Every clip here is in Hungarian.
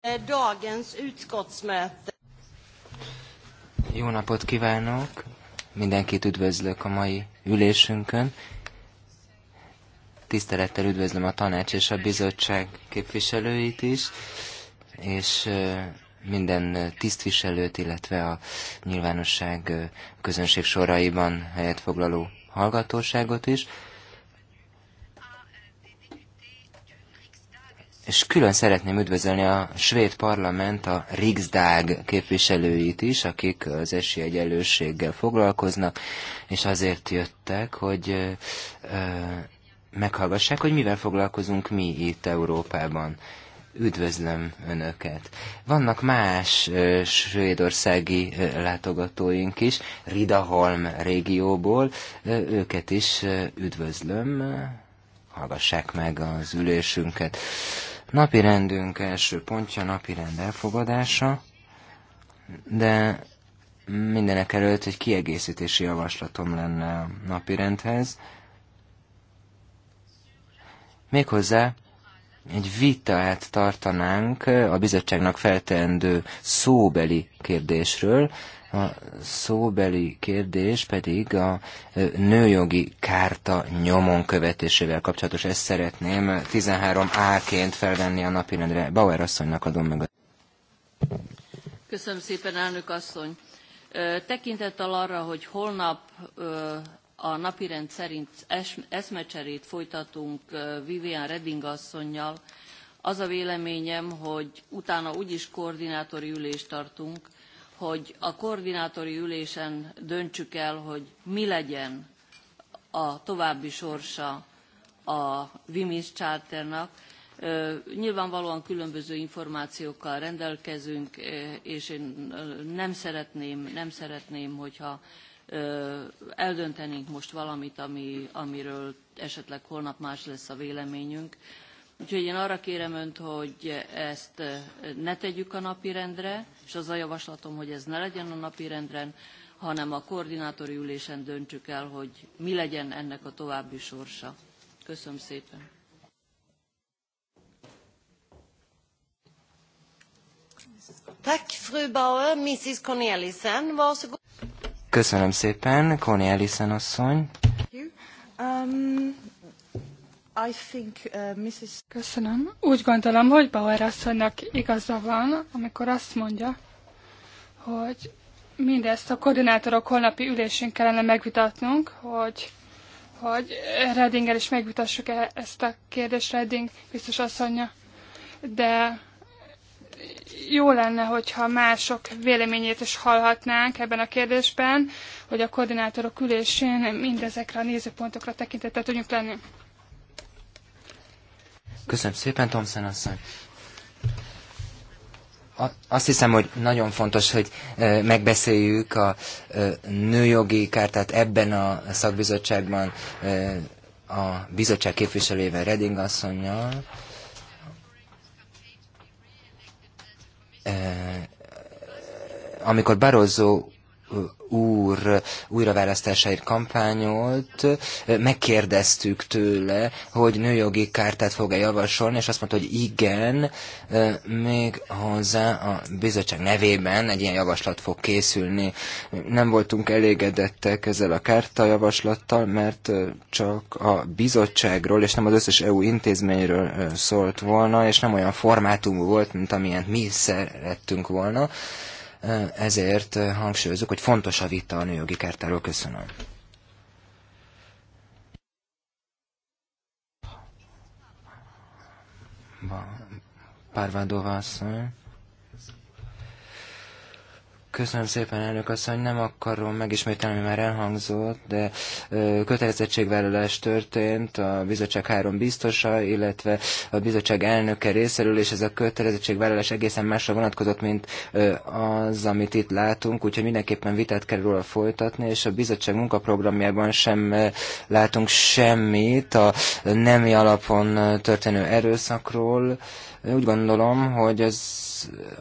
Eh, dagens utskottsmöte. Jó napot kívánok! Mindenkit üdvözlök a mai ülésünkön. Tisztelettel üdvözlöm a tanács és a bizottság képviselőit is, és eh, minden tisztviselőt, illetve a nyilvánosság eh, közönség soraiban helyet foglaló hallgatóságot is. és külön szeretném üdvözölni a svéd parlament a Riksdag képviselőit is, akik az esélyegyenlőséggel foglalkoznak, és azért jöttek, hogy meghallgassák, hogy mivel foglalkozunk mi itt Európában. Üdvözlöm Önöket! Vannak más ö, svédországi ö, látogatóink is, Ridaholm régióból, ö, őket is ö, üdvözlöm, hallgassák meg az ülésünket. Ö, Napi rendünk első pontja rend elfogadása, de mindenek előtt egy kiegészítési javaslatom lenne a rendhez. Méghozzá egy vitát tartanánk a bizottságnak felteendő szóbeli kérdésről, a szóbeli kérdés pedig a nőjogi kárta nyomon követésével kapcsolatos. Ezt szeretném 13A-ként felvenni a napirendre. Bauer asszonynak adom meg. Köszönöm szépen, elnök asszony. Tekintettel arra, hogy holnap a napirend szerint eszmecserét folytatunk Vivian Redding asszonynal, az a véleményem, hogy utána úgyis koordinátori ülést tartunk, hogy a koordinátori ülésen döntsük el, hogy mi legyen a további sorsa a Women's Charternak. Nyilvánvalóan különböző információkkal rendelkezünk, és én nem szeretném, nem szeretném hogyha eldöntenénk most valamit, ami, amiről esetleg holnap más lesz a véleményünk. Úgyhogy én arra kérem Önt, hogy ezt eh, ne tegyük a napirendre, és az a javaslatom, hogy ez ne legyen a napirenden, hanem a koordinátori ülésen döntsük el, hogy mi legyen ennek a további sorsa. Köszönöm szépen. Köszönöm szépen, Cornelissen asszony. Um, Uh, Köszönöm. Úgy gondolom, hogy Bauer asszonynak igaza van, amikor azt mondja, hogy mindezt a koordinátorok holnapi ülésén kellene megvitatnunk, hogy, hogy Reddinger is megvitassuk -e ezt a kérdést, Redding biztos asszonya. De jó lenne, hogyha mások véleményét is hallhatnánk ebben a kérdésben, hogy a koordinátorok ülésén mindezekre a nézőpontokra tekintettel tudjunk lenni. Köszönöm szépen, Tomszen asszony. Azt hiszem, hogy nagyon fontos, hogy megbeszéljük a nőjogi kártát ebben a szakbizottságban a bizottság képviselőjével, Reding asszonynal amikor Barozó úr újraválasztásáért kampányolt, megkérdeztük tőle, hogy nőjogi kártát fog-e javasolni, és azt mondta, hogy igen, még hozzá a bizottság nevében egy ilyen javaslat fog készülni. Nem voltunk elégedettek ezzel a kárta javaslattal, mert csak a bizottságról, és nem az összes EU intézményről szólt volna, és nem olyan formátumú volt, mint amilyen mi szerettünk volna. Eh, ezért eh, hangsúlyozzuk, hogy fontos a vita a nőjogi kártáról. Köszönöm. Parvadova asszony. Köszönöm szépen, elnök asszony, nem akarom megismételni, ami már elhangzott, de kötelezettségvállalás történt a bizottság három biztosa, illetve a bizottság elnöke részéről, és ez a kötelezettségvállalás egészen másra vonatkozott, mint az, amit itt látunk, úgyhogy mindenképpen vitát kell róla folytatni, és a bizottság munkaprogramjában sem látunk semmit a nemi alapon történő erőszakról, úgy gondolom, hogy ez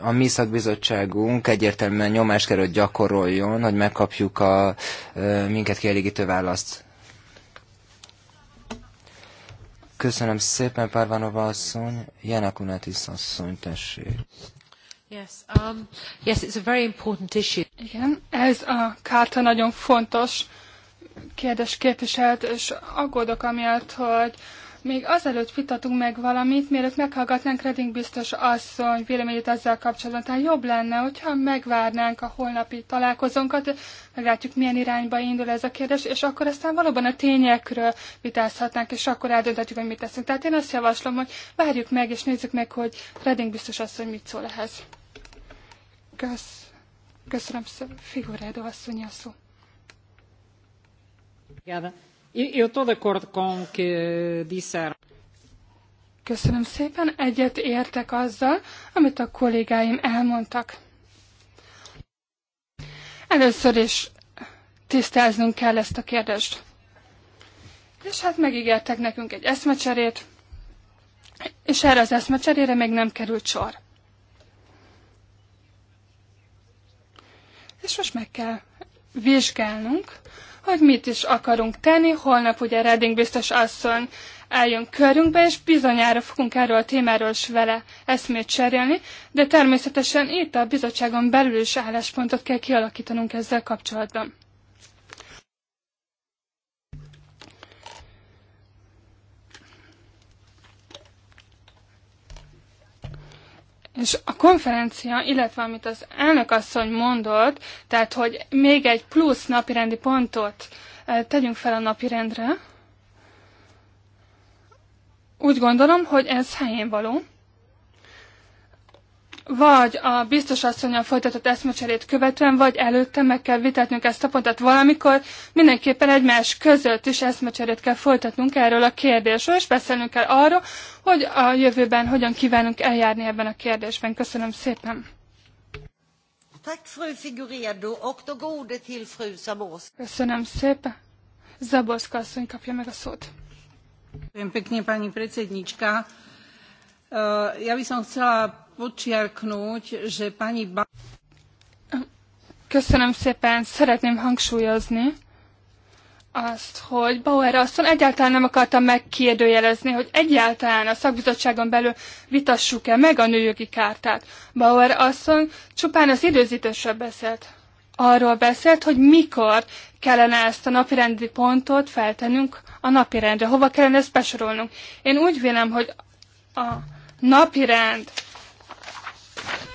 a mi szakbizottságunk egyértelműen nyomás került gyakoroljon, hogy megkapjuk a minket kielégítő választ. Köszönöm szépen, Párvánova asszony. Janakunatis asszony, tessék. Yes, um, yes, it's a very important issue. Igen, ez a kárta nagyon fontos kérdés képviselt, és aggódok amiatt, hogy még azelőtt vitatunk meg valamit, mielőtt meghallgatnánk Reding biztos asszony véleményét ezzel kapcsolatban. Tehát jobb lenne, hogyha megvárnánk a holnapi találkozónkat, meglátjuk milyen irányba indul ez a kérdés, és akkor aztán valóban a tényekről vitázhatnánk, és akkor eldönthetjük, hogy mit teszünk. Tehát én azt javaslom, hogy várjuk meg, és nézzük meg, hogy Reding biztos asszony mit szól ehhez. Kösz. Köszönöm, Figuredo asszony a szó. E eu estou de acordo com o que disseram. Köszönöm szépen, egyet értek azzal, amit a kollégáim elmondtak. Először is tisztáznunk kell ezt a kérdést. És hát megígértek nekünk egy eszmecserét, és erre az eszmecserére még nem került sor. És most meg kell vizsgálnunk hogy mit is akarunk tenni. Holnap ugye Redding biztos asszony eljön körünkbe, és bizonyára fogunk erről a témáról is vele eszmét cserélni, de természetesen itt a bizottságon belül is álláspontot kell kialakítanunk ezzel kapcsolatban. És a konferencia, illetve amit az elnök asszony mondott, tehát hogy még egy plusz napirendi pontot eh, tegyünk fel a napirendre, úgy gondolom, hogy ez helyén való vagy a biztos asszonyon folytatott eszmecserét követően, vagy előtte meg kell vitatnunk ezt a pontot valamikor, mindenképpen egymás között is eszmecserét kell folytatnunk erről a kérdésről, és beszélnünk kell arról, hogy a jövőben hogyan kívánunk eljárni ebben a kérdésben. Köszönöm szépen! Köszönöm szépen! Zaborszka asszony kapja meg a szót. Köszönöm, pani predsednička. Ja by som chcela podčiarknúť, že pani Köszönöm szépen, szeretném hangsúlyozni azt, hogy Bauer asszony egyáltalán nem akarta megkérdőjelezni, hogy egyáltalán a szakbizottságon belül vitassuk-e meg a nőjogi kártát. Bauer asszony csupán az időzítésről beszélt. Arról beszélt, hogy mikor kellene ezt a napirendi pontot feltennünk a napirendre, hova kellene ezt besorolnunk. Én úgy vélem, hogy a napirend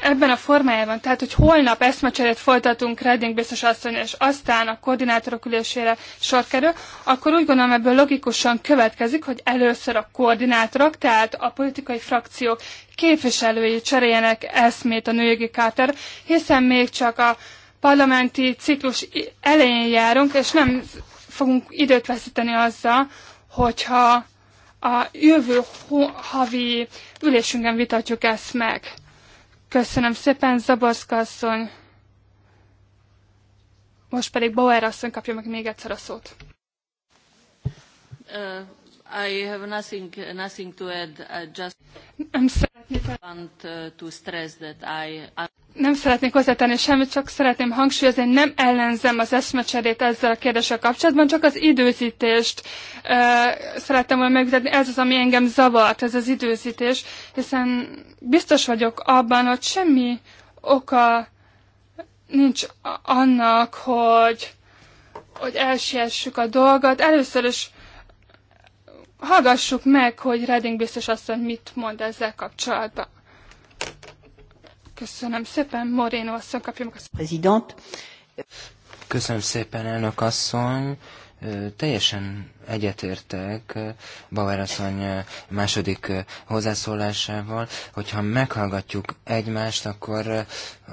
ebben a formájában, tehát hogy holnap eszmecserét folytatunk Redding biztos asszony, és aztán a koordinátorok ülésére sor kerül, akkor úgy gondolom ebből logikusan következik, hogy először a koordinátorok, tehát a politikai frakciók képviselői cseréljenek eszmét a nőjogi kárter, hiszen még csak a parlamenti ciklus elején járunk, és nem fogunk időt veszíteni azzal, hogyha a jövő havi ülésünkön vitatjuk ezt meg. Köszönöm szépen, Zaborszka asszony. Most pedig Bauer asszony kapja meg még egyszer a szót. Uh I have nothing, nothing to add. I just nem szeretnék, want uh, to stress that I... Nem szeretnék hozzátenni semmit, csak szeretném hangsúlyozni, hogy nem ellenzem az eszmecserét ezzel a kérdéssel kapcsolatban, csak az időzítést ö, szerettem volna megvitatni. Ez az, ami engem zavart, ez az időzítés, hiszen biztos vagyok abban, hogy semmi oka nincs annak, hogy, hogy elsiessük a dolgot. Először is hallgassuk meg, hogy Reding biztos asszony mit mond ezzel kapcsolatban. Köszönöm szépen, Moreno asszony kapja meg a Prezident. Köszönöm szépen, elnök asszony. Teljesen egyetértek Bauer asszony második hozzászólásával, hogyha meghallgatjuk egymást, akkor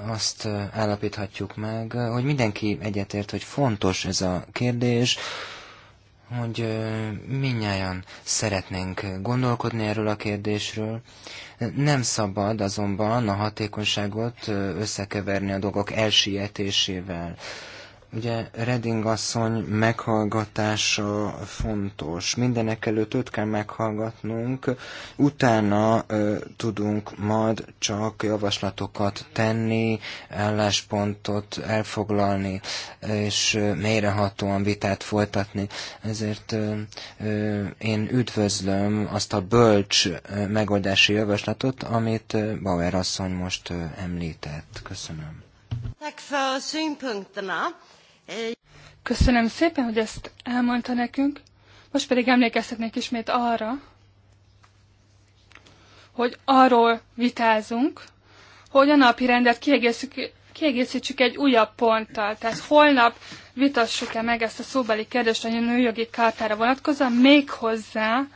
azt állapíthatjuk meg, hogy mindenki egyetért, hogy fontos ez a kérdés, hogy minnyáján szeretnénk gondolkodni erről a kérdésről. Nem szabad azonban a hatékonyságot összekeverni a dolgok elsietésével. Ugye Reding asszony meghallgatása fontos. Mindenek előtt őt kell meghallgatnunk, utána ö, tudunk majd csak javaslatokat tenni, álláspontot elfoglalni, és ö, mélyrehatóan vitát folytatni. Ezért ö, ö, én üdvözlöm azt a bölcs ö, megoldási javaslatot, amit ö, Bauer asszony most ö, említett. Köszönöm. Tack för synpunkterna. Köszönöm szépen, hogy ezt elmondta nekünk. Most pedig emlékeztetnék ismét arra, hogy arról vitázunk, hogy a napi rendet kiegészítjük, kiegészítsük egy újabb ponttal. Tehát holnap vitassuk-e meg ezt a szóbeli kérdést a nőjogi kártára vonatkozóan, méghozzá hozzá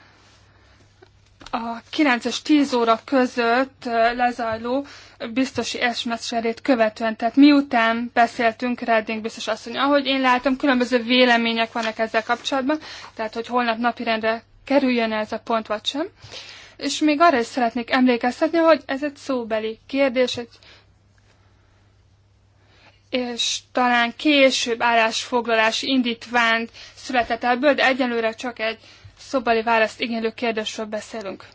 a 9 és 10 óra között lezajló biztosi esmecserét követően. Tehát miután beszéltünk Redding biztos asszony, ahogy én látom, különböző vélemények vannak ezzel kapcsolatban, tehát hogy holnap napirendre kerüljön ez a pont, vagy sem. És még arra is szeretnék emlékeztetni, hogy ez egy szóbeli kérdés, egy és talán később állásfoglalási indítványt született ebből, de egyelőre csak egy szobali választ igénylő kérdésről beszélünk.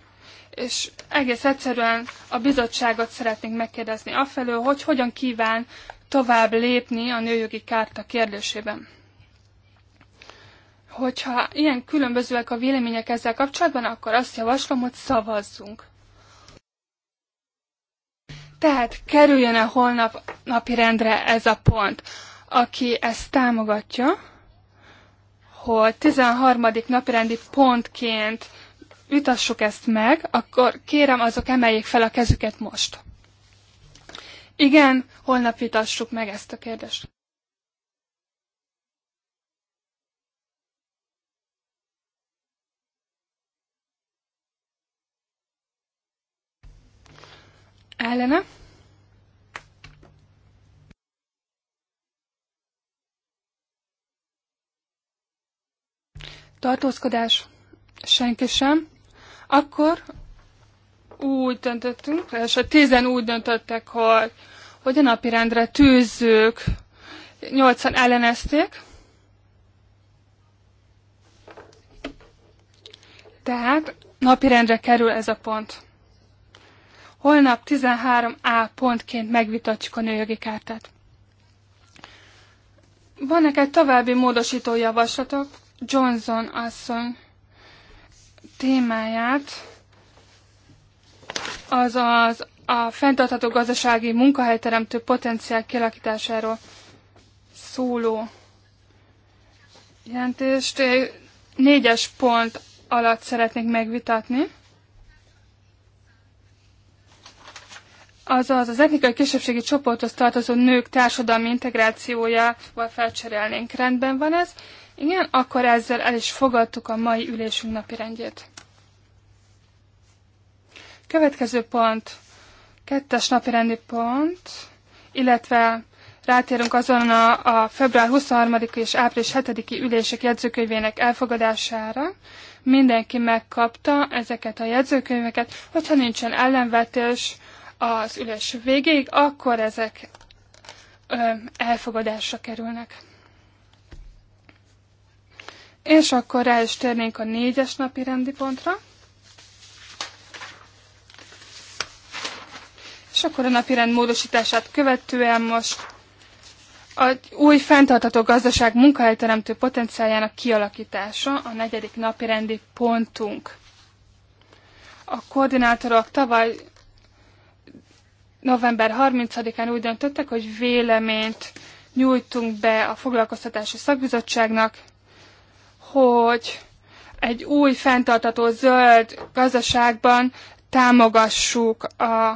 És egész egyszerűen a bizottságot szeretnénk megkérdezni afelől, hogy hogyan kíván tovább lépni a nőjogi kárta kérdésében. Hogyha ilyen különbözőek a vélemények ezzel kapcsolatban, akkor azt javaslom, hogy szavazzunk. Tehát kerüljön-e holnap napi rendre ez a pont? Aki ezt támogatja, hogy 13. napirendi pontként vitassuk ezt meg, akkor kérem azok emeljék fel a kezüket most. Igen, holnap vitassuk meg ezt a kérdést. Ellene? tartózkodás, senki sem, akkor úgy döntöttünk, és a tizen úgy döntöttek, hogy, hogy a napirendre tűzzük, nyolcan ellenezték, Tehát napirendre kerül ez a pont. Holnap 13A pontként megvitatjuk a nőjogi kártát. Vannak egy további módosító javaslatok, Johnson asszony témáját, azaz a fenntartható gazdasági munkahelyteremtő potenciál kialakításáról szóló jelentést négyes pont alatt szeretnék megvitatni. Azaz az etnikai kisebbségi csoporthoz tartozó nők társadalmi integrációjával felcserélnénk. Rendben van ez. Igen, akkor ezzel el is fogadtuk a mai ülésünk napi rendjét. Következő pont, kettes napi rendi pont, illetve rátérünk azon a, a február 23 és április 7-i ülések jegyzőkönyvének elfogadására. Mindenki megkapta ezeket a jegyzőkönyveket, hogyha nincsen ellenvetés az ülés végéig, akkor ezek ö, elfogadásra kerülnek. És akkor rá is térnénk a négyes napi rendi pontra. És akkor a napi rend módosítását követően most a új fenntartató gazdaság munkahelyteremtő potenciáljának kialakítása a negyedik napi rendi pontunk. A koordinátorok tavaly november 30-án úgy döntöttek, hogy véleményt nyújtunk be a foglalkoztatási szakbizottságnak, hogy egy új fenntartató zöld gazdaságban támogassuk a,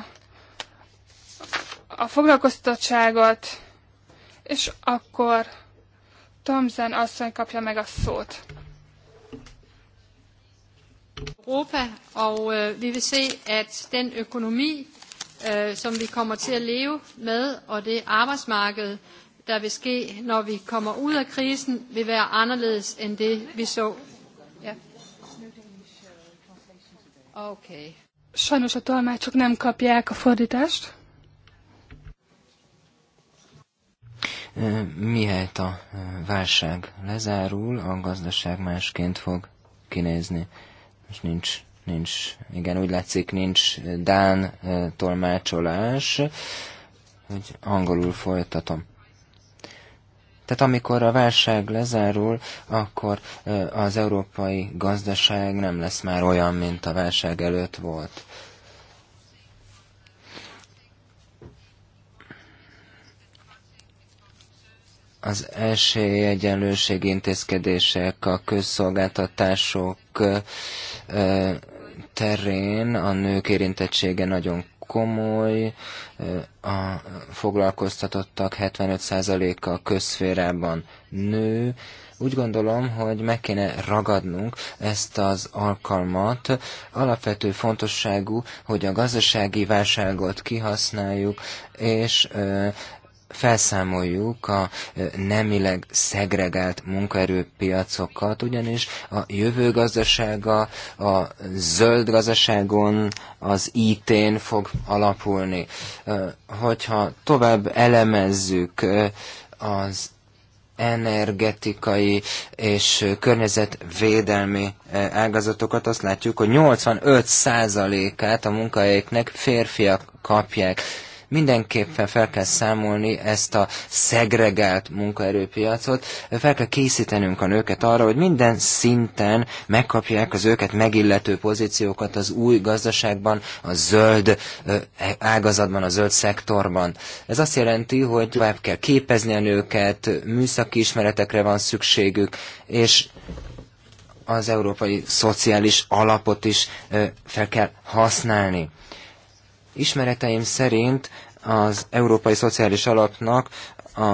a foglalkoztatottságot, és akkor Tomzen asszony kapja meg a szót. Europa, og øh, vi vil se, at den økonomi, øh, som vi kommer til at leve med, og det arbejdsmarked, der vil ske, når vi kommer ud af krisen, vil være anderledes end det, vi så. Ja. Okay. Sajnos a tolmácsok nem kapják a fordítást. Mihelyt a válság lezárul, a gazdaság másként fog kinézni. Most nincs, nincs, igen, úgy látszik, nincs Dán tolmácsolás, hogy angolul folytatom. Tehát amikor a válság lezárul, akkor az európai gazdaság nem lesz már olyan, mint a válság előtt volt. az első egyenlőség intézkedések, a közszolgáltatások terén a nők érintettsége nagyon komoly, eh, a foglalkoztatottak 75%-a közszférában nő. Úgy gondolom, hogy meg kéne ragadnunk ezt az alkalmat. Alapvető fontosságú, hogy a gazdasági válságot kihasználjuk, és eh, felszámoljuk a nemileg szegregált munkaerőpiacokat, ugyanis a jövő gazdasága a zöld gazdaságon, az IT-n fog alapulni. Hogyha tovább elemezzük az energetikai és környezetvédelmi ágazatokat, azt látjuk, hogy 85%-át a munkahelyeknek férfiak kapják. Mindenképpen fel kell számolni ezt a szegregált munkaerőpiacot, fel kell készítenünk a nőket arra, hogy minden szinten megkapják az őket megillető pozíciókat az új gazdaságban, a zöld e, ágazatban, a zöld szektorban. Ez azt jelenti, hogy tovább kell képezni a nőket, műszaki ismeretekre van szükségük, és az európai szociális alapot is fel kell használni. Ismereteim szerint az Európai Szociális Alapnak a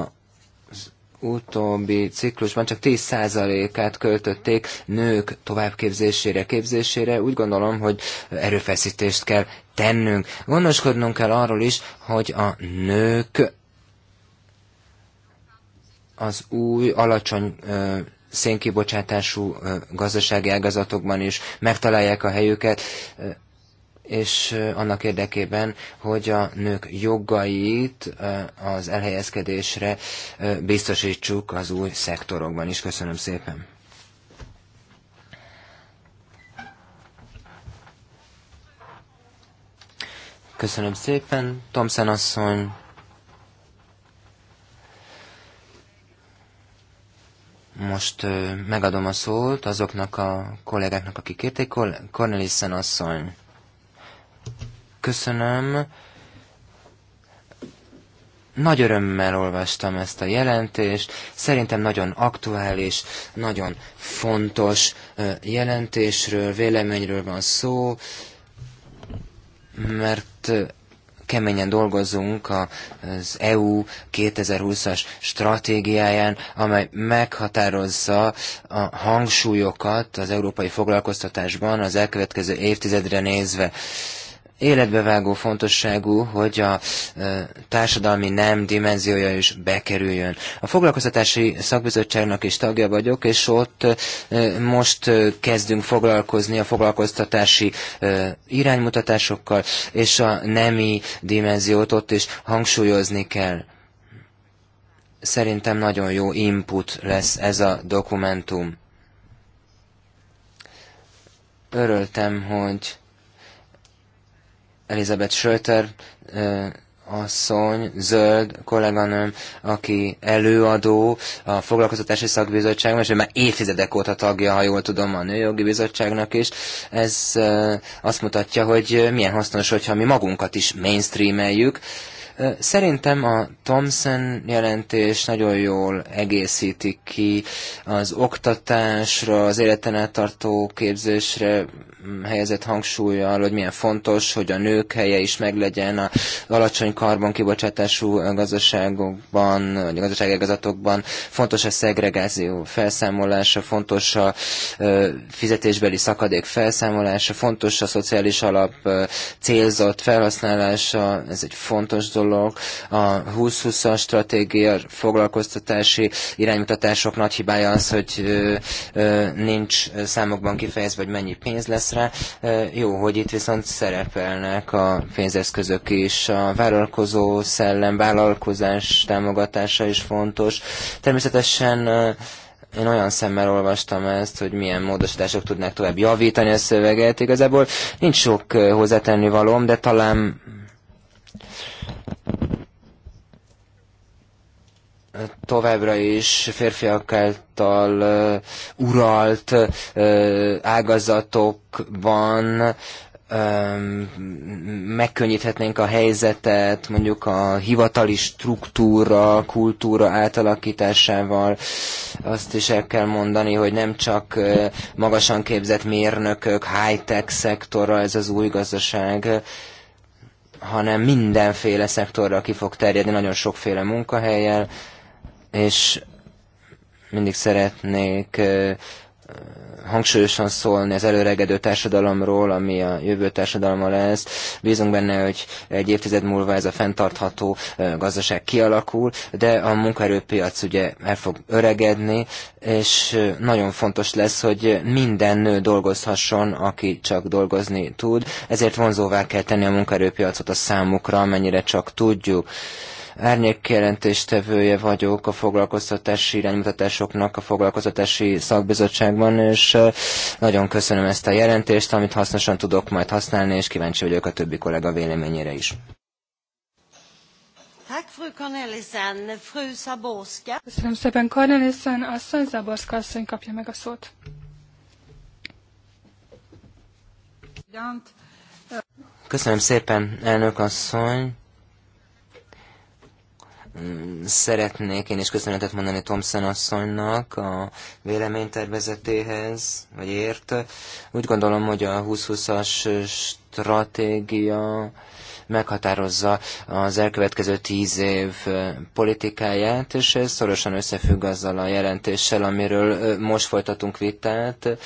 utóbbi ciklusban csak 10%-át költötték nők továbbképzésére, képzésére. Úgy gondolom, hogy erőfeszítést kell tennünk. Gondoskodnunk kell arról is, hogy a nők az új alacsony ö, szénkibocsátású ö, gazdasági ágazatokban is megtalálják a helyüket és annak érdekében, hogy a nők jogait az elhelyezkedésre biztosítsuk az új szektorokban is. Köszönöm szépen! Köszönöm szépen, Tomszen asszony! Most megadom a szót azoknak a kollégáknak, akik kérték. Cornelissen asszony! Köszönöm. Nagy örömmel olvastam ezt a jelentést, szerintem nagyon aktuális, nagyon fontos jelentésről, véleményről van szó, mert keményen dolgozunk az EU 2020-as stratégiáján, amely meghatározza a hangsúlyokat az európai foglalkoztatásban az elkövetkező évtizedre nézve életbevágó fontosságú, hogy a társadalmi nem dimenziója is bekerüljön. A foglalkoztatási szakbizottságnak is tagja vagyok, és ott most kezdünk foglalkozni a foglalkoztatási iránymutatásokkal, és a nemi dimenziót ott is hangsúlyozni kell. Szerintem nagyon jó input lesz ez a dokumentum. Öröltem, hogy Elizabeth Schröter asszony, zöld kolléganőm, aki előadó a foglalkoztatási szakbizottságban, és ő már évtizedek óta tagja, ha jól tudom, a nőjogi bizottságnak is. Ez azt mutatja, hogy milyen hasznos, hogyha mi magunkat is mainstreameljük, Szerintem a Thomson jelentés nagyon jól egészíti ki az oktatásra, az életen tartó képzésre mm, helyezett hangsúlyjal, hogy milyen fontos, hogy a nők helye is meglegyen a alacsony karbonkibocsátású gazdaságokban, vagy gazdaságegazatokban. Fontos a szegregáció felszámolása, fontos a fizetésbeli szakadék felszámolása, fontos a szociális alap célzott felhasználása, ez egy fontos dolog, gondolok. A 2020-as stratégia foglalkoztatási iránymutatások nagy hibája az, hogy nincs számokban kifejezve, hogy mennyi pénz lesz rá. Jó, hogy itt viszont szerepelnek a pénzeszközök is. A vállalkozó szellem, vállalkozás támogatása is fontos. Természetesen én olyan szemmel olvastam ezt, hogy milyen módosítások tudnák tovább javítani a szöveget. Igazából nincs sok hozzátenni valóm, de talán továbbra is férfiak által uh, uralt uh, ágazatokban um, megkönnyíthetnénk a helyzetet, mondjuk a hivatali struktúra, kultúra átalakításával. Azt is el kell mondani, hogy nem csak uh, magasan képzett mérnökök, high-tech szektora ez az új gazdaság, hanem mindenféle szektorra ki fog terjedni, nagyon sokféle munkahelyel, és mindig szeretnék hangsúlyosan szólni az előregedő társadalomról, ami a jövő társadalma lesz. Bízunk benne, hogy egy évtized múlva ez a fenntartható gazdaság kialakul, de a munkaerőpiac ugye el fog öregedni, és nagyon fontos lesz, hogy minden nő dolgozhasson, aki csak dolgozni tud. Ezért vonzóvá kell tenni a munkaerőpiacot a számukra, amennyire csak tudjuk árnyékjelentéstevője vagyok a foglalkoztatási iránymutatásoknak a foglalkoztatási szakbizottságban, és nagyon köszönöm ezt a jelentést, amit hasznosan tudok majd használni, és kíváncsi vagyok a többi kollega véleményére is. Köszönöm szépen, Cornelissen. Asszony Zaborska asszony kapja meg a szót. Köszönöm szépen, elnök asszony. Szeretnék én is köszönetet mondani Thompson asszonynak a véleménytervezetéhez, vagy ért. Úgy gondolom, hogy a 2020-as stratégia meghatározza az elkövetkező tíz év politikáját, és ez szorosan összefügg azzal a jelentéssel, amiről most folytatunk vitát.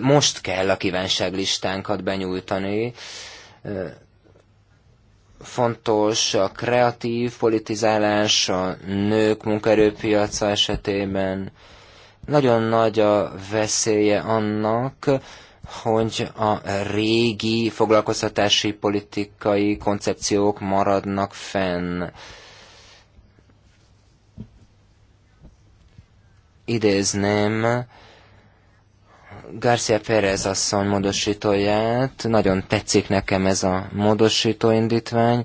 Most kell a kívánságlistánkat benyújtani, fontos a kreatív politizálás a nők munkaerőpiaca esetében. Nagyon nagy a veszélye annak, hogy a régi foglalkoztatási politikai koncepciók maradnak fenn. Idézném Garcia Pérez asszony módosítóját. Nagyon tetszik nekem ez a módosító indítvány.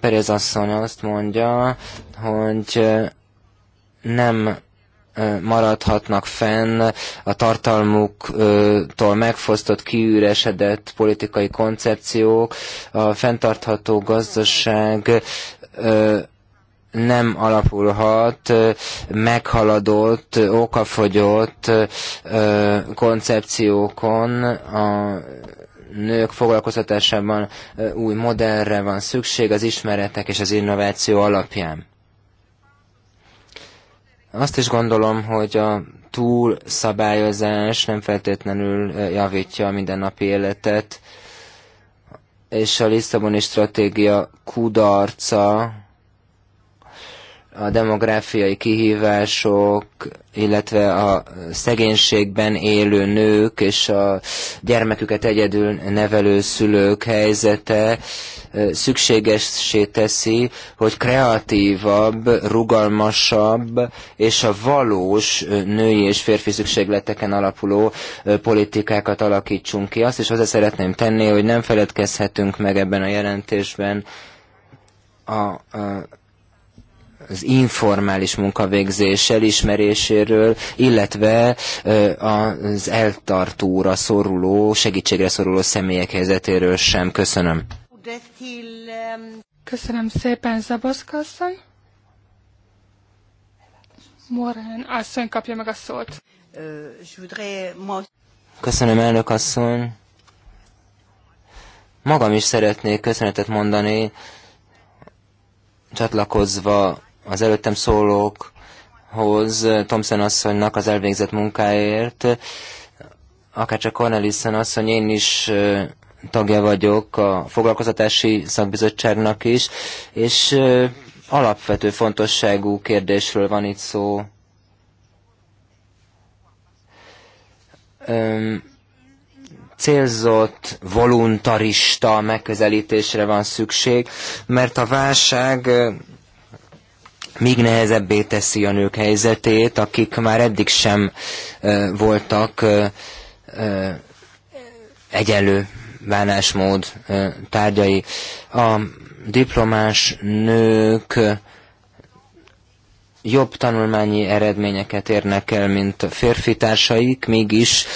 Pérez asszony azt mondja, hogy nem maradhatnak fenn a tartalmuktól megfosztott, kiüresedett politikai koncepciók, a fenntartható gazdaság nem alapulhat meghaladott, okafogyott koncepciókon a nők foglalkoztatásában új modellre van szükség az ismeretek és az innováció alapján. Azt is gondolom, hogy a túlszabályozás nem feltétlenül javítja a mindennapi életet, és a Lisszaboni stratégia kudarca a demográfiai kihívások, illetve a szegénységben élő nők és a gyermeküket egyedül nevelő szülők helyzete szükségessé teszi, hogy kreatívabb, rugalmasabb és a valós női és férfi szükségleteken alapuló politikákat alakítsunk ki. Azt is hozzá szeretném tenni, hogy nem feledkezhetünk meg ebben a jelentésben a, a az informális munkavégzés elismeréséről, illetve az eltartóra szoruló, segítségre szoruló személyek helyzetéről sem. Köszönöm. Köszönöm szépen, asszony. Morán asszony kapja meg a szót. Köszönöm, elnök asszony. Magam is szeretnék köszönetet mondani, csatlakozva az előttem szólókhoz, Thompson asszonynak az elvégzett munkáért, akárcsak Cornelissen asszony, én is tagja vagyok a foglalkozatási szakbizottságnak is, és alapvető fontosságú kérdésről van itt szó. célzott, voluntarista megközelítésre van szükség, mert a válság még nehezebbé teszi a nők helyzetét, akik már eddig sem ö, voltak ö, ö, egyenlő bánásmód ö, tárgyai. A diplomás nők jobb tanulmányi eredményeket érnek el, mint a férfi társaik, mégis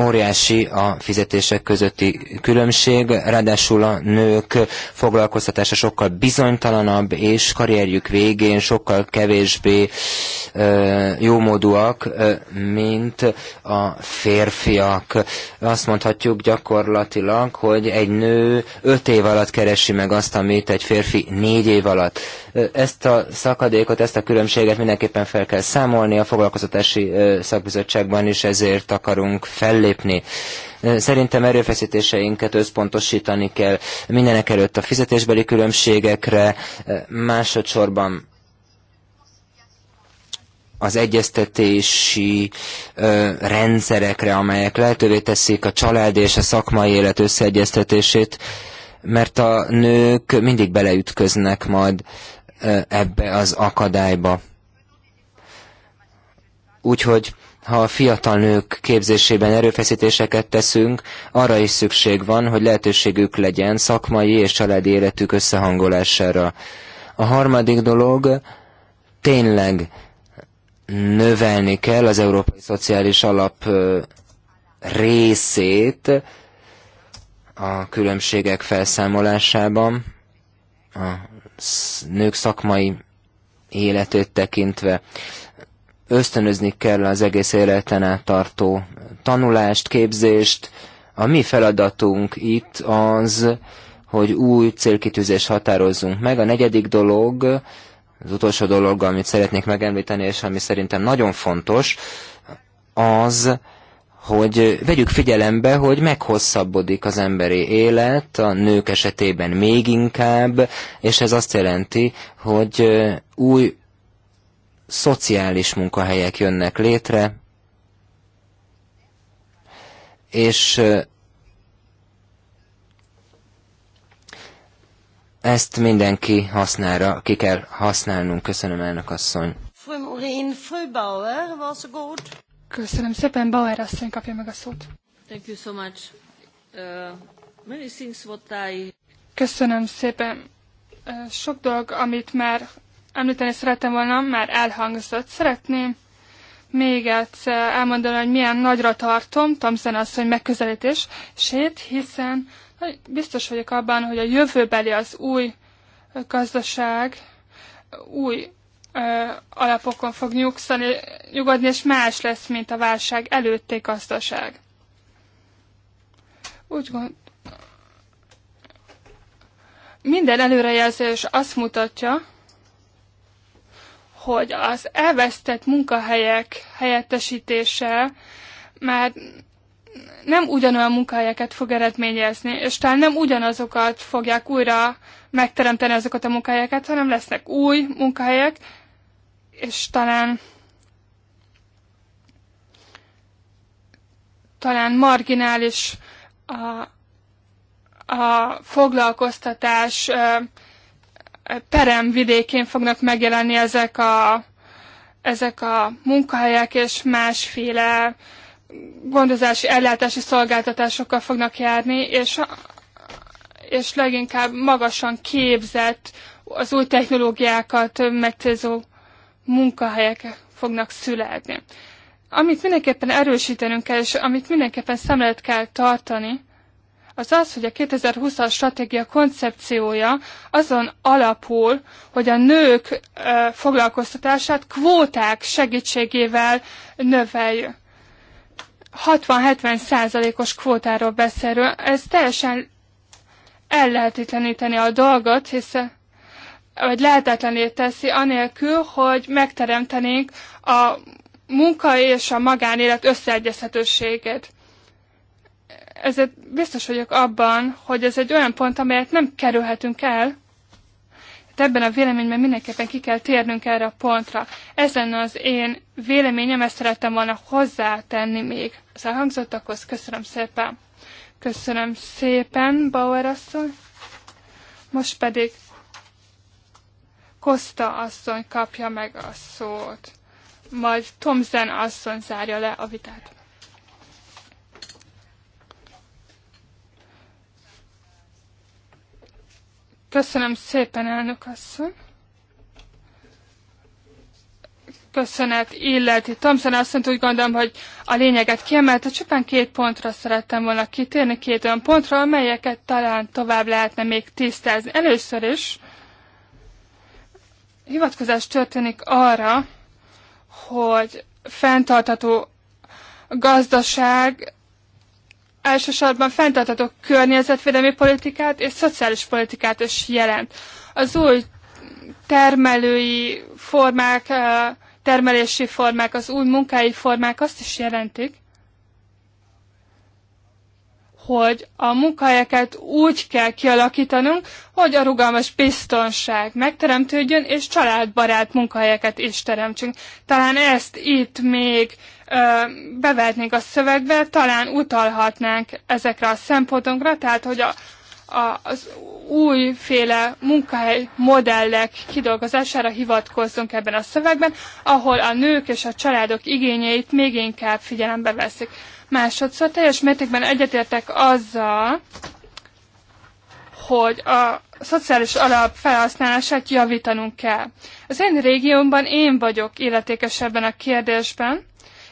óriási a fizetések közötti különbség, ráadásul a nők foglalkoztatása sokkal bizonytalanabb, és karrierjük végén sokkal kevésbé jómódúak, mint a férfiak. Azt mondhatjuk gyakorlatilag, hogy egy nő öt év alatt keresi meg azt, amit egy férfi négy év alatt ezt a szakadékot, ezt a különbséget mindenképpen fel kell számolni, a foglalkoztatási szakbizottságban is ezért akarunk fellépni. Szerintem erőfeszítéseinket összpontosítani kell mindenek előtt a fizetésbeli különbségekre, másodszorban az egyeztetési ö, rendszerekre, amelyek lehetővé teszik a család és a szakmai élet összeegyeztetését, mert a nők mindig beleütköznek majd ö, ebbe az akadályba. Úgyhogy ha a fiatal nők képzésében erőfeszítéseket teszünk, arra is szükség van, hogy lehetőségük legyen szakmai és családi életük összehangolására. A harmadik dolog tényleg növelni kell az Európai Szociális Alap részét a különbségek felszámolásában, a nők szakmai életét tekintve. Ösztönözni kell az egész életen át tartó tanulást, képzést. A mi feladatunk itt az, hogy új célkitűzést határozzunk meg. A negyedik dolog, az utolsó dolog, amit szeretnék megemlíteni, és ami szerintem nagyon fontos, az, hogy vegyük figyelembe, hogy meghosszabbodik az emberi élet, a nők esetében még inkább, és ez azt jelenti, hogy új szociális munkahelyek jönnek létre, és ezt mindenki hasznára ki kell használnunk. Köszönöm, elnök asszony. Köszönöm szépen, Bauer asszony kapja meg a szót. Thank you so much. Uh, many things what I... Köszönöm szépen. Uh, sok dolog, amit már említeni szerettem volna, már elhangzott. Szeretném még egyszer elmondani, hogy milyen nagyra tartom Tamzen asszony sét, hiszen biztos vagyok abban, hogy a jövőbeli az új gazdaság, új alapokon fog nyugszani, nyugodni, és más lesz, mint a válság előtti gazdaság. Úgy gond... Minden előrejelzés azt mutatja, hogy az elvesztett munkahelyek helyettesítése már nem ugyanolyan munkahelyeket fog eredményezni, és talán nem ugyanazokat fogják újra megteremteni azokat a munkahelyeket, hanem lesznek új munkahelyek, és talán talán marginális a, a foglalkoztatás vidékén fognak megjelenni ezek a, ezek a munkahelyek, és másféle gondozási, ellátási szolgáltatásokkal fognak járni, és, és leginkább magasan képzett, az új technológiákat megcélzó munkahelyek fognak születni. Amit mindenképpen erősítenünk kell, és amit mindenképpen szem kell tartani, az az, hogy a 2020-as stratégia koncepciója azon alapul, hogy a nők foglalkoztatását kvóták segítségével növeljük. 60-70 százalékos kvótáról beszélő, ez teljesen ellehetetleníteni a dolgot, hiszen vagy lehetetlené teszi, anélkül, hogy megteremtenénk a munka és a magánélet összeegyezhetőségét. Ezért biztos vagyok abban, hogy ez egy olyan pont, amelyet nem kerülhetünk el, Hát ebben a véleményben mindenképpen ki kell térnünk erre a pontra. Ez lenne az én véleményem, ezt szerettem volna hozzátenni még az elhangzottakhoz. Köszönöm szépen. Köszönöm szépen, Bauer asszony. Most pedig Kosta asszony kapja meg a szót, majd Tomzen asszony zárja le a vitát. Köszönöm szépen, elnök asszony. Köszönet illeti. Tomszen azt mondta, úgy gondolom, hogy a lényeget kiemelte. Csupán két pontra szerettem volna kitérni, két olyan pontra, amelyeket talán tovább lehetne még tisztázni. Először is hivatkozás történik arra, hogy fenntartható gazdaság elsősorban fenntartható környezetvédelmi politikát és szociális politikát is jelent. Az új termelői formák, eh, termelési formák, az új munkái formák azt is jelentik, hogy a munkahelyeket úgy kell kialakítanunk, hogy a rugalmas biztonság megteremtődjön, és családbarát munkahelyeket is teremtsünk. Talán ezt itt még ö, bevetnénk a szövegbe, talán utalhatnánk ezekre a szempontokra, tehát hogy a, a, az újféle munkahely modellek kidolgozására hivatkozzunk ebben a szövegben, ahol a nők és a családok igényeit még inkább figyelembe veszik. Másodszor teljes mértékben egyetértek azzal, hogy a szociális alap felhasználását javítanunk kell. Az én régiómban én vagyok illetékes ebben a kérdésben,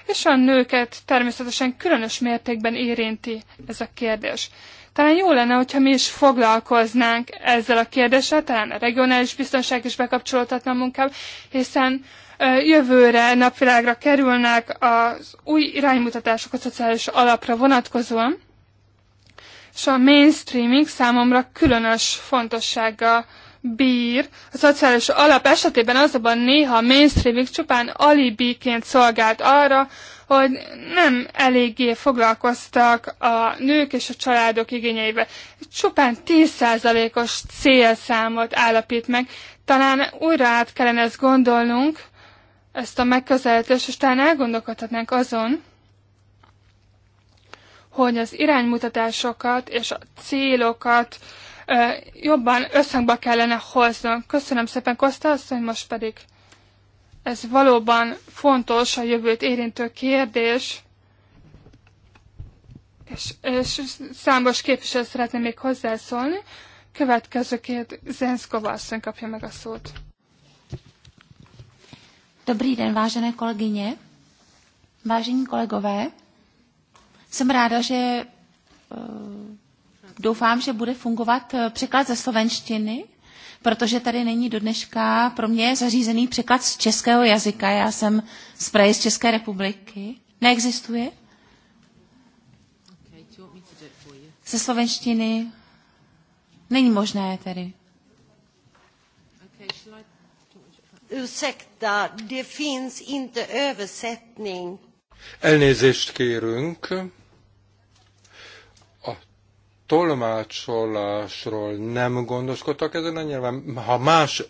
és a nőket természetesen különös mértékben érinti ez a kérdés. Talán jó lenne, hogyha mi is foglalkoznánk ezzel a kérdéssel, talán a regionális biztonság is bekapcsolódhatna a munkába, hiszen jövőre napvilágra kerülnek az új iránymutatások a szociális alapra vonatkozóan, és a mainstreaming számomra különös fontossága bír. A szociális alap esetében azonban néha a mainstreaming csupán alibiként szolgált arra, hogy nem eléggé foglalkoztak a nők és a családok igényeivel. Csupán 10%-os célszámot állapít meg. Talán újra át kellene ezt gondolnunk, ezt a megközelítést, és talán elgondolkodhatnánk azon, hogy az iránymutatásokat és a célokat jobban összhangba kellene hoznunk. Köszönöm szépen, Koszta hogy most pedig ez valóban fontos, a jövőt érintő kérdés, és, és számos képviselő szeretne még hozzászólni. Következőként Zenszkova asszony kapja meg a szót. Dobrý den, vážené kolegyně, vážení kolegové. Jsem ráda, že eh, doufám, že bude fungovat eh, překlad ze slovenštiny, protože tady není do dneška pro mě zařízený překlad z českého jazyka. Já jsem z Prahy z České republiky. Neexistuje? Ze slovenštiny není možné tedy. Ursäkta, det finns inte översättning. Elnézést kérünk. A tolmácsolásról nem gondoskodtak ezen a nyelven, ha más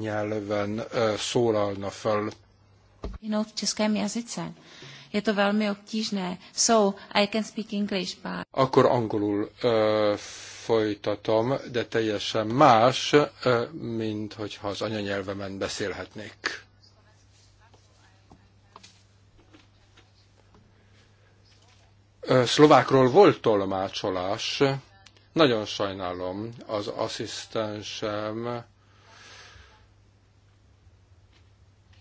nyelven szólalna fel. Jinou v českém jazyce. Je to velmi obtížné. So, I can speak English, but... Akkor angolul uh, folytatom, de teljesen más, mint hogyha az anyanyelvemen beszélhetnék. Szlovákról volt tolmácsolás, nagyon sajnálom, az asszisztensem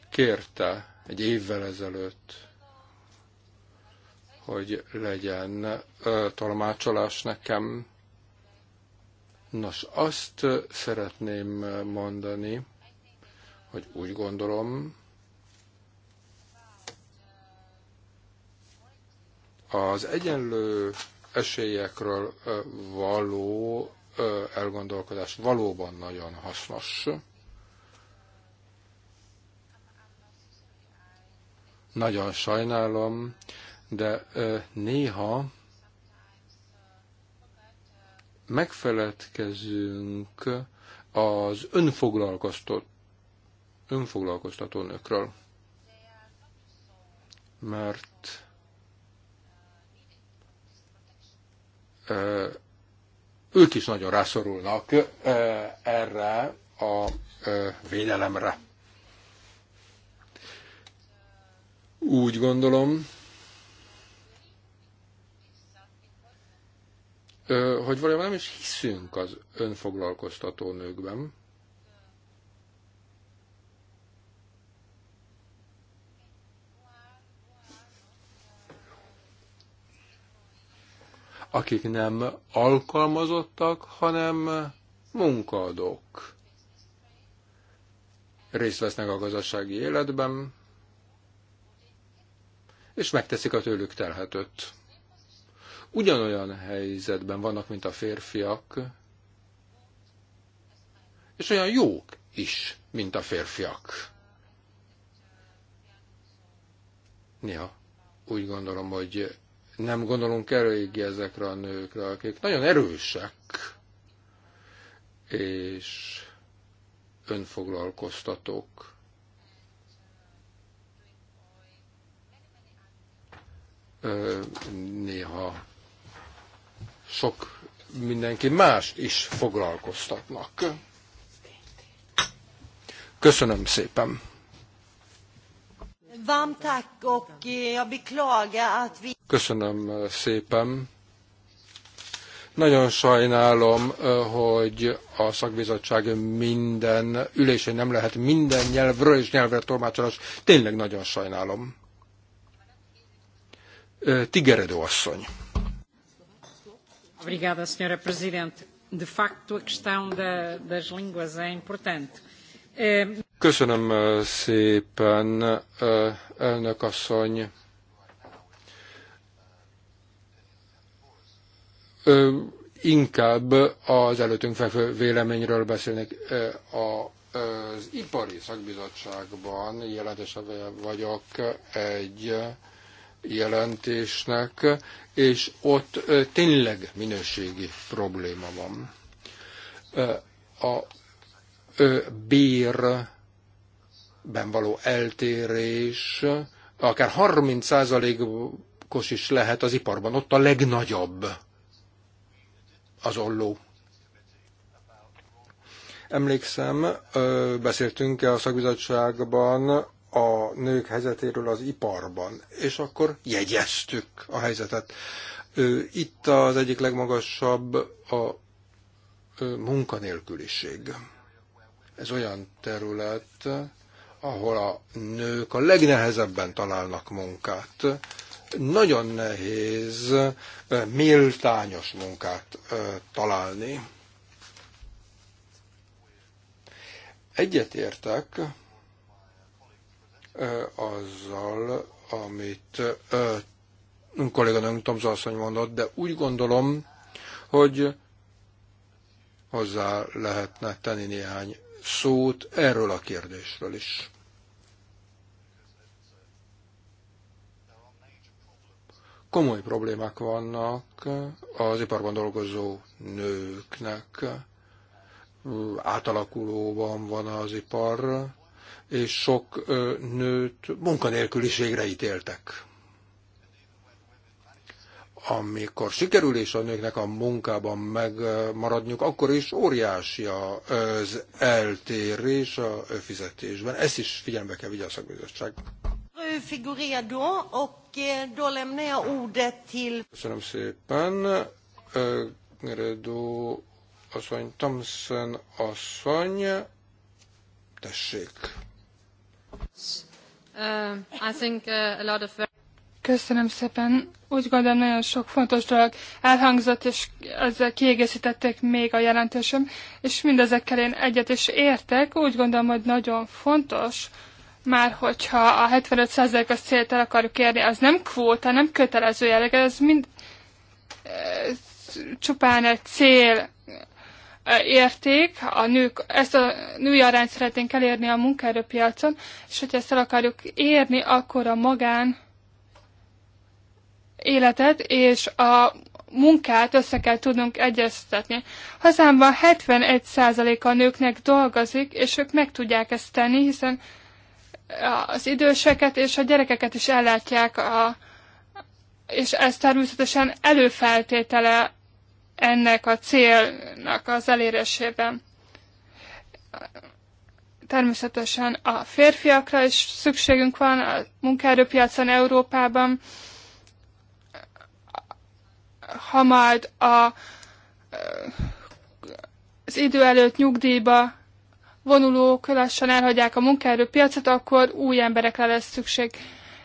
kérte egy évvel ezelőtt, hogy legyen tolmácsolás nekem, Nos, azt szeretném mondani, hogy úgy gondolom, az egyenlő esélyekről való elgondolkodás valóban nagyon hasznos. Nagyon sajnálom, de néha megfeledkezünk az önfoglalkoztat, önfoglalkoztató nőkről, mert ők is nagyon rászorulnak erre a védelemre. Úgy gondolom, hogy valójában nem is hiszünk az önfoglalkoztató nőkben, akik nem alkalmazottak, hanem munkaadók. Részt vesznek a gazdasági életben, és megteszik a tőlük telhetőt ugyanolyan helyzetben vannak, mint a férfiak, és olyan jók is, mint a férfiak. Néha úgy gondolom, hogy nem gondolunk eléggé ezekre a nőkre, akik nagyon erősek, és önfoglalkoztatók. néha sok mindenki mást is foglalkoztatnak. Köszönöm szépen. Eh, Köszönöm eh, szépen. Nagyon sajnálom, eh, hogy a szakbizottság minden ülésén nem lehet minden nyelvről és nyelvre tolmácsolás. Tényleg nagyon sajnálom. Tigeredő asszony. De facto, a questão da, das línguas é importante. Eh, Köszönöm eh, szépen, eh, elnök asszony. Inkább az előttünk fekvő véleményről beszélnék Az ipari szakbizottságban jelentésevel vagyok egy jelentésnek, és ott tényleg minőségi probléma van. A bérben való eltérés akár 30%-os is lehet az iparban, ott a legnagyobb az olló. Emlékszem, beszéltünk -e a szakbizottságban a nők helyzetéről az iparban, és akkor jegyeztük a helyzetet. Itt az egyik legmagasabb a munkanélküliség. Ez olyan terület, ahol a nők a legnehezebben találnak munkát. Nagyon nehéz méltányos munkát találni. Egyetértek, azzal, amit kolléganőnk Tomza asszony mondott, de úgy gondolom, hogy hozzá lehetne tenni néhány szót erről a kérdésről is. Komoly problémák vannak az iparban dolgozó nőknek. Átalakulóban van az ipar, és sok nőt munkanélküliségre ítéltek. Amikor sikerül és a nőknek a munkában megmaradniuk, akkor is óriási az eltérés a fizetésben. Ezt is figyelme kell vigyázni a szakbizottság. Köszönöm szépen. Redo asszony, Thompson asszony, Tessék. Uh, uh, Köszönöm szépen. Úgy gondolom, nagyon sok fontos dolog elhangzott, és ezzel kiegészítették még a jelentésem, és mindezekkel én egyet is értek. Úgy gondolom, hogy nagyon fontos, már hogyha a 75%-os célt el akarjuk érni, az nem kvóta, nem kötelező jelleg, ez mind e, csupán egy cél érték, a nők, ezt a női arányt szeretnénk elérni a munkaerőpiacon, és hogyha ezt el akarjuk érni, akkor a magán életet és a munkát össze kell tudnunk egyeztetni. Hazámban 71% a nőknek dolgozik, és ők meg tudják ezt tenni, hiszen az időseket és a gyerekeket is ellátják, a, és ez természetesen előfeltétele ennek a célnak az elérésében. Természetesen a férfiakra is szükségünk van a munkaerőpiacon Európában. Ha majd a, az idő előtt nyugdíjba vonulók lassan elhagyják a munkaerőpiacot, akkor új emberekre lesz szükség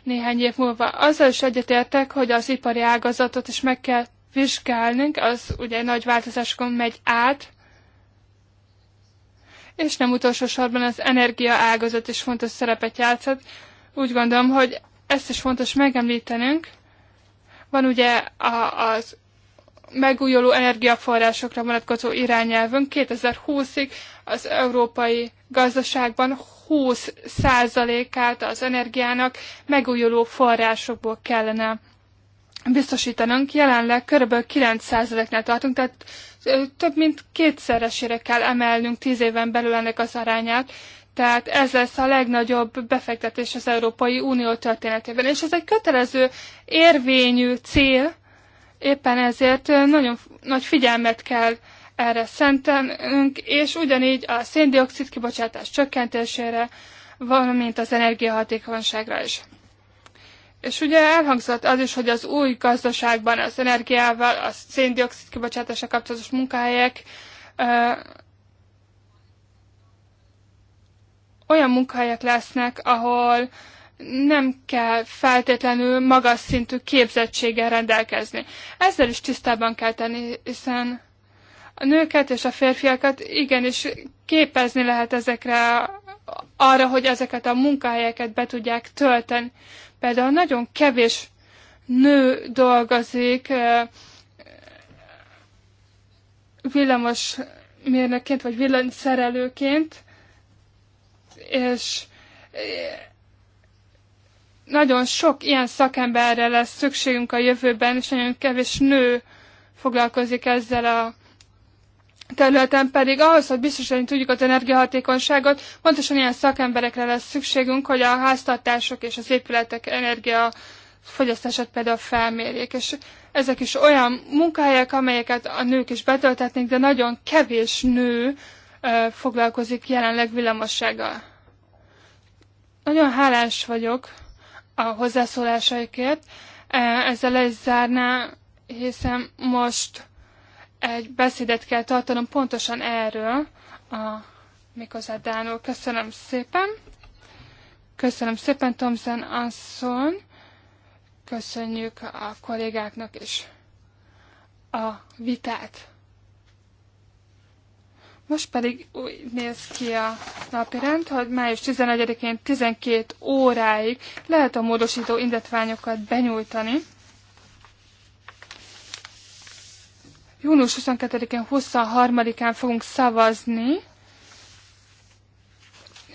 néhány év múlva. Azzal is egyetértek, hogy az ipari ágazatot is meg kell vizsgálnunk, az ugye nagy változásokon megy át, és nem utolsó sorban az energia ágazat is fontos szerepet játszott. Úgy gondolom, hogy ezt is fontos megemlítenünk. Van ugye a, az megújuló energiaforrásokra vonatkozó irányelvünk 2020-ig az európai gazdaságban 20%-át az energiának megújuló forrásokból kellene biztosítanunk. Jelenleg kb. 9%-nál tartunk, tehát több mint kétszeresére kell emelnünk tíz éven belül ennek az arányát, tehát ez lesz a legnagyobb befektetés az Európai Unió történetében. És ez egy kötelező, érvényű cél, éppen ezért nagyon nagy figyelmet kell erre szentelnünk, és ugyanígy a széndiokszid kibocsátás csökkentésére, valamint az energiahatékonyságra is. És ugye elhangzott az is, hogy az új gazdaságban az energiával, a széndiokszid kibocsátása kapcsolatos munkahelyek ö, olyan munkahelyek lesznek, ahol nem kell feltétlenül magas szintű képzettséggel rendelkezni. Ezzel is tisztában kell tenni, hiszen a nőket és a férfiakat igenis képezni lehet ezekre, arra, hogy ezeket a munkahelyeket be tudják tölteni. Például nagyon kevés nő dolgozik villamos mérnökként, vagy villanyszerelőként, és nagyon sok ilyen szakemberre lesz szükségünk a jövőben, és nagyon kevés nő foglalkozik ezzel a területen pedig ahhoz, hogy biztosítani tudjuk az energiahatékonyságot, pontosan ilyen szakemberekre lesz szükségünk, hogy a háztartások és az épületek energia fogyasztását például felmérjék. És ezek is olyan munkahelyek, amelyeket a nők is betölthetnék, de nagyon kevés nő foglalkozik jelenleg villamossággal. Nagyon hálás vagyok a hozzászólásaikért. Ezzel le is zárná, hiszen most egy beszédet kell tartanom pontosan erről, a, méghozzá Dánul. Köszönöm szépen. Köszönöm szépen, Tomzen Anson. Köszönjük a kollégáknak is a vitát. Most pedig úgy néz ki a napirend, hogy május 11-én 12 óráig lehet a módosító indetványokat benyújtani. Június 22-én, 23-án fogunk szavazni,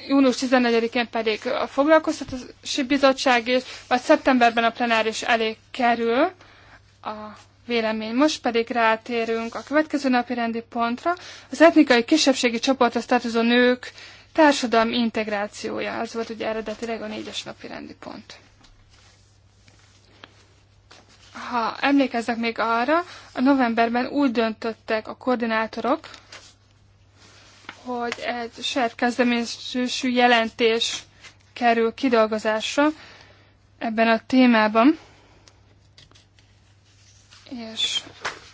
június 14-én pedig a foglalkoztatási bizottság, és vagy szeptemberben a plenáris elé kerül a vélemény. Most pedig rátérünk a következő napi rendi pontra, az etnikai kisebbségi csoportra tartozó nők társadalmi integrációja. Ez volt ugye eredetileg a négyes napi rendi pont ha emlékeznek még arra, a novemberben úgy döntöttek a koordinátorok, hogy egy saját kezdeményezésű jelentés kerül kidolgozásra ebben a témában. És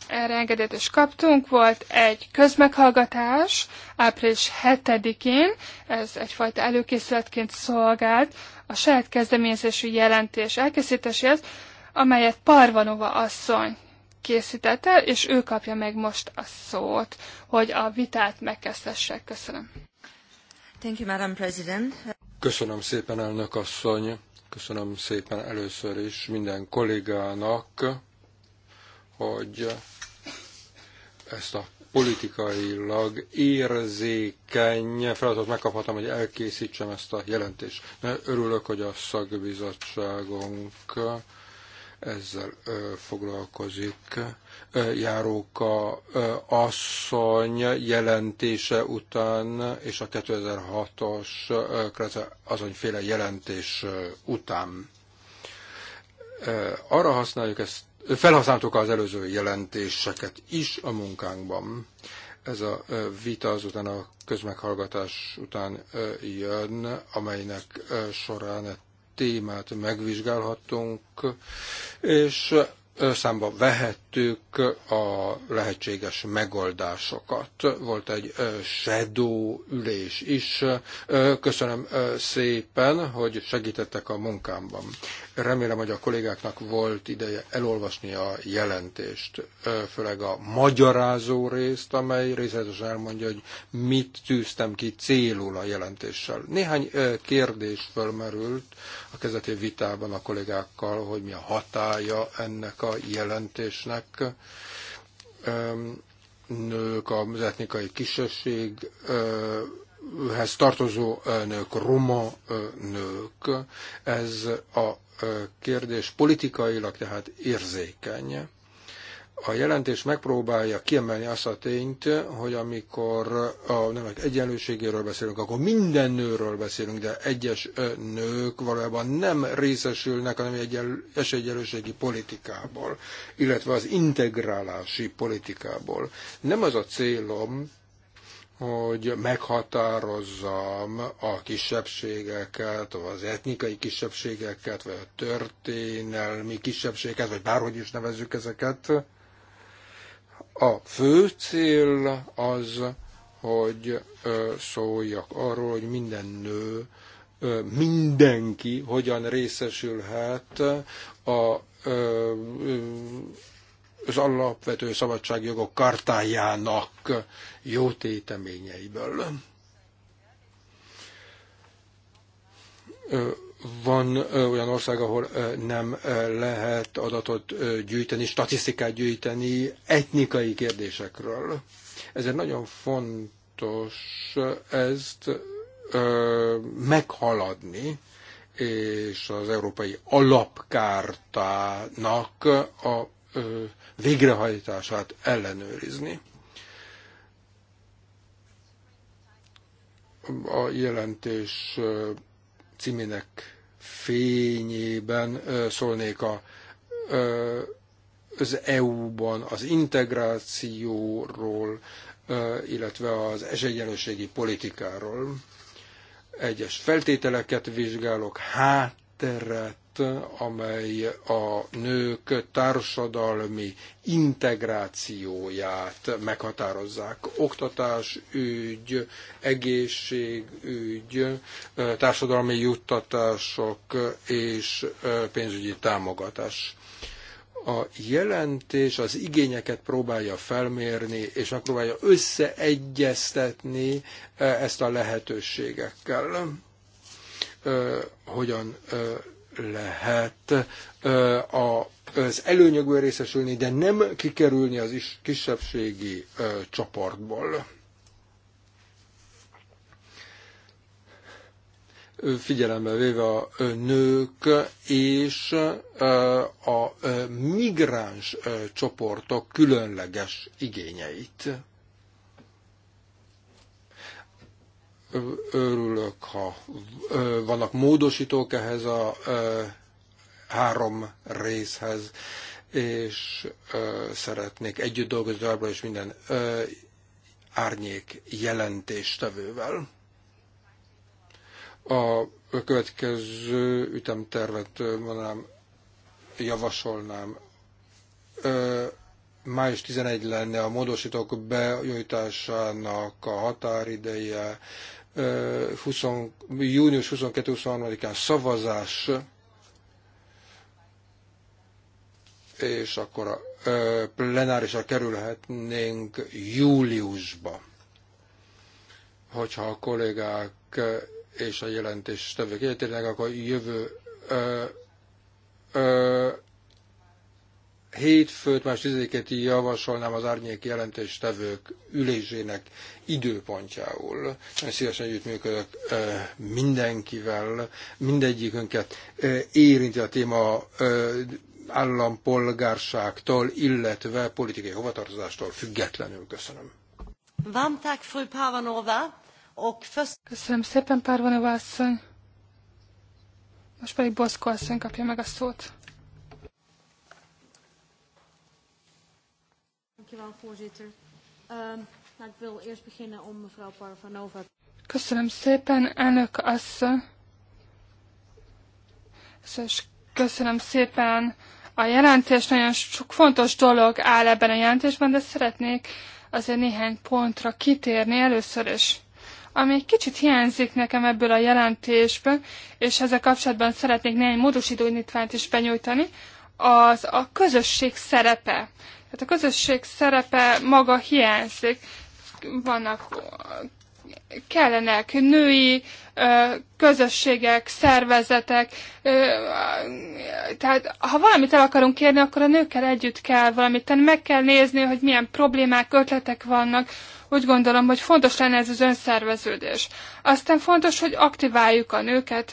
erre engedélyt is kaptunk. Volt egy közmeghallgatás április 7-én, ez egyfajta előkészületként szolgált a saját kezdeményezésű jelentés elkészítéséhez, amelyet Parvanova asszony készített el, és ő kapja meg most a szót, hogy a vitát megkezdhessek. Köszönöm. Thank you, Madam President. Köszönöm szépen, elnök asszony. Köszönöm szépen először is minden kollégának, hogy ezt a politikailag érzékeny feladatot megkaphatom, hogy elkészítsem ezt a jelentést. Örülök, hogy a szakbizottságunk ezzel foglalkozik. Járóka asszony jelentése után és a 2006-os azonyféle jelentés után. Arra használjuk ezt, felhasználtuk az előző jelentéseket is a munkánkban. Ez a vita azután a közmeghallgatás után jön, amelynek során témát megvizsgálhatunk, és számba vehettük a lehetséges megoldásokat. Volt egy shadow ülés is. Köszönöm szépen, hogy segítettek a munkámban. Remélem, hogy a kollégáknak volt ideje elolvasni a jelentést, főleg a magyarázó részt, amely részletesen elmondja, hogy mit tűztem ki célul a jelentéssel. Néhány kérdés fölmerült a kezdeti vitában a kollégákkal, hogy mi a hatája ennek a jelentésnek. Nők az etnikai kisebbséghez tartozó nők, roma nők. Ez a kérdés politikailag tehát érzékeny a jelentés megpróbálja kiemelni azt a tényt, hogy amikor a nemek egyenlőségéről beszélünk, akkor minden nőről beszélünk, de egyes nők valójában nem részesülnek a nemi esélyegyenlőségi politikából, illetve az integrálási politikából. Nem az a célom, hogy meghatározzam a kisebbségeket, vagy az etnikai kisebbségeket, vagy a történelmi kisebbségeket, vagy bárhogy is nevezzük ezeket, a fő cél az, hogy szóljak arról, hogy minden nő, mindenki hogyan részesülhet a az alapvető szabadságjogok kartájának jó téteményeiből van olyan ország, ahol nem lehet adatot gyűjteni, statisztikát gyűjteni etnikai kérdésekről. Ezért nagyon fontos ezt meghaladni, és az európai alapkártának a végrehajtását ellenőrizni. A jelentés címének fényében szólnék a, az EU-ban az integrációról, illetve az esélyegyenlőségi politikáról. Egyes feltételeket vizsgálok, hátteret amely a nők társadalmi integrációját meghatározzák. Oktatás, ügy, egészségügy, társadalmi juttatások és pénzügyi támogatás a jelentés az igényeket próbálja felmérni, és megpróbálja összeegyeztetni ezt a lehetőségekkel. Hogyan lehet az előnyökből részesülni, de nem kikerülni az is kisebbségi csoportból. figyelembe véve a nők és a migráns csoportok különleges igényeit. örülök, ha vannak módosítók ehhez a három részhez, és szeretnék együtt dolgozni arra is minden árnyék jelentéstevővel. A következő ütemtervet mondanám, javasolnám. Május 11 lenne a módosítók bejutásának a határideje, 20, június 22-23-án szavazás, és akkor a plenárisra kerülhetnénk júliusba, hogyha a kollégák és a jelentéstevők értenek, akkor jövő ö, ö, hétfőt, más 10-et javasolnám az árnyék jelentéstevők ülésének időpontjául. Szívesen együttműködök mindenkivel, mindegyikünket érinti a téma állampolgárságtól, illetve politikai hovatartozástól függetlenül. Köszönöm. Köszönöm szépen, Párvanova asszony. Most pedig Boszko asszony kapja meg a szót. Dankjewel, voorzitter. Ehm, nou, ik wil eerst beginnen om mevrouw Parvanova. Köszönöm szépen, elnök asszony. Szóval köszönöm szépen a jelentés Nagyon sok fontos dolog áll ebben a jelentésben, de szeretnék azért néhány pontra kitérni először is. Ami egy kicsit hiányzik nekem ebből a jelentésből, és ezzel kapcsolatban szeretnék néhány módosító is benyújtani, az a közösség szerepe. Tehát a közösség szerepe maga hiányzik. Vannak, kellenek női közösségek, szervezetek. Tehát ha valamit el akarunk kérni, akkor a nőkkel együtt kell valamit tenni. Meg kell nézni, hogy milyen problémák, ötletek vannak, úgy gondolom, hogy fontos lenne ez az önszerveződés. Aztán fontos, hogy aktiváljuk a nőket,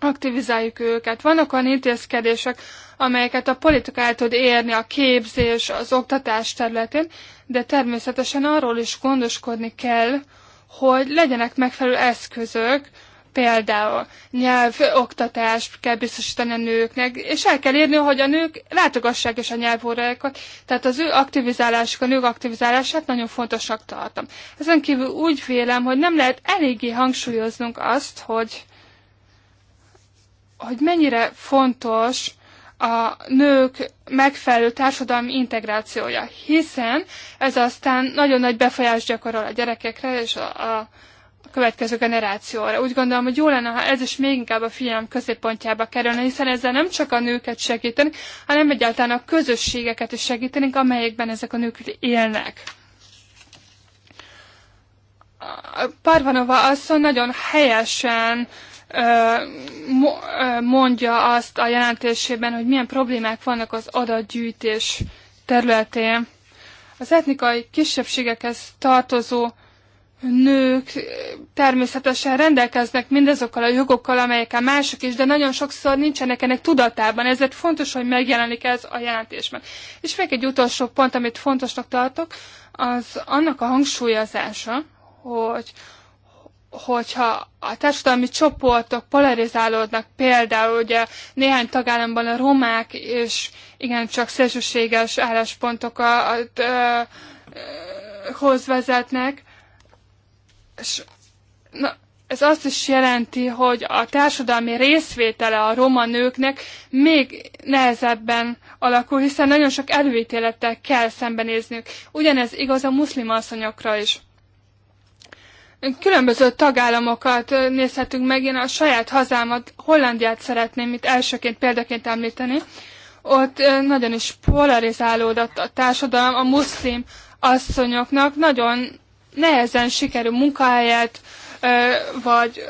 aktivizáljuk őket. Vannak olyan intézkedések, amelyeket a politika el tud érni a képzés, az oktatás területén, de természetesen arról is gondoskodni kell, hogy legyenek megfelelő eszközök, például nyelvoktatást kell biztosítani a nőknek, és el kell írni, hogy a nők látogassák is a nyelvórákat, tehát az ő aktivizálásuk, a nők aktivizálását nagyon fontosnak tartom. Ezen kívül úgy vélem, hogy nem lehet eléggé hangsúlyoznunk azt, hogy hogy mennyire fontos a nők megfelelő társadalmi integrációja, hiszen ez aztán nagyon nagy befolyást gyakorol a gyerekekre és a, a következő generációra. Úgy gondolom, hogy jó lenne, ha ez is még inkább a figyelem középpontjába kerülne, hiszen ezzel nem csak a nőket segíteni, hanem egyáltalán a közösségeket is segítenénk, amelyekben ezek a nők élnek. Parvanova asszony nagyon helyesen mondja azt a jelentésében, hogy milyen problémák vannak az adatgyűjtés területén. Az etnikai kisebbségekhez tartozó nők természetesen rendelkeznek mindazokkal a jogokkal, amelyekkel mások is, de nagyon sokszor nincsenek ennek tudatában, ezért fontos, hogy megjelenik ez a jelentésben. És még egy utolsó pont, amit fontosnak tartok, az annak a hangsúlyozása, hogy hogyha a társadalmi csoportok polarizálódnak, például ugye néhány tagállamban a romák és csak szélsőséges álláspontokat ö, hoz vezetnek, és na, ez azt is jelenti, hogy a társadalmi részvétele a roma nőknek még nehezebben alakul, hiszen nagyon sok előítélettel kell szembenézniük. Ugyanez igaz a muszlim asszonyokra is különböző tagállamokat nézhetünk meg. Én a saját hazámat, Hollandiát szeretném itt elsőként példaként említeni. Ott nagyon is polarizálódott a társadalom, a muszlim asszonyoknak nagyon nehezen sikerül munkahelyet, vagy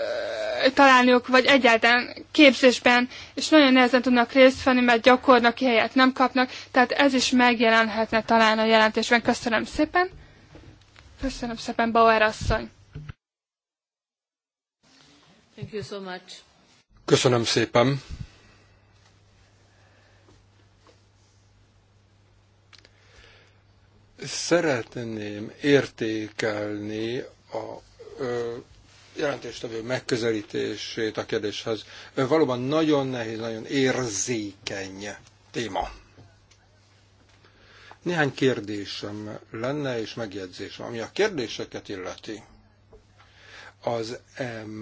találniuk, vagy egyáltalán képzésben, és nagyon nehezen tudnak részt venni, mert gyakornoki helyet nem kapnak, tehát ez is megjelenhetne talán a jelentésben. Köszönöm szépen! Köszönöm szépen, Bauer asszony! Thank you so much. Köszönöm szépen. Szeretném értékelni a ö, jelentéstevő megközelítését a kérdéshez. Valóban nagyon nehéz, nagyon érzékeny téma. Néhány kérdésem lenne és megjegyzésem, ami a kérdéseket illeti. Az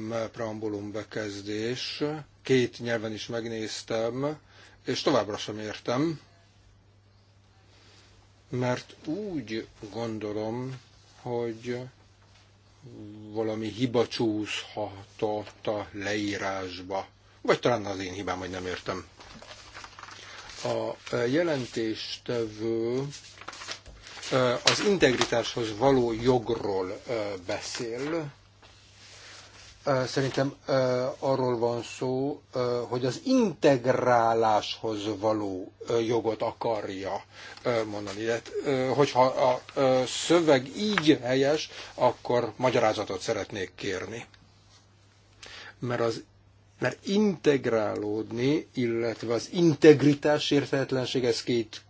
M preambulum bekezdés, két nyelven is megnéztem, és továbbra sem értem, mert úgy gondolom, hogy valami hiba csúszhatott a leírásba. Vagy talán az én hibám, hogy nem értem. A jelentéstevő az integritáshoz való jogról beszél, Szerintem arról van szó, hogy az integráláshoz való jogot akarja mondani. De, hogyha a szöveg így helyes, akkor magyarázatot szeretnék kérni. Mert az mert integrálódni, illetve az integritás értehetlenség, ez két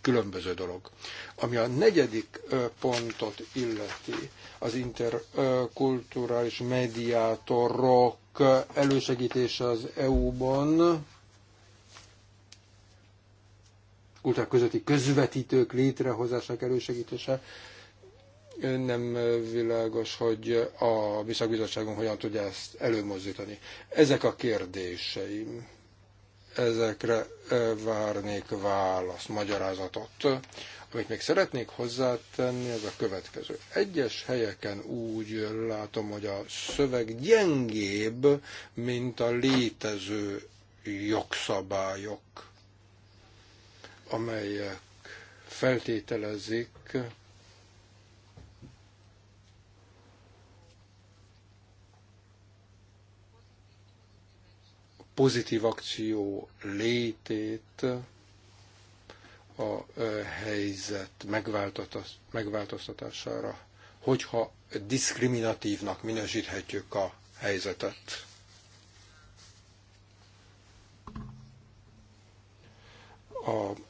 különböző dolog. Ami a negyedik pontot illeti, az interkulturális mediátorok elősegítése az EU-ban, kultúrák közötti közvetítők létrehozásának elősegítése. Nem világos, hogy a Bizottságunk hogyan tudja ezt előmozdítani. Ezek a kérdéseim. Ezekre eh, várnék választ, magyarázatot. Amit még szeretnék hozzátenni, ez a következő. Egyes helyeken úgy látom, hogy a szöveg gyengébb, mint a létező jogszabályok, amelyek feltételezik pozitív akció létét, a helyzet megváltoztatására, hogyha diszkriminatívnak minősíthetjük a helyzetet.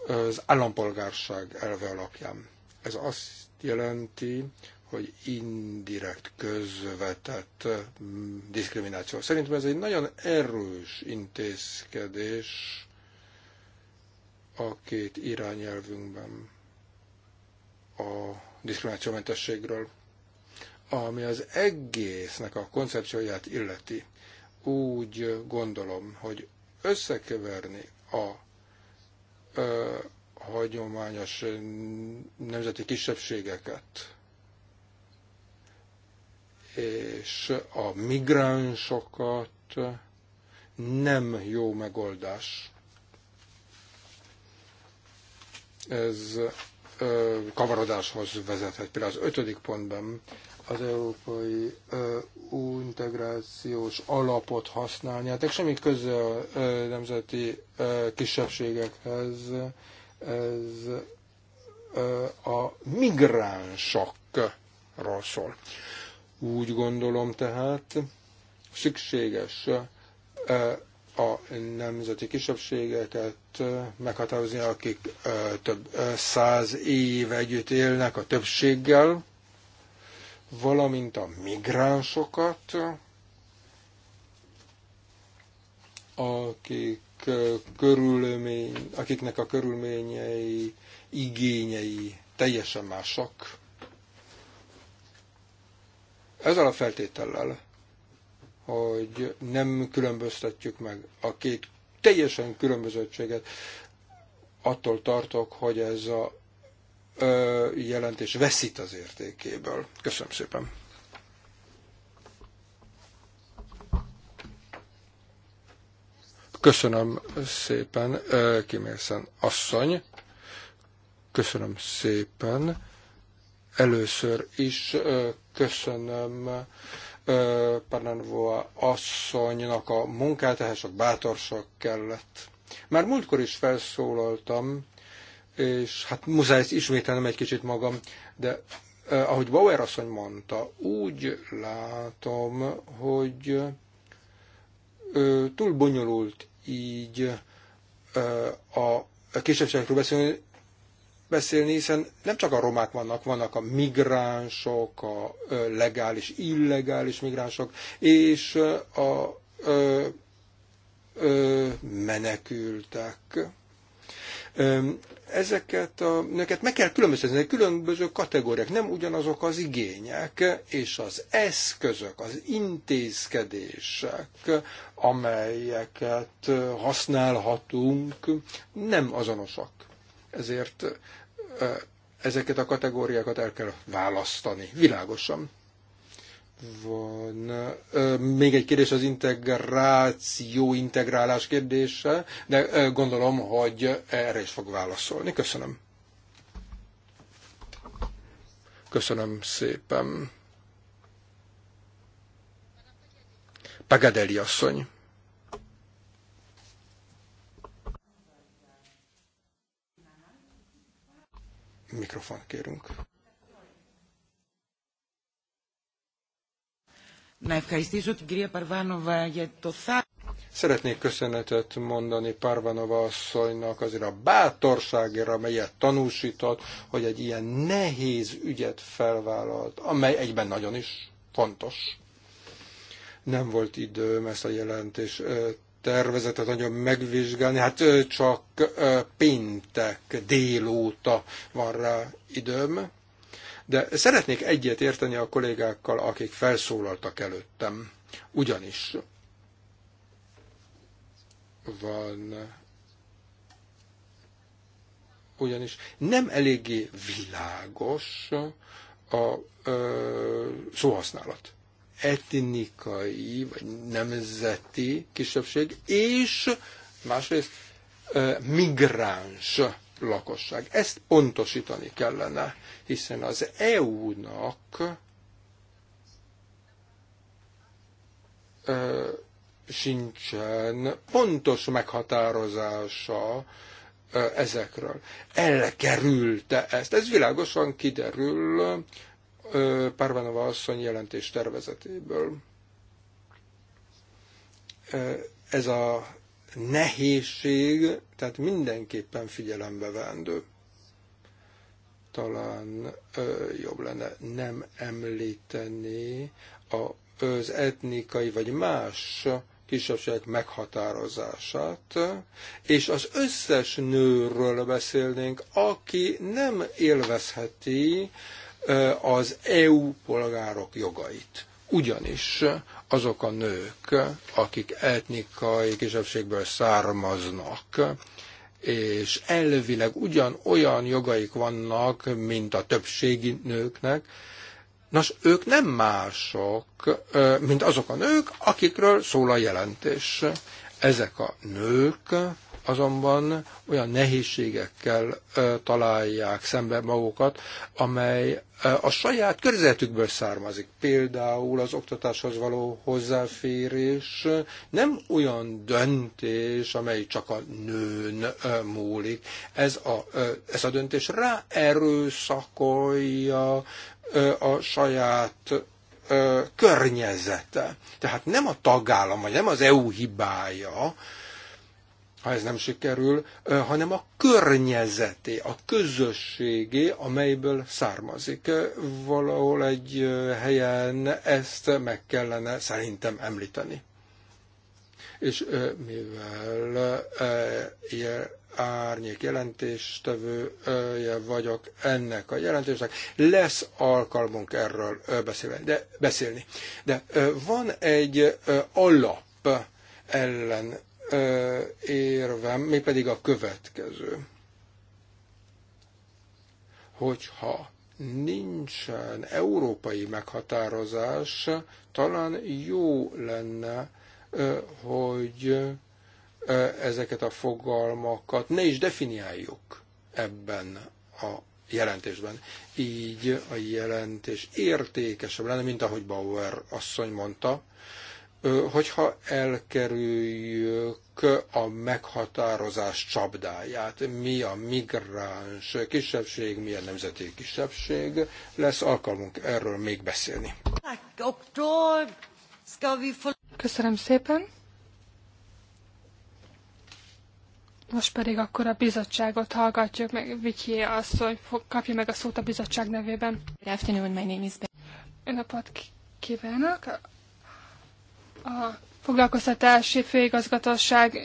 az állampolgárság elve alapján. Ez azt jelenti, hogy indirekt, közvetett mm, diszkrimináció. Szerintem ez egy nagyon erős intézkedés a két irányelvünkben a diszkriminációmentességről, ami az egésznek a koncepcióját illeti. Úgy gondolom, hogy összekeverni a ö, hagyományos nemzeti kisebbségeket és a migránsokat nem jó megoldás ez kavarodáshoz vezethet. Például az ötödik pontban az európai ö, integrációs alapot használni. Hát semmi köze a ö, nemzeti ö, kisebbségekhez. Ez ö, a migránsokról szól. Úgy gondolom tehát szükséges a nemzeti kisebbségeket meghatározni, akik több száz év együtt élnek a többséggel, valamint a migránsokat, akik körülmény, akiknek a körülményei, igényei teljesen másak. Ezzel a feltétellel hogy nem különböztetjük meg a két teljesen különbözöttséget. Attól tartok, hogy ez a ö, jelentés veszít az értékéből. Köszönöm szépen. Köszönöm szépen, Kimérszen asszony. Köszönöm szépen. Először is köszönöm Pananvoa asszonynak a ehhez sok bátorság kellett. Már múltkor is felszólaltam, és hát muszáj ezt ismételnem egy kicsit magam, de eh, ahogy Bauer asszony mondta, úgy látom, hogy eh, túl bonyolult így eh, a kisebbségekről beszélni, beszélni, hiszen nem csak a romák vannak, vannak a migránsok, a legális, illegális migránsok, és a ö, ö, menekültek. Ezeket a nőket meg kell különböztetni, különböző kategóriák, nem ugyanazok az igények és az eszközök, az intézkedések, amelyeket használhatunk, nem azonosak ezért ezeket a kategóriákat el kell választani. Világosan. Van még egy kérdés az integráció, integrálás kérdése, de gondolom, hogy erre is fog válaszolni. Köszönöm. Köszönöm szépen. Pagadeli asszony. Mikrofon kérünk. Szeretnék köszönetet mondani Parvanova asszonynak azért a bátorságért, amelyet tanúsított, hogy egy ilyen nehéz ügyet felvállalt, amely egyben nagyon is fontos. Nem volt időm ezt a jelentést tervezetet nagyon megvizsgálni. Hát csak péntek délóta van rá időm. De szeretnék egyet érteni a kollégákkal, akik felszólaltak előttem. Ugyanis van ugyanis nem eléggé világos a szóhasználat etnikai vagy nemzeti kisebbség, és másrészt migráns lakosság. Ezt pontosítani kellene, hiszen az EU-nak sincsen pontos meghatározása ezekről. Elkerülte ezt. Ez világosan kiderül Parvanova asszony jelentés tervezetéből. Ez a nehézség, tehát mindenképpen figyelembe vendő. Talán ö, jobb lenne nem említeni a, az etnikai vagy más kisebbségek meghatározását, és az összes nőről beszélnénk, aki nem élvezheti az EU polgárok jogait. Ugyanis azok a nők, akik etnikai kisebbségből származnak, és elvileg ugyanolyan jogaik vannak, mint a többségi nőknek, Nos, ők nem mások, mint azok a nők, akikről szól a jelentés. Ezek a nők azonban olyan nehézségekkel találják szembe magukat, amely a saját körzetükből származik. Például az oktatáshoz való hozzáférés nem olyan döntés, amely csak a nőn múlik. Ez a, ez a döntés ráerőszakolja a saját környezete. Tehát nem a tagállam, vagy nem az EU hibája, ha ez nem sikerül, hanem a környezeté, a közösségé, amelyből származik. Valahol egy helyen ezt meg kellene szerintem említeni. És mivel árnyék jelentéstevője vagyok ennek a jelentésnek. Lesz alkalmunk erről beszélni. De, beszélni. De van egy alap ellen érvem, mégpedig a következő. Hogyha nincsen európai meghatározás, talán jó lenne, hogy ezeket a fogalmakat ne is definiáljuk ebben a jelentésben. Így a jelentés értékesebb lenne, mint ahogy Bauer asszony mondta, hogyha elkerüljük a meghatározás csapdáját, mi a migráns kisebbség, milyen nemzeti kisebbség, lesz alkalmunk erről még beszélni. Köszönöm szépen! Most pedig akkor a bizottságot hallgatjuk meg. azt, hogy kapja meg a szót a bizottság nevében. Good afternoon, my name is Ben. Napot kívánok! a foglalkoztatási főigazgatóság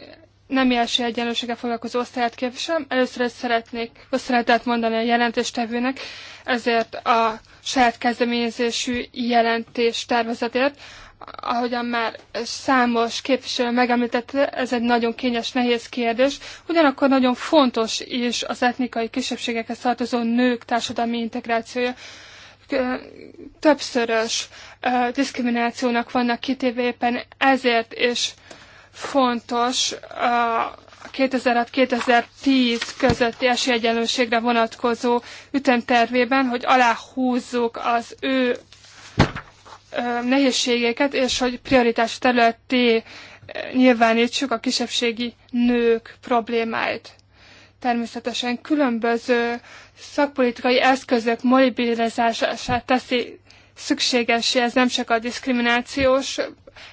nem első egyenlőséggel foglalkozó osztályát képviselem. Először is szeretnék köszönetet mondani a jelentéstevőnek, ezért a saját kezdeményezésű jelentés tervezetért. Ahogyan már számos képviselő megemlítette, ez egy nagyon kényes, nehéz kérdés, ugyanakkor nagyon fontos is az etnikai kisebbségekhez tartozó nők társadalmi integrációja többszörös diszkriminációnak vannak kitéve éppen ezért is fontos a 2006-2010 közötti esélyegyenlőségre vonatkozó ütemtervében, hogy aláhúzzuk az ő nehézségeket, és hogy prioritás területté nyilvánítsuk a kisebbségi nők problémáit természetesen különböző szakpolitikai eszközök mobilizálását teszi szükségessé, ez nem csak a diszkriminációs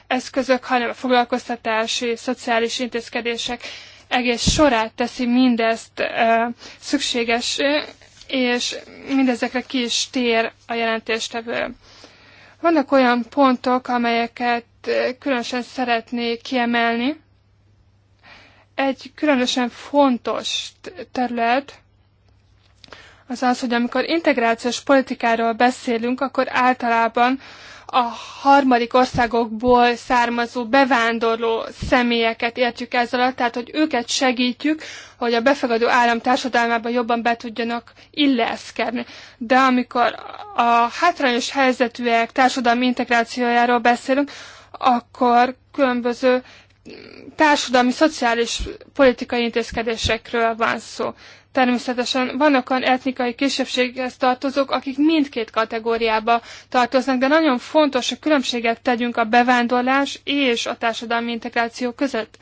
eszközök, hanem a foglalkoztatási, szociális intézkedések egész sorát teszi mindezt e, szükséges, és mindezekre ki is tér a jelentéstevő. Vannak olyan pontok, amelyeket különösen szeretnék kiemelni, egy különösen fontos terület az az, hogy amikor integrációs politikáról beszélünk, akkor általában a harmadik országokból származó bevándorló személyeket értjük ez alatt, tehát hogy őket segítjük, hogy a befogadó állam társadalmában jobban be tudjanak illeszkedni. De amikor a hátrányos helyzetűek társadalmi integrációjáról beszélünk, akkor különböző társadalmi, szociális, politikai intézkedésekről van szó. Természetesen vannak olyan etnikai kisebbséghez tartozók, akik mindkét kategóriába tartoznak, de nagyon fontos, hogy különbséget tegyünk a bevándorlás és a társadalmi integráció között.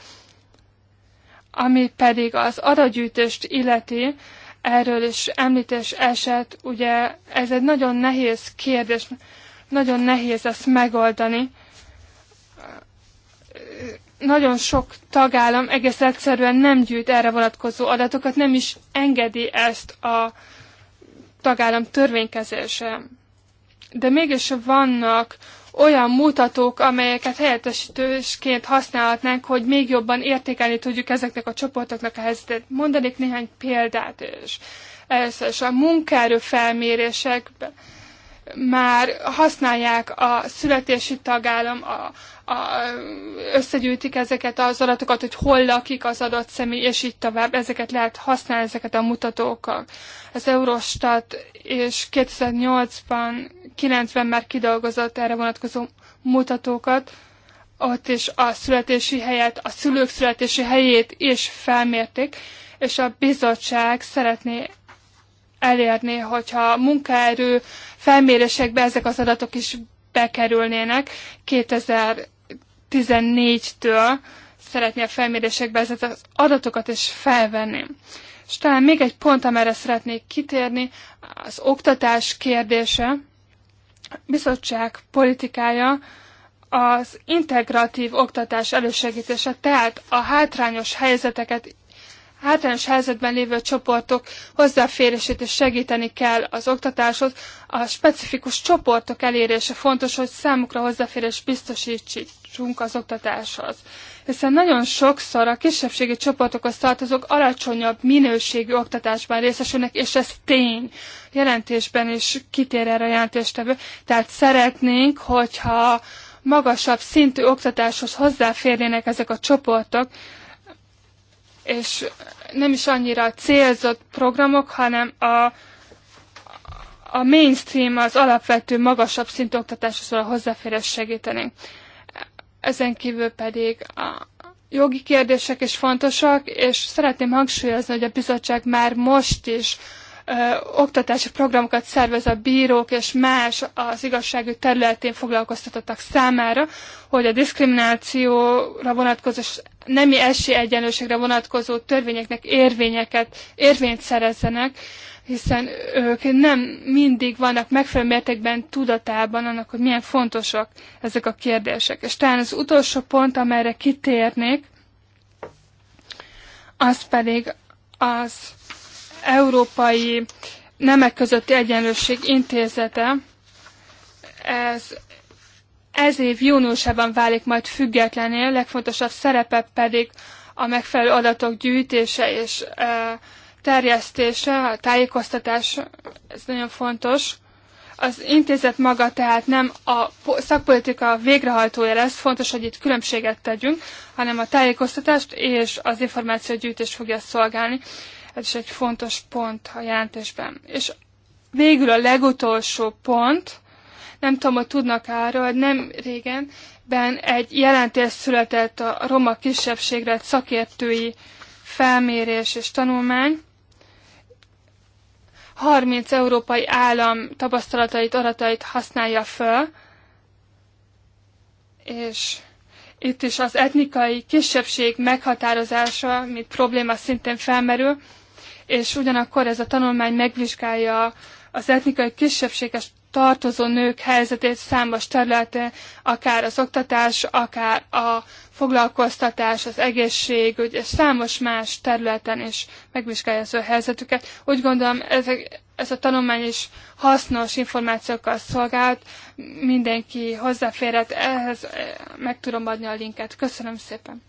Ami pedig az adagyűjtést illeti, erről is említés esett, ugye ez egy nagyon nehéz kérdés, nagyon nehéz ezt megoldani, nagyon sok tagállam egész egyszerűen nem gyűjt erre vonatkozó adatokat, nem is engedi ezt a tagállam törvénykezése. De mégis vannak olyan mutatók, amelyeket helyettesítősként használhatnánk, hogy még jobban értékelni tudjuk ezeknek a csoportoknak a helyzetét. Mondanék néhány példát is. Először is a munkaerő felmérésekben már használják a születési tagállam, a, a, összegyűjtik ezeket az adatokat, hogy hol lakik az adott személy, és így tovább. Ezeket lehet használni, ezeket a mutatókat. Az Eurostat és 2008-ban, 90-ben már kidolgozott erre vonatkozó mutatókat, ott is a születési helyet, a szülők születési helyét is felmérték, és a bizottság szeretné elérni, hogyha a munkaerő felmérésekbe ezek az adatok is bekerülnének 2014-től szeretné a felmérésekbe ezeket az adatokat is felvenni. És talán még egy pont, amire szeretnék kitérni, az oktatás kérdése, bizottság politikája, az integratív oktatás elősegítése, tehát a hátrányos helyzeteket hátrányos helyzetben lévő csoportok hozzáférését is segíteni kell az oktatáshoz. A specifikus csoportok elérése fontos, hogy számukra hozzáférés biztosítsunk az oktatáshoz. Hiszen nagyon sokszor a kisebbségi csoportokhoz tartozók alacsonyabb minőségű oktatásban részesülnek, és ez tény. Jelentésben is kitér erre a jelentéstevő. Tehát szeretnénk, hogyha magasabb szintű oktatáshoz hozzáférnének ezek a csoportok, és nem is annyira célzott programok, hanem a, a mainstream, az alapvető, magasabb szintű oktatáshoz való hozzáférés segítenénk. Ezen kívül pedig a jogi kérdések is fontosak, és szeretném hangsúlyozni, hogy a bizottság már most is oktatási programokat szervez a bírók és más az igazságügy területén foglalkoztatottak számára, hogy a diszkriminációra vonatkozó nemi esélyegyenlőségre vonatkozó törvényeknek érvényeket, érvényt szerezzenek, hiszen ők nem mindig vannak megfelelő mértékben tudatában annak, hogy milyen fontosak ezek a kérdések. És talán az utolsó pont, amelyre kitérnék, az pedig az Európai Nemek Közötti Egyenlőség Intézete, ez, ez év júniusában válik majd függetlené, a legfontosabb szerepe pedig a megfelelő adatok gyűjtése és e, terjesztése, a tájékoztatás, ez nagyon fontos. Az intézet maga tehát nem a szakpolitika végrehajtója lesz, fontos, hogy itt különbséget tegyünk, hanem a tájékoztatást és az információgyűjtést fogja szolgálni. Ez is egy fontos pont a jelentésben. És végül a legutolsó pont, nem tudom, hogy tudnak arról, hogy nem régen ben egy jelentés született a roma kisebbségre egy szakértői felmérés és tanulmány. 30 európai állam tapasztalatait, aratait használja föl, és itt is az etnikai kisebbség meghatározása, mint probléma szintén felmerül, és ugyanakkor ez a tanulmány megvizsgálja az etnikai kisebbséges tartozó nők helyzetét számos területen, akár az oktatás, akár a foglalkoztatás, az egészségügy, és számos más területen is megvizsgálja az ő helyzetüket. Úgy gondolom, ez, ez a tanulmány is hasznos információkkal szolgált, mindenki hozzáférhet ehhez, meg tudom adni a linket. Köszönöm szépen!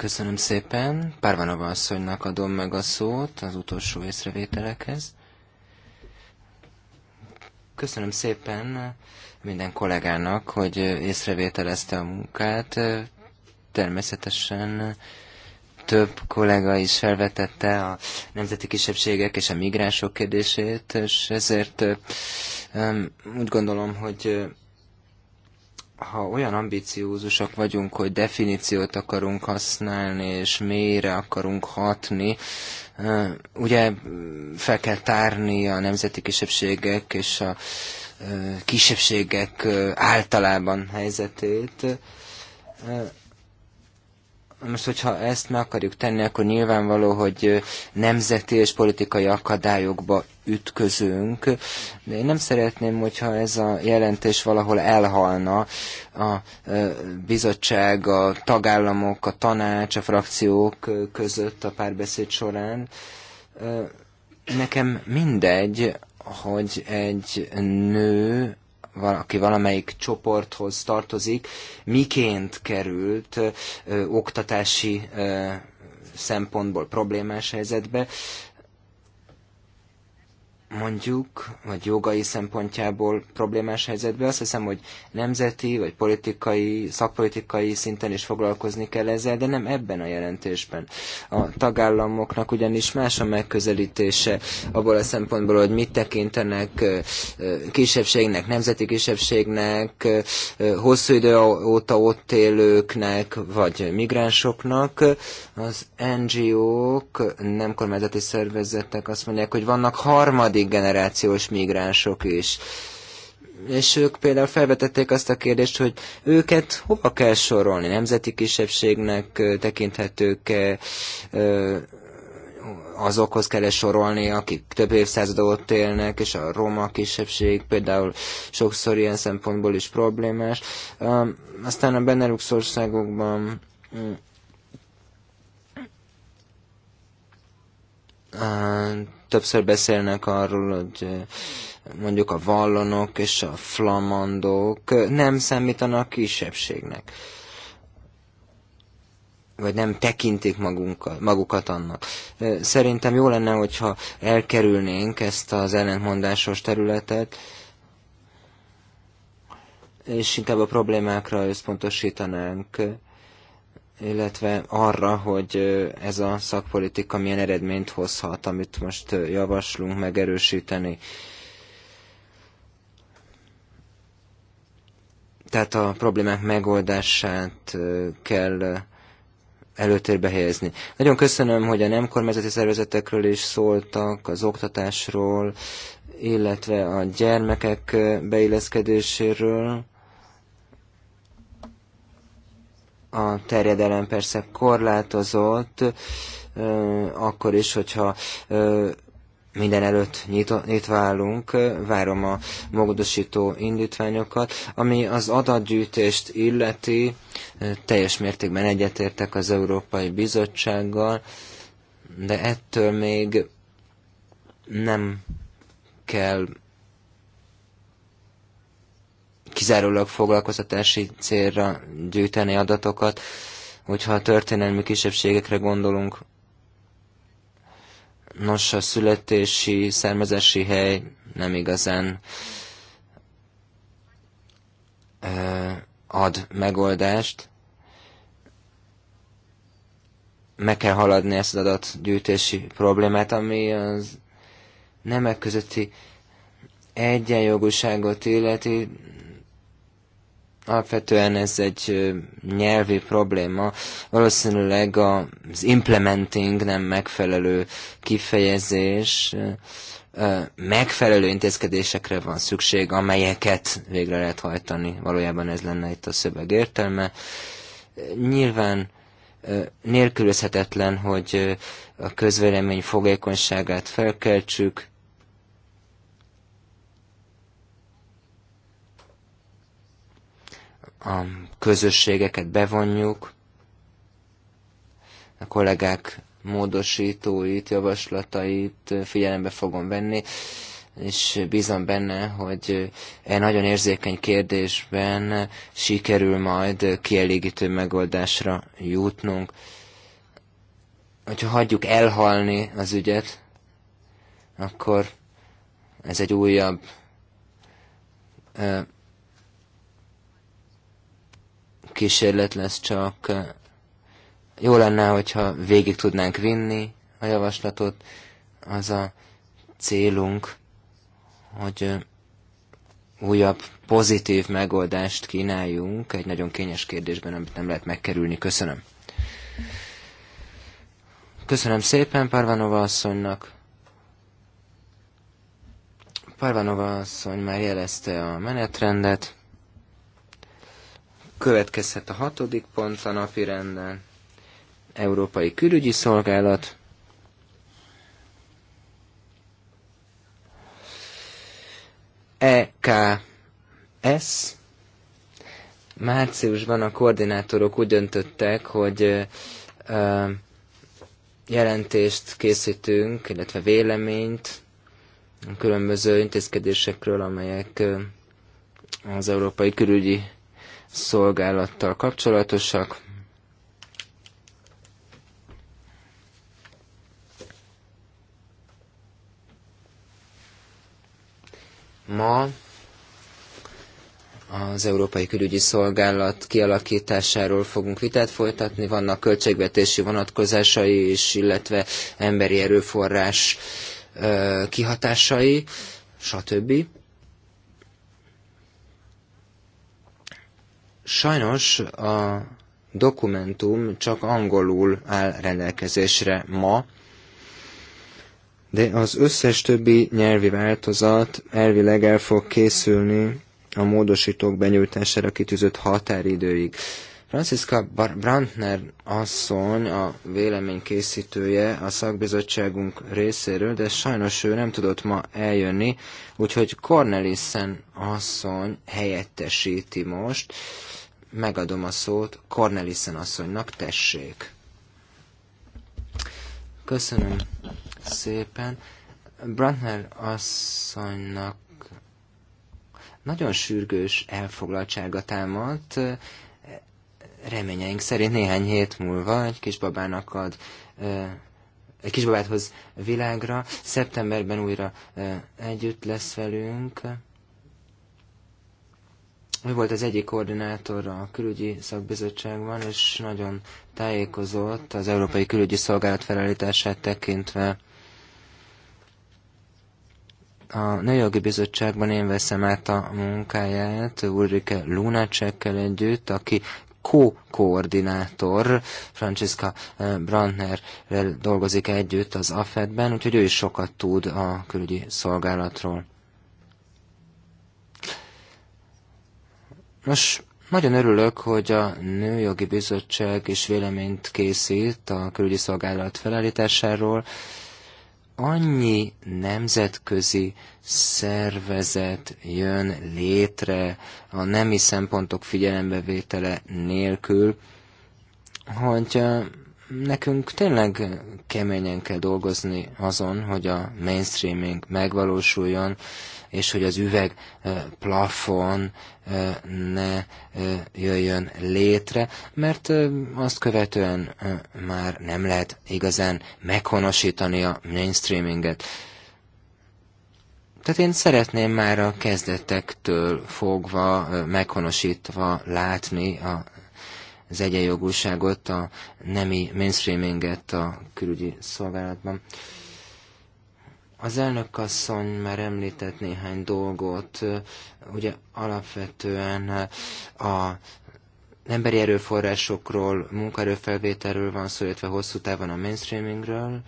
Köszönöm szépen. Párvanova asszonynak adom meg a szót az utolsó észrevételekhez. Köszönöm szépen minden kollégának, hogy észrevételezte a munkát. Természetesen több kollega is felvetette a nemzeti kisebbségek és a migránsok kérdését, és ezért úgy gondolom, hogy ha olyan ambiciózusak vagyunk, hogy definíciót akarunk használni, és mélyre akarunk hatni, ugye fel kell tárni a nemzeti kisebbségek és a kisebbségek általában helyzetét, most, hogyha ezt meg akarjuk tenni, akkor nyilvánvaló, hogy nemzeti és politikai akadályokba ütközünk, de én nem szeretném, hogyha ez a jelentés valahol elhalna. A bizottság, a tagállamok, a tanács, a frakciók között a párbeszéd során. Nekem mindegy, hogy egy nő aki valamelyik csoporthoz tartozik, miként került ö, oktatási ö, szempontból problémás helyzetbe, mondjuk, vagy jogai szempontjából problémás helyzetbe. Azt hiszem, hogy nemzeti, vagy politikai, szakpolitikai szinten is foglalkozni kell ezzel, de nem ebben a jelentésben. A tagállamoknak ugyanis más a megközelítése abból a szempontból, hogy mit tekintenek kisebbségnek, nemzeti kisebbségnek, hosszú idő óta ott élőknek, vagy migránsoknak. Az NGO-k, nem kormányzati szervezetek azt mondják, hogy vannak harmadik harmadik generációs migránsok is. És ők például felvetették azt a kérdést, hogy őket hova kell sorolni, nemzeti kisebbségnek tekinthetők-e, azokhoz kell -e sorolni, akik több évszázad ott élnek, és a roma kisebbség például sokszor ilyen szempontból is problémás. Aztán a Benelux országokban mm, Többször beszélnek arról, hogy mondjuk a vallonok és a flamandok nem számítanak kisebbségnek. Vagy nem tekintik magunkat, magukat annak. Szerintem jó lenne, hogyha elkerülnénk ezt az ellentmondásos területet, és inkább a problémákra összpontosítanánk illetve arra, hogy ez a szakpolitika milyen eredményt hozhat, amit most javaslunk megerősíteni. Tehát a problémák megoldását kell előtérbe helyezni. Nagyon köszönöm, hogy a nem kormányzati szervezetekről is szóltak, az oktatásról, illetve a gyermekek beilleszkedéséről a terjedelem persze korlátozott, akkor is, hogyha minden előtt nyitva állunk, várom a magadosító indítványokat. Ami az adatgyűjtést illeti, teljes mértékben egyetértek az Európai Bizottsággal, de ettől még nem kell kizárólag foglalkoztatási célra gyűjteni adatokat, hogyha a történelmi kisebbségekre gondolunk. Nos, a születési, származási hely nem igazán ad megoldást. Meg kell haladni ezt az adatgyűjtési problémát, ami az nemek közötti egyenjogúságot illeti, Alapvetően ez egy nyelvi probléma. Valószínűleg az implementing nem megfelelő kifejezés, megfelelő intézkedésekre van szükség, amelyeket végre lehet hajtani. Valójában ez lenne itt a szöveg értelme. Nyilván nélkülözhetetlen, hogy a közvélemény fogékonyságát felkeltsük, a közösségeket bevonjuk, a kollégák módosítóit, javaslatait figyelembe fogom venni, és bízom benne, hogy e nagyon érzékeny kérdésben sikerül majd kielégítő megoldásra jutnunk. Hogyha hagyjuk elhalni az ügyet, akkor ez egy újabb kísérlet lesz csak. Jó lenne, hogyha végig tudnánk vinni a javaslatot. Az a célunk, hogy újabb pozitív megoldást kínáljunk egy nagyon kényes kérdésben, amit nem lehet megkerülni. Köszönöm. Köszönöm szépen Parvanova asszonynak. Parvanova asszony már jelezte a menetrendet. Következhet a hatodik pont a napi renden. Európai Külügyi Szolgálat. EKS. Márciusban a koordinátorok úgy döntöttek, hogy jelentést készítünk, illetve véleményt különböző intézkedésekről, amelyek az Európai Külügyi szolgálattal kapcsolatosak. Ma az Európai Külügyi Szolgálat kialakításáról fogunk vitát folytatni, vannak költségvetési vonatkozásai is, illetve emberi erőforrás kihatásai, stb. Sajnos a dokumentum csak angolul áll rendelkezésre ma, de az összes többi nyelvi változat elvileg el fog készülni a módosítók benyújtására kitűzött határidőig. Franciska Brandner asszony a véleménykészítője a szakbizottságunk részéről, de sajnos ő nem tudott ma eljönni, úgyhogy Cornelissen asszony helyettesíti most megadom a szót Cornelissen asszonynak, tessék. Köszönöm szépen. Brandner asszonynak nagyon sürgős elfoglaltsága támadt. Reményeink szerint néhány hét múlva egy kisbabának ad egy kisbabát hoz világra. Szeptemberben újra együtt lesz velünk ő volt az egyik koordinátor a külügyi szakbizottságban, és nagyon tájékozott az Európai Külügyi Szolgálat felállítását tekintve. A Nőjogi Bizottságban én veszem át a munkáját Ulrike Lunacekkel együtt, aki co-koordinátor, Francesca eh, Brandnerrel dolgozik együtt az AFED-ben, úgyhogy ő is sokat tud a külügyi szolgálatról. Nos, nagyon örülök, hogy a Nőjogi Bizottság is véleményt készít a külügyi szolgálat felállításáról. Annyi nemzetközi szervezet jön létre a nemi szempontok figyelembevétele nélkül, hogy nekünk tényleg keményen kell dolgozni azon, hogy a mainstreaming megvalósuljon, és hogy az üveg plafon ne jöjjön létre, mert azt követően már nem lehet igazán meghonosítani a mainstreaminget. Tehát én szeretném már a kezdetektől fogva, meghonosítva látni a, az egyenjogúságot, a nemi mainstreaminget a külügyi szolgálatban. Az elnök asszony már említett néhány dolgot, ugye alapvetően a emberi erőforrásokról, munkaerőfelvételről van szó, illetve hosszú távon a mainstreamingről.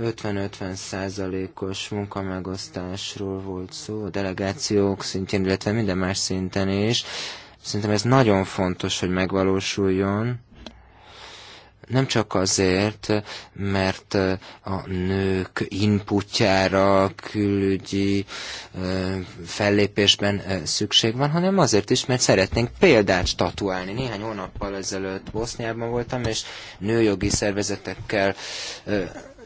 50-50 százalékos -50 munkamegosztásról volt szó, a delegációk szintjén, illetve minden más szinten is. Szerintem ez nagyon fontos, hogy megvalósuljon nem csak azért, mert a nők inputjára külügyi fellépésben szükség van, hanem azért is, mert szeretnénk példát statuálni. Néhány hónappal ezelőtt Boszniában voltam, és nőjogi szervezetekkel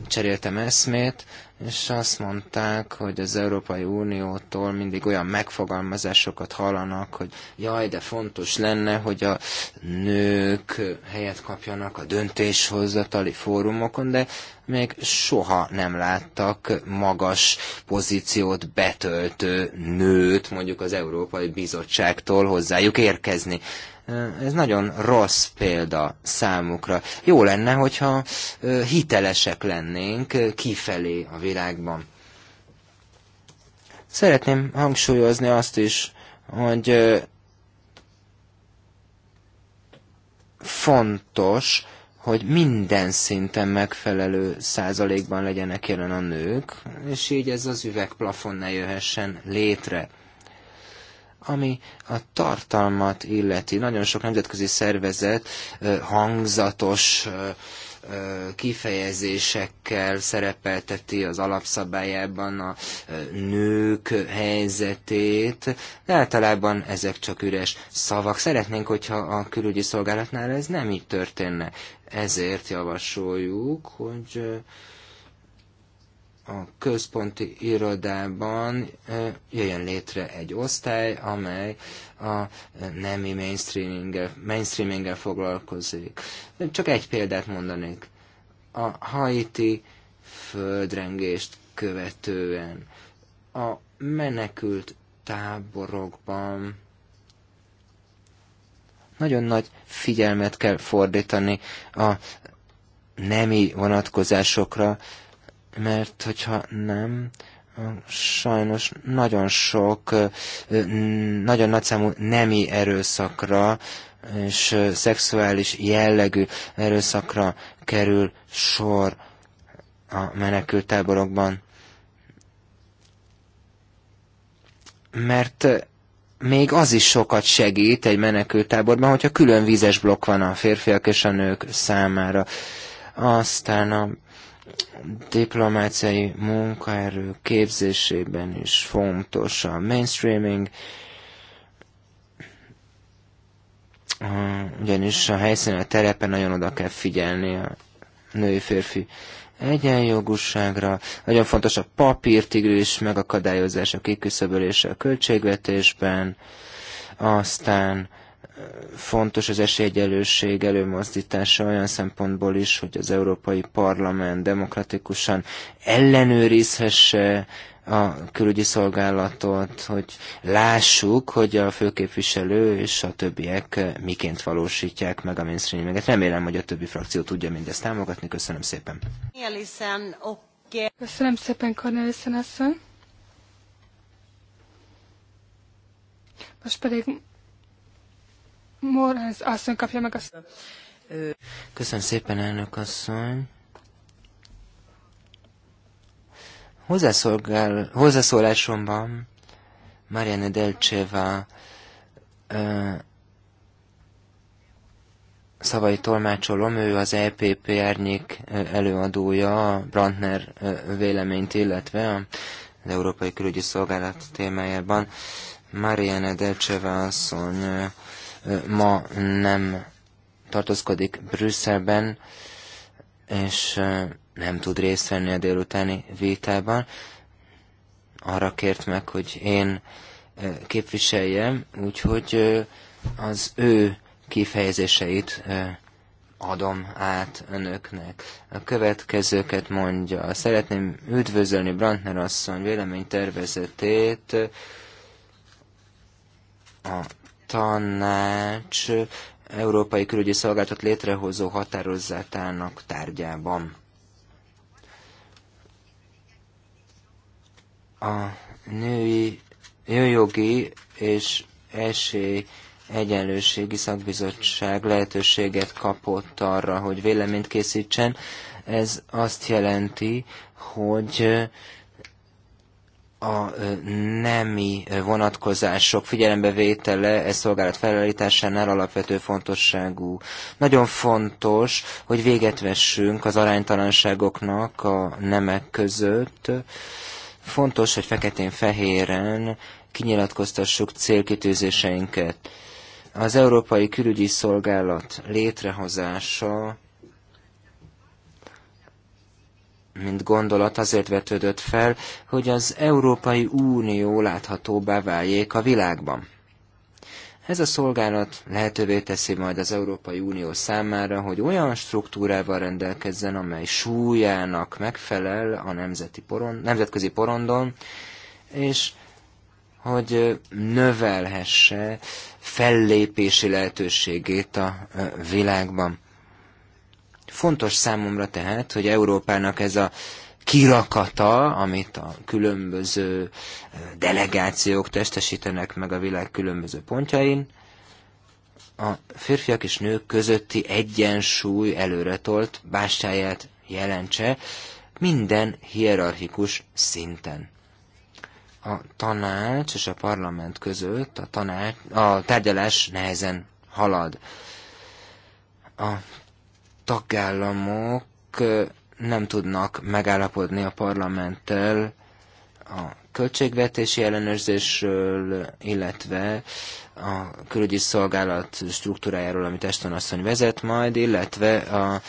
cseréltem eszmét, és azt mondták, hogy az Európai Uniótól mindig olyan megfogalmazásokat hallanak, hogy jaj, de fontos lenne, hogy a nők helyet kapjanak a döntéshozatali fórumokon, de még soha nem láttak magas pozíciót betöltő nőt, mondjuk az Európai Bizottságtól hozzájuk érkezni. Ez nagyon rossz példa számukra. Jó lenne, hogyha hitelesek lennénk kifelé a világban. Szeretném hangsúlyozni azt is, hogy fontos, hogy minden szinten megfelelő százalékban legyenek jelen a nők, és így ez az üvegplafon ne jöhessen létre. Ami a tartalmat illeti, nagyon sok nemzetközi szervezet hangzatos kifejezésekkel szerepelteti az alapszabályában a nők helyzetét, de általában ezek csak üres szavak. Szeretnénk, hogyha a külügyi szolgálatnál ez nem így történne. Ezért javasoljuk, hogy a központi irodában jöjjön létre egy osztály, amely a nemi mainstreaminggel, mainstreaminggel foglalkozik. Csak egy példát mondanék. A haiti földrengést követően a menekült táborokban nagyon nagy figyelmet kell fordítani a nemi vonatkozásokra, mert hogyha nem, sajnos nagyon sok, nagyon nagyszámú nemi erőszakra és szexuális jellegű erőszakra kerül sor a menekült táborokban. Mert még az is sokat segít egy menekültáborban, hogyha külön vízes blokk van a férfiak és a nők számára. Aztán a diplomáciai munkaerő képzésében is fontos a mainstreaming, ugyanis a helyszínen, a terepen nagyon oda kell figyelni a női-férfi egyenjogúságra. Nagyon fontos a papírtigris megakadályozása, kiküszöbölése a költségvetésben, aztán fontos az esélyegyelőség előmozdítása olyan szempontból is, hogy az Európai Parlament demokratikusan ellenőrizhesse a külügyi szolgálatot, hogy lássuk, hogy a főképviselő és a többiek miként valósítják meg a mainstreaminget. Remélem, hogy a többi frakció tudja mindezt támogatni. Köszönöm szépen. Köszönöm szépen, Cornelissen asszony. Most pedig Morales asszony kapja meg azt. Köszönöm szépen, elnök asszony. Hozzászolgál, hozzászólásomban Marianne Delcseva szavai tolmácsolom, ő az EPP árnyék előadója, a Brandner véleményt, illetve az Európai Külügyi Szolgálat témájában. Marianne Delcseva asszony ma nem tartózkodik Brüsszelben, és nem tud részt venni a délutáni vitában. Arra kért meg, hogy én képviseljem, úgyhogy az ő kifejezéseit adom át önöknek. A következőket mondja. Szeretném üdvözölni Brandner asszony véleménytervezetét a tanács Európai Külügyi Szolgáltat létrehozó határozatának tárgyában. A női jogi és esély egyenlőségi szakbizottság lehetőséget kapott arra, hogy véleményt készítsen. Ez azt jelenti, hogy a nemi vonatkozások figyelembevétele e szolgálat felállításánál alapvető fontosságú. Nagyon fontos, hogy véget vessünk az aránytalanságoknak a nemek között. Fontos, hogy feketén-fehéren kinyilatkoztassuk célkitűzéseinket. Az Európai Külügyi Szolgálat létrehozása mint gondolat azért vetődött fel, hogy az Európai Unió láthatóbbá váljék a világban. Ez a szolgálat lehetővé teszi majd az Európai Unió számára, hogy olyan struktúrával rendelkezzen, amely súlyának megfelel a nemzeti poron, nemzetközi porondon, és hogy növelhesse fellépési lehetőségét a világban. Fontos számomra tehát, hogy Európának ez a kirakata, amit a különböző eh, delegációk testesítenek meg a világ különböző pontjain, a férfiak és nők közötti egyensúly előretolt bástáját jelentse minden hierarchikus szinten. A tanács és a parlament között a, tanács, a tárgyalás nehezen halad. A tagállamok nem tudnak megállapodni a parlamenttel a költségvetési ellenőrzésről, illetve a külügyi szolgálat struktúrájáról, amit Eston asszony vezet majd, illetve a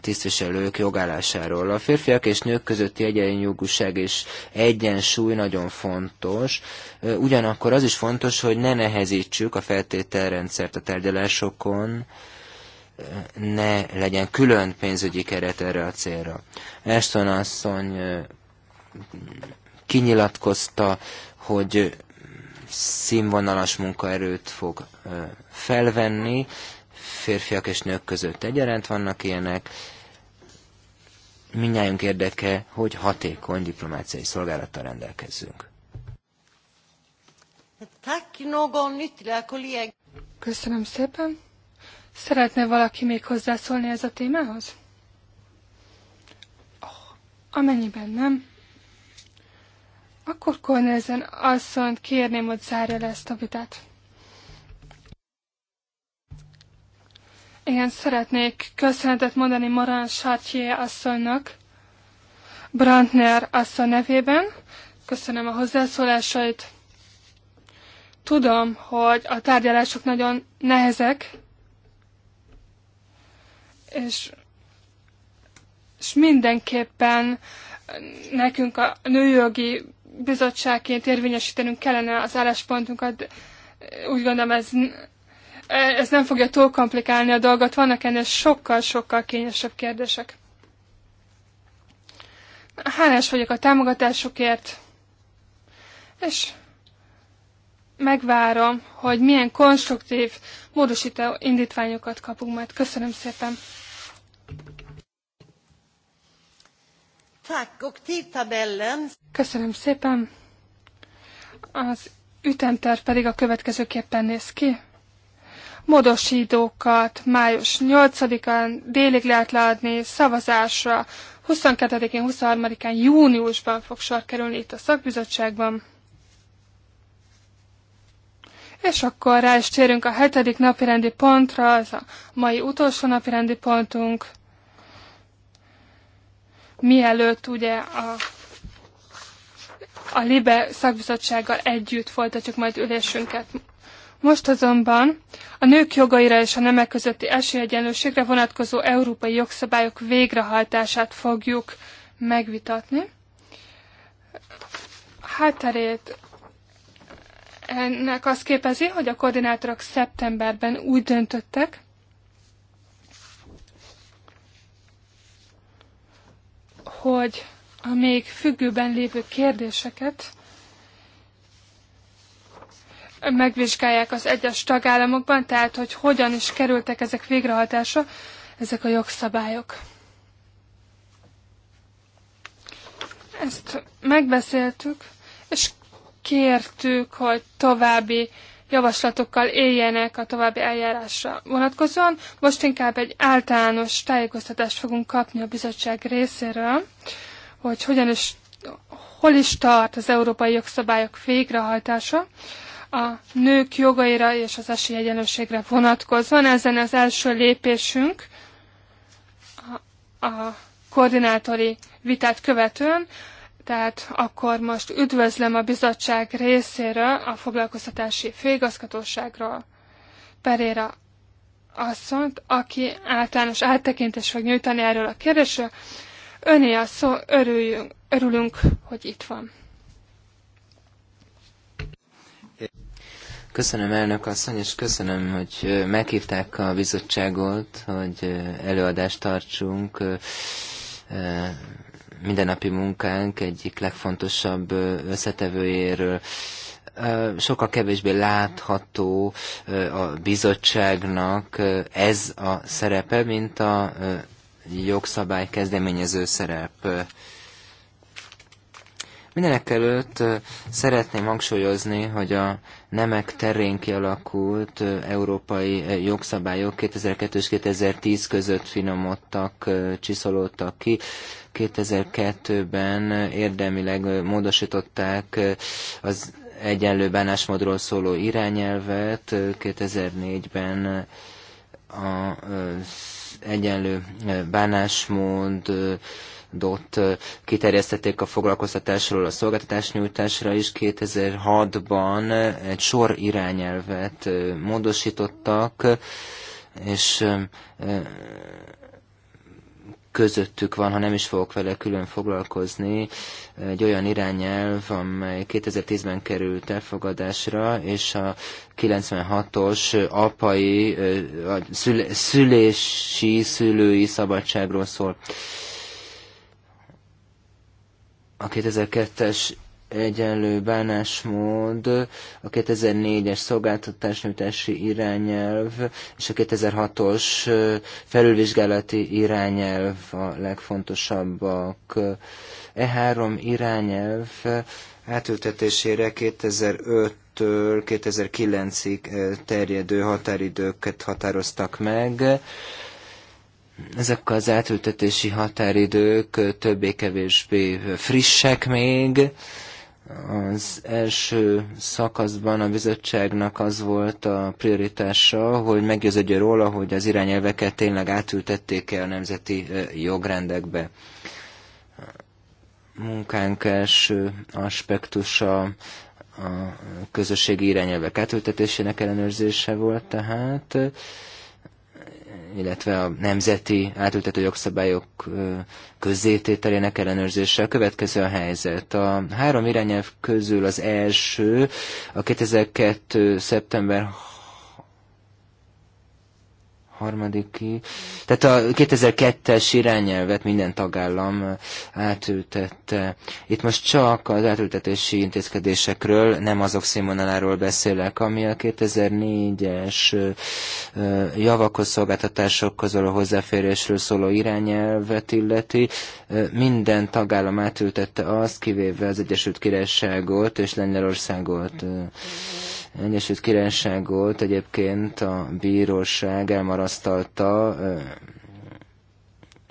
tisztviselők jogállásáról. A férfiak és nők közötti egyenjogúság és egyensúly nagyon fontos, ugyanakkor az is fontos, hogy ne nehezítsük a feltételrendszert a tárgyalásokon, ne legyen külön pénzügyi keret erre a célra. Ashton asszony kinyilatkozta, hogy színvonalas munkaerőt fog felvenni, férfiak és nők között egyaránt vannak ilyenek, minnyájunk érdeke, hogy hatékony diplomáciai szolgálattal rendelkezzünk. Köszönöm szépen. Szeretne valaki még hozzászólni ez a témához? Oh, amennyiben nem, akkor Cornelzen asszonyt kérném, hogy zárja le ezt a vitát. Igen, szeretnék köszönetet mondani Moran Sartier asszonynak, Brandner asszony nevében. Köszönöm a hozzászólásait. Tudom, hogy a tárgyalások nagyon nehezek, és, és mindenképpen nekünk a nőjogi bizottságként érvényesítenünk kellene az álláspontunkat. Úgy gondolom, ez, ez nem fogja túl komplikálni a dolgot. Vannak ennél sokkal-sokkal kényesebb kérdések. Hálás vagyok a támogatásokért, és megvárom, hogy milyen konstruktív módosító indítványokat kapunk majd. Köszönöm szépen! Köszönöm szépen. Az ütemterv pedig a következőképpen néz ki. Módosítókat május 8-án délig lehet leadni szavazásra. 22-én, 23-án júniusban fog sor kerülni itt a szakbizottságban. És akkor rá is térünk a hetedik napirendi pontra, ez a mai utolsó napirendi pontunk mielőtt ugye a, a LIBE szakbizottsággal együtt folytatjuk majd ülésünket. Most azonban a nők jogaira és a nemek közötti esélyegyenlőségre vonatkozó európai jogszabályok végrehajtását fogjuk megvitatni. Hátterét ennek azt képezi, hogy a koordinátorok szeptemberben úgy döntöttek, hogy a még függőben lévő kérdéseket megvizsgálják az egyes tagállamokban, tehát hogy hogyan is kerültek ezek végrehajtásra, ezek a jogszabályok. Ezt megbeszéltük, és kértük, hogy további javaslatokkal éljenek a további eljárásra vonatkozóan. Most inkább egy általános tájékoztatást fogunk kapni a bizottság részéről, hogy hogyan is, hol is tart az európai jogszabályok végrehajtása a nők jogaira és az esélyegyenlőségre vonatkozóan. Ezen az első lépésünk a, a koordinátori vitát követően tehát akkor most üdvözlöm a bizottság részéről, a foglalkoztatási főigazgatóságról Pereira asszonyt, aki általános áttekintést fog nyújtani erről a kérdésről. Öné a szó, örüljünk, örülünk, hogy itt van. Köszönöm elnök asszony, és köszönöm, hogy meghívták a bizottságot, hogy előadást tartsunk mindennapi munkánk egyik legfontosabb összetevőjéről sokkal kevésbé látható a bizottságnak ez a szerepe, mint a jogszabály kezdeményező szerep. Mindenek előtt szeretném hangsúlyozni, hogy a nemek terén kialakult európai jogszabályok 2002 és 2010 között finomodtak, csiszolódtak ki. 2002-ben érdemileg módosították az egyenlő bánásmódról szóló irányelvet, 2004-ben az egyenlő bánásmód dot kiterjesztették a foglalkoztatásról a szolgáltatásnyújtásra is. 2006-ban egy sor irányelvet módosítottak, és közöttük van, ha nem is fogok vele külön foglalkozni, egy olyan irányelv, amely 2010-ben került elfogadásra, és a 96-os apai, szülési, szülői szabadságról szól a 2002-es egyenlő bánásmód, a 2004-es szolgáltatásnyújtási irányelv és a 2006-os felülvizsgálati irányelv a legfontosabbak. E három irányelv átültetésére 2005 2009-ig terjedő határidőket határoztak meg ezek az átültetési határidők többé-kevésbé frissek még. Az első szakaszban a bizottságnak az volt a prioritása, hogy meggyőződjön róla, hogy az irányelveket tényleg átültették el a nemzeti jogrendekbe. Munkánk első aspektusa a közösségi irányelvek átültetésének ellenőrzése volt tehát, illetve a nemzeti átültető jogszabályok közzétételének ellenőrzése. A következő a helyzet. A három irányelv közül az első a 2002. szeptember harmadik ki. Tehát a 2002-es irányelvet minden tagállam átültette. Itt most csak az átültetési intézkedésekről, nem azok színvonaláról beszélek, ami a 2004-es javakhoz, szolgáltatásokhoz való hozzáférésről szóló irányelvet illeti. Minden tagállam átültette azt, kivéve az Egyesült Királyságot és Lengyelországot. Mm Egyesült Királyságot egyébként a bíróság elmarasztalta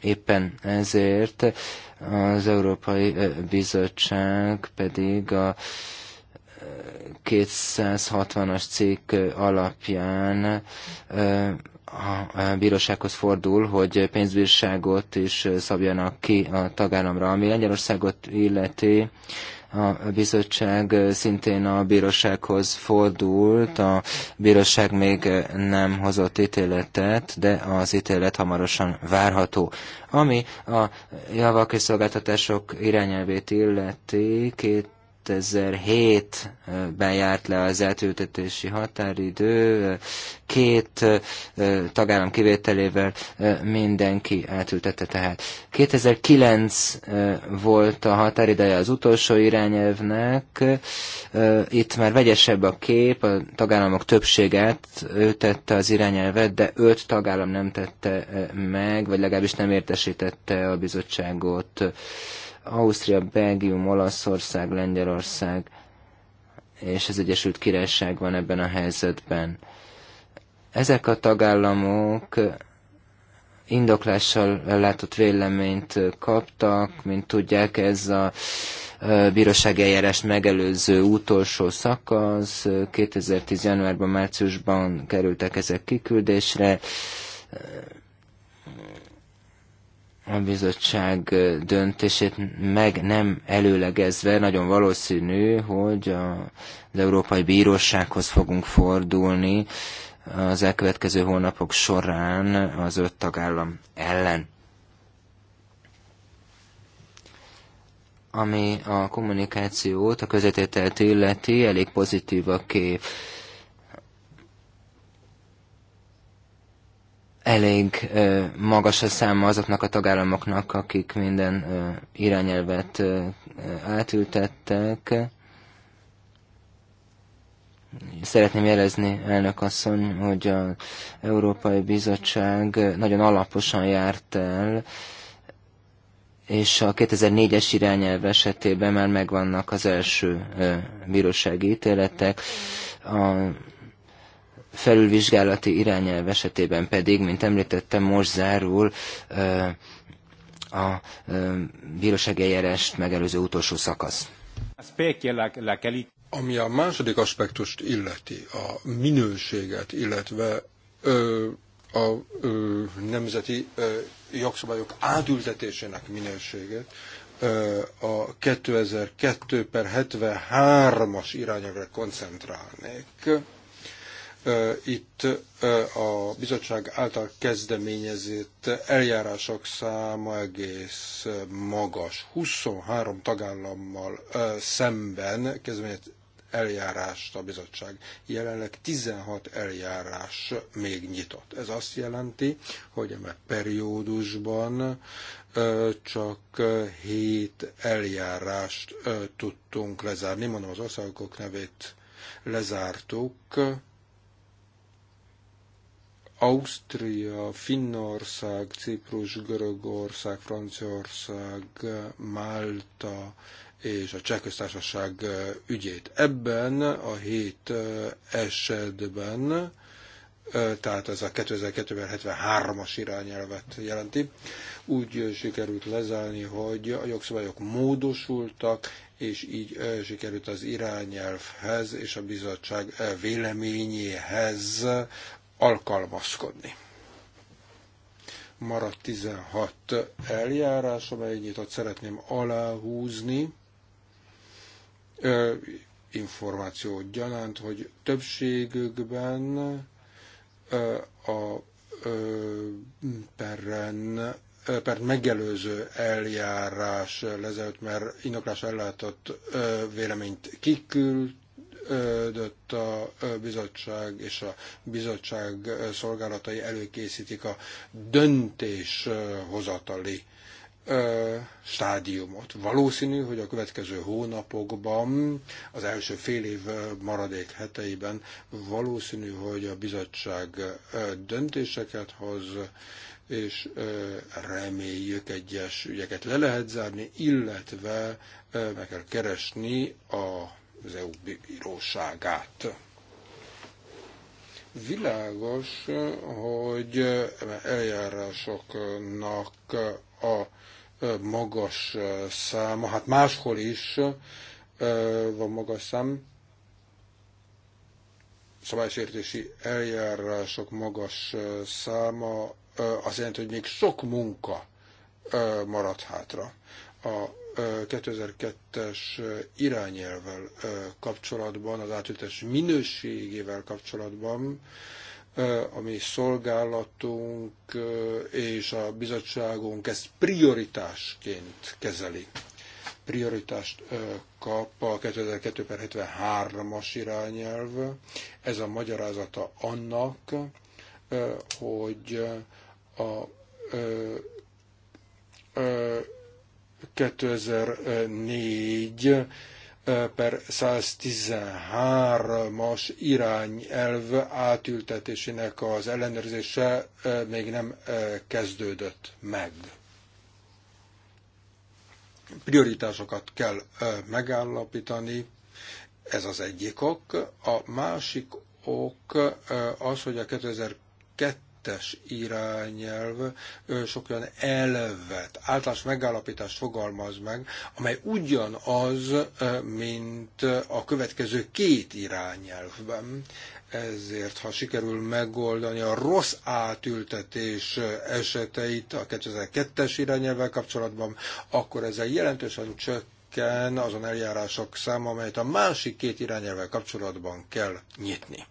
éppen ezért, az Európai Bizottság pedig a 260-as cikk alapján a bírósághoz fordul, hogy pénzbírságot is szabjanak ki a tagállamra. Ami Lengyelországot illeti, a bizottság szintén a bírósághoz fordult, a bíróság még nem hozott ítéletet, de az ítélet hamarosan várható. Ami a javak és szolgáltatások irányelvét illeti, két 2007-ben járt le az eltültetési határidő, két tagállam kivételével mindenki eltültette tehát. 2009 volt a határideje az utolsó irányelvnek, itt már vegyesebb a kép, a tagállamok többséget ő tette az irányelvet, de öt tagállam nem tette meg, vagy legalábbis nem értesítette a bizottságot Ausztria, Belgium, Olaszország, Lengyelország és az Egyesült Királyság van ebben a helyzetben. Ezek a tagállamok indoklással látott véleményt kaptak, mint tudják, ez a bírósági eljárás megelőző utolsó szakasz. 2010. januárban, márciusban kerültek ezek kiküldésre a bizottság döntését meg nem előlegezve nagyon valószínű, hogy a, az Európai Bírósághoz fogunk fordulni az elkövetkező hónapok során az öt tagállam ellen. Ami a kommunikációt, a közvetételt illeti, elég pozitív a kép elég magas a száma azoknak a tagállamoknak, akik minden irányelvet átültettek. Szeretném jelezni, elnök asszony, hogy az Európai Bizottság nagyon alaposan járt el, és a 2004-es irányelv esetében már megvannak az első bírósági ítéletek. A felülvizsgálati irányelv esetében pedig, mint említettem, most zárul a bírósági eljárást megelőző utolsó szakasz. Ami a második aspektust illeti, a minőséget, illetve ö, a ö, nemzeti ö, jogszabályok átültetésének minőségét, ö, a 2002 per 73-as irányokra koncentrálnék itt a bizottság által kezdeményezett eljárások száma egész magas. 23 tagállammal szemben kezdeményezett eljárást a bizottság. Jelenleg 16 eljárás még nyitott. Ez azt jelenti, hogy a periódusban csak 7 eljárást tudtunk lezárni. Mondom, az országok nevét lezártuk Ausztria, Finnország, Ciprus, Görögország, Franciaország, Málta és a Csehköztársaság ügyét. Ebben a hét esetben, tehát ez a 2273-as irányelvet jelenti, úgy sikerült lezárni, hogy a jogszabályok módosultak, és így sikerült az irányelvhez és a bizottság véleményéhez alkalmazkodni. Maradt 16 eljárás, amely nyitott szeretném aláhúzni információt gyanánt, hogy többségükben a perren per megelőző eljárás lezelt, mert indoklás ellátott véleményt kiküld, működött a bizottság, és a bizottság szolgálatai előkészítik a döntéshozatali stádiumot. Valószínű, hogy a következő hónapokban, az első fél év maradék heteiben valószínű, hogy a bizottság döntéseket hoz, és reméljük egyes ügyeket le lehet zárni, illetve meg kell keresni a az EU bíróságát. Világos, hogy eljárásoknak a magas száma, hát máshol is van magas szám, szabálysértési eljárások magas száma azt jelenti, hogy még sok munka maradt hátra. A 2002-es irányelvel kapcsolatban, az átültetés minőségével kapcsolatban, a mi szolgálatunk és a bizottságunk ezt prioritásként kezeli. Prioritást kap a 2002 73-as irányelv. Ez a magyarázata annak, hogy a 2004 eh, per 113-as irányelv átültetésének az ellenőrzése eh, még nem eh, kezdődött meg. Prioritásokat kell megállapítani, ez az egyik ok. A másik ok az, hogy a 2002 kettes irányelv sok olyan elvet, általános megállapítást fogalmaz meg, amely ugyanaz, mint a következő két irányelvben. Ezért, ha sikerül megoldani a rossz átültetés eseteit a 2002-es irányelvvel kapcsolatban, akkor ezzel jelentősen csökkent csökken azon eljárások száma, amelyet a másik két irányelvvel kapcsolatban kell nyitni.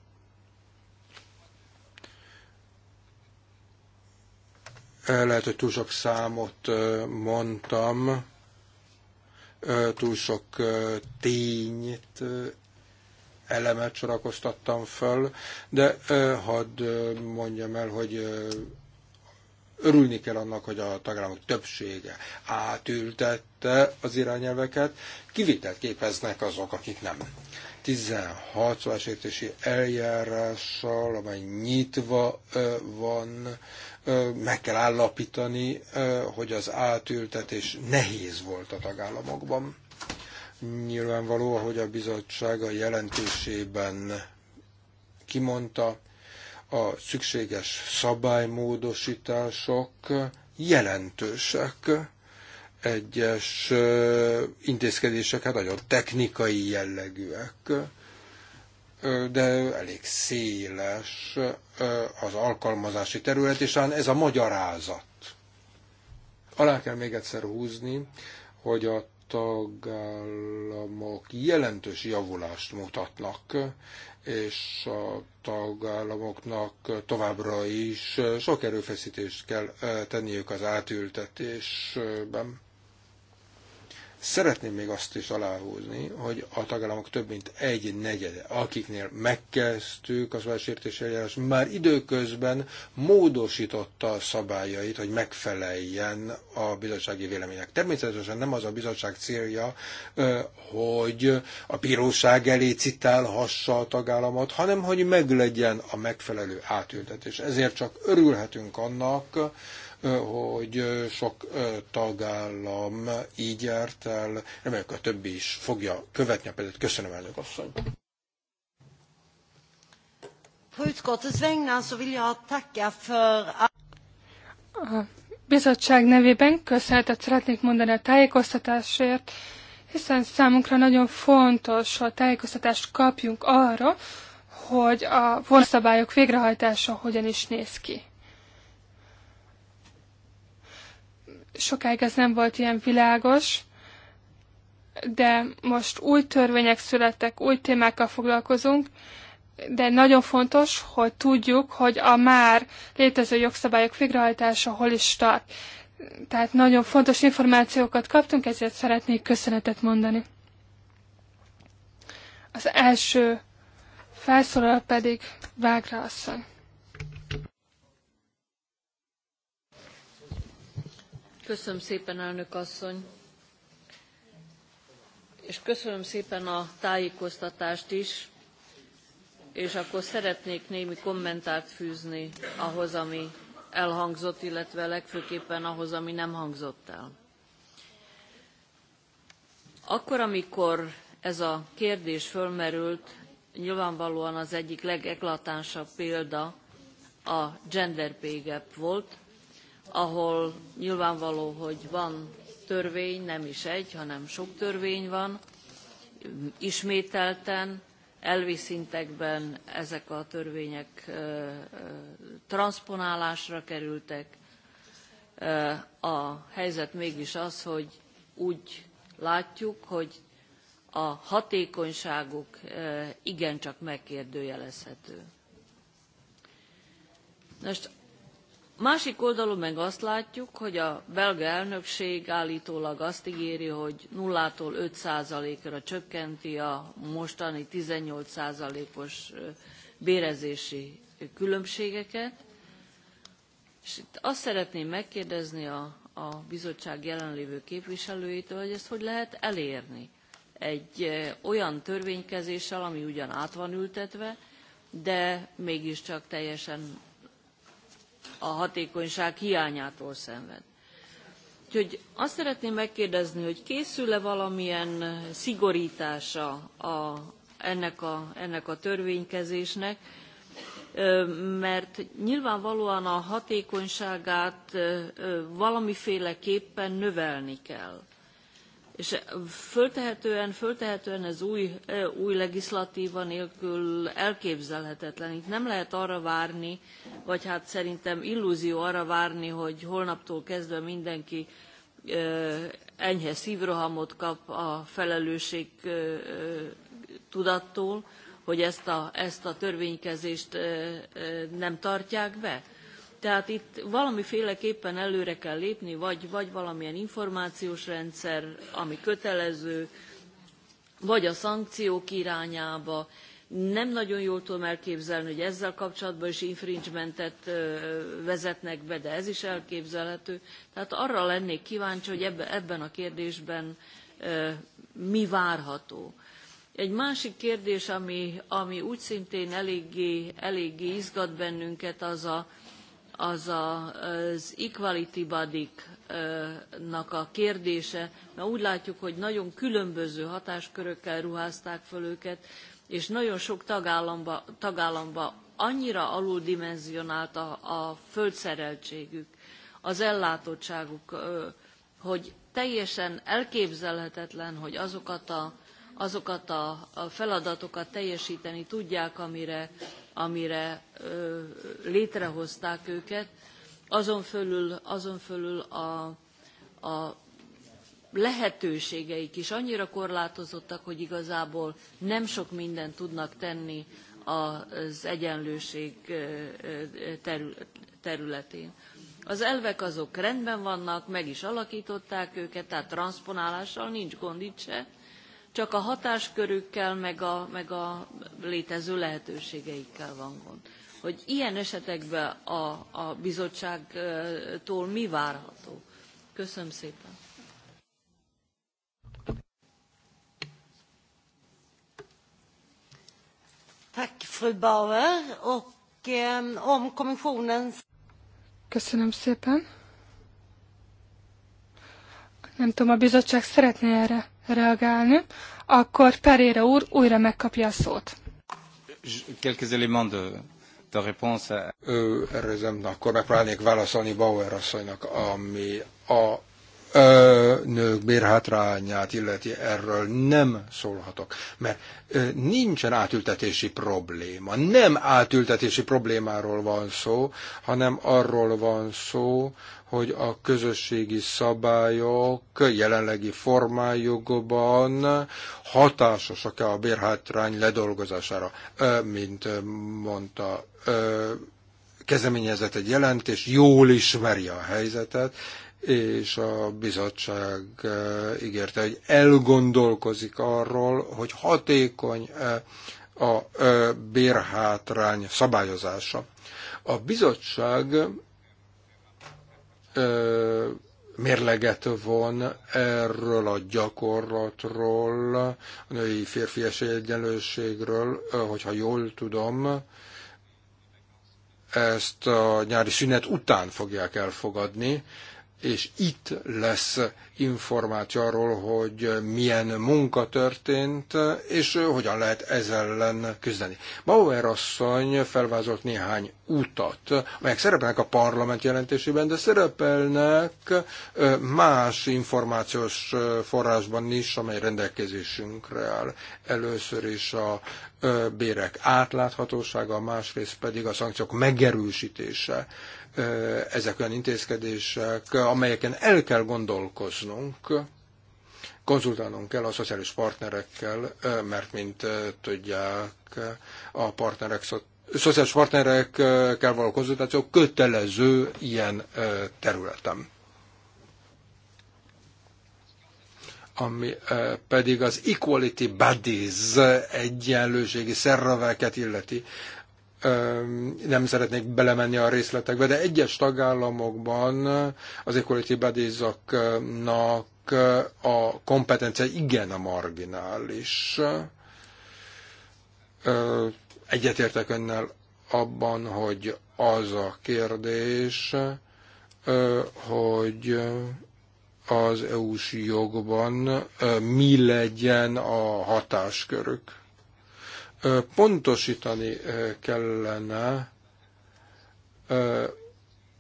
Lehet, hogy túl sok számot mondtam, túl sok tényt, elemet sorakoztattam föl, de hadd mondjam el, hogy örülni kell annak, hogy a tagállamok többsége átültette az irányelveket, kivitelt képeznek azok, akik nem. 16 szabásértési eljárással, amely nyitva van, meg kell állapítani, hogy az átültetés nehéz volt a tagállamokban. Nyilvánvaló, hogy a bizottság a jelentésében kimondta, a szükséges szabálymódosítások jelentősek. Egyes intézkedések hát nagyon technikai jellegűek de elég széles az alkalmazási terület, és ez a magyarázat. Alá kell még egyszer húzni, hogy a tagállamok jelentős javulást mutatnak, és a tagállamoknak továbbra is sok erőfeszítést kell tenniük az átültetésben. Szeretném még azt is aláhúzni, hogy a tagállamok több mint egy negyede, akiknél megkezdtük az válsértési eljárás, már időközben módosította a szabályait, hogy megfeleljen a bizottsági vélemények. Természetesen nem az a bizottság célja, hogy a bíróság elé citálhassa a tagállamot, hanem hogy meglegyen a megfelelő átültetés. Ezért csak örülhetünk annak, hogy sok tagállam így járt el. Reméljük a többi is fogja követni a példát. Köszönöm, elnök asszony. A bizottság nevében köszönetet szeretnék mondani a tájékoztatásért, hiszen számunkra nagyon fontos, hogy tájékoztatást kapjunk arra, hogy a vonszabályok végrehajtása hogyan is néz ki. sokáig ez nem volt ilyen világos, de most új törvények születtek, új témákkal foglalkozunk, de nagyon fontos, hogy tudjuk, hogy a már létező jogszabályok végrehajtása hol is tart. Tehát nagyon fontos információkat kaptunk, ezért szeretnék köszönetet mondani. Az első felszólal pedig Vágra asszony. Köszönöm szépen, elnök asszony! És köszönöm szépen a tájékoztatást is, és akkor szeretnék némi kommentárt fűzni ahhoz, ami elhangzott, illetve legfőképpen ahhoz, ami nem hangzott el. Akkor, amikor ez a kérdés fölmerült, nyilvánvalóan az egyik legeklatánsabb példa a gender pay gap volt, ahol nyilvánvaló, hogy van törvény, nem is egy, hanem sok törvény van, ismételten elvi szintekben ezek a törvények transponálásra kerültek. A helyzet mégis az, hogy úgy látjuk, hogy a hatékonyságuk igencsak megkérdőjelezhető. Most Másik oldalon meg azt látjuk, hogy a belga elnökség állítólag azt ígéri, hogy 0-tól 5%-ra csökkenti a mostani 18%-os bérezési különbségeket. És itt azt szeretném megkérdezni a, a bizottság jelenlévő képviselőitől, hogy ezt hogy lehet elérni egy olyan törvénykezéssel, ami ugyan át van ültetve, de mégiscsak teljesen a hatékonyság hiányától szenved. Úgyhogy azt szeretném megkérdezni, hogy készül-e valamilyen szigorítása a, ennek, a, ennek a törvénykezésnek, mert nyilvánvalóan a hatékonyságát valamiféleképpen növelni kell és föltehetően, föltehetően ez új, új legislatíva nélkül elképzelhetetlen. Itt nem lehet arra várni, vagy hát szerintem illúzió arra várni, hogy holnaptól kezdve mindenki enyhe szívrohamot kap a felelősség tudattól, hogy ezt a, ezt a törvénykezést nem tartják be tehát itt valamiféleképpen előre kell lépni, vagy, vagy valamilyen információs rendszer, ami kötelező, vagy a szankciók irányába. Nem nagyon jól tudom elképzelni, hogy ezzel kapcsolatban is infringementet vezetnek be, de ez is elképzelhető. Tehát arra lennék kíváncsi, hogy ebben a kérdésben mi várható. Egy másik kérdés, ami, ami úgy szintén eléggé, eléggé izgat bennünket, az a, az a, az Equality Body-nak a kérdése, mert úgy látjuk, hogy nagyon különböző hatáskörökkel ruházták föl őket, és nagyon sok tagállamba, tagállamba annyira aluldimensionált a, a földszereltségük, az ellátottságuk, hogy teljesen elképzelhetetlen, hogy azokat a, azokat a feladatokat teljesíteni tudják, amire amire ö, létrehozták őket. Azon fölül, azon fölül a, a lehetőségeik is annyira korlátozottak, hogy igazából nem sok mindent tudnak tenni az egyenlőség területén. Az elvek azok rendben vannak, meg is alakították őket, tehát transponálással nincs gond itt se, csak a hatáskörükkel, meg a, meg a létező lehetőségeikkel van gond. Hogy ilyen esetekben a, a bizottságtól mi várható? Köszönöm szépen. Bauer. Ehm, om Köszönöm szépen. Nem tudom, a bizottság szeretné erre reagálni, akkor Pereira úr újra megkapja a szót. Quelques éléments de, de réponse. Erre akkor megpróbálnék válaszolni Bauer asszonynak, ami a nők bérhátrányát illeti, erről nem szólhatok, mert nincsen átültetési probléma. Nem átültetési problémáról van szó, hanem arról van szó, hogy a közösségi szabályok jelenlegi formájukban hatásosak-e a bérhátrány ledolgozására, mint mondta kezdeményezett egy jelentés, jól ismeri a helyzetet, és a bizottság eh, ígérte, hogy elgondolkozik arról, hogy hatékony eh, a eh, bérhátrány szabályozása. A bizottság mérleget von erről a gyakorlatról, a női férfi esélyegyenlőségről, hogyha jól tudom, ezt a nyári szünet után fogják elfogadni, és itt lesz információ arról, hogy milyen munka történt, és hogyan lehet ezzel ellen küzdeni. Bauer asszony felvázolt néhány utat, amelyek szerepelnek a parlament jelentésében, de szerepelnek más információs forrásban is, amely rendelkezésünkre áll. Először is a bérek átláthatósága, másrészt pedig a szankciók megerősítése ezek olyan intézkedések, amelyeken el kell gondolkoznunk, konzultálnunk kell a szociális partnerekkel, mert mint tudják, a partnerek szociális szociális partnerekkel való konzultáció kötelező ilyen területen. Ami pedig az Equality Buddies egyenlőségi szerveket illeti nem szeretnék belemenni a részletekbe, de egyes tagállamokban az equality buddies a kompetencia igen a marginális. Egyetértek önnel abban, hogy az a kérdés, hogy az EU-s jogban mi legyen a hatáskörük Pontosítani kellene,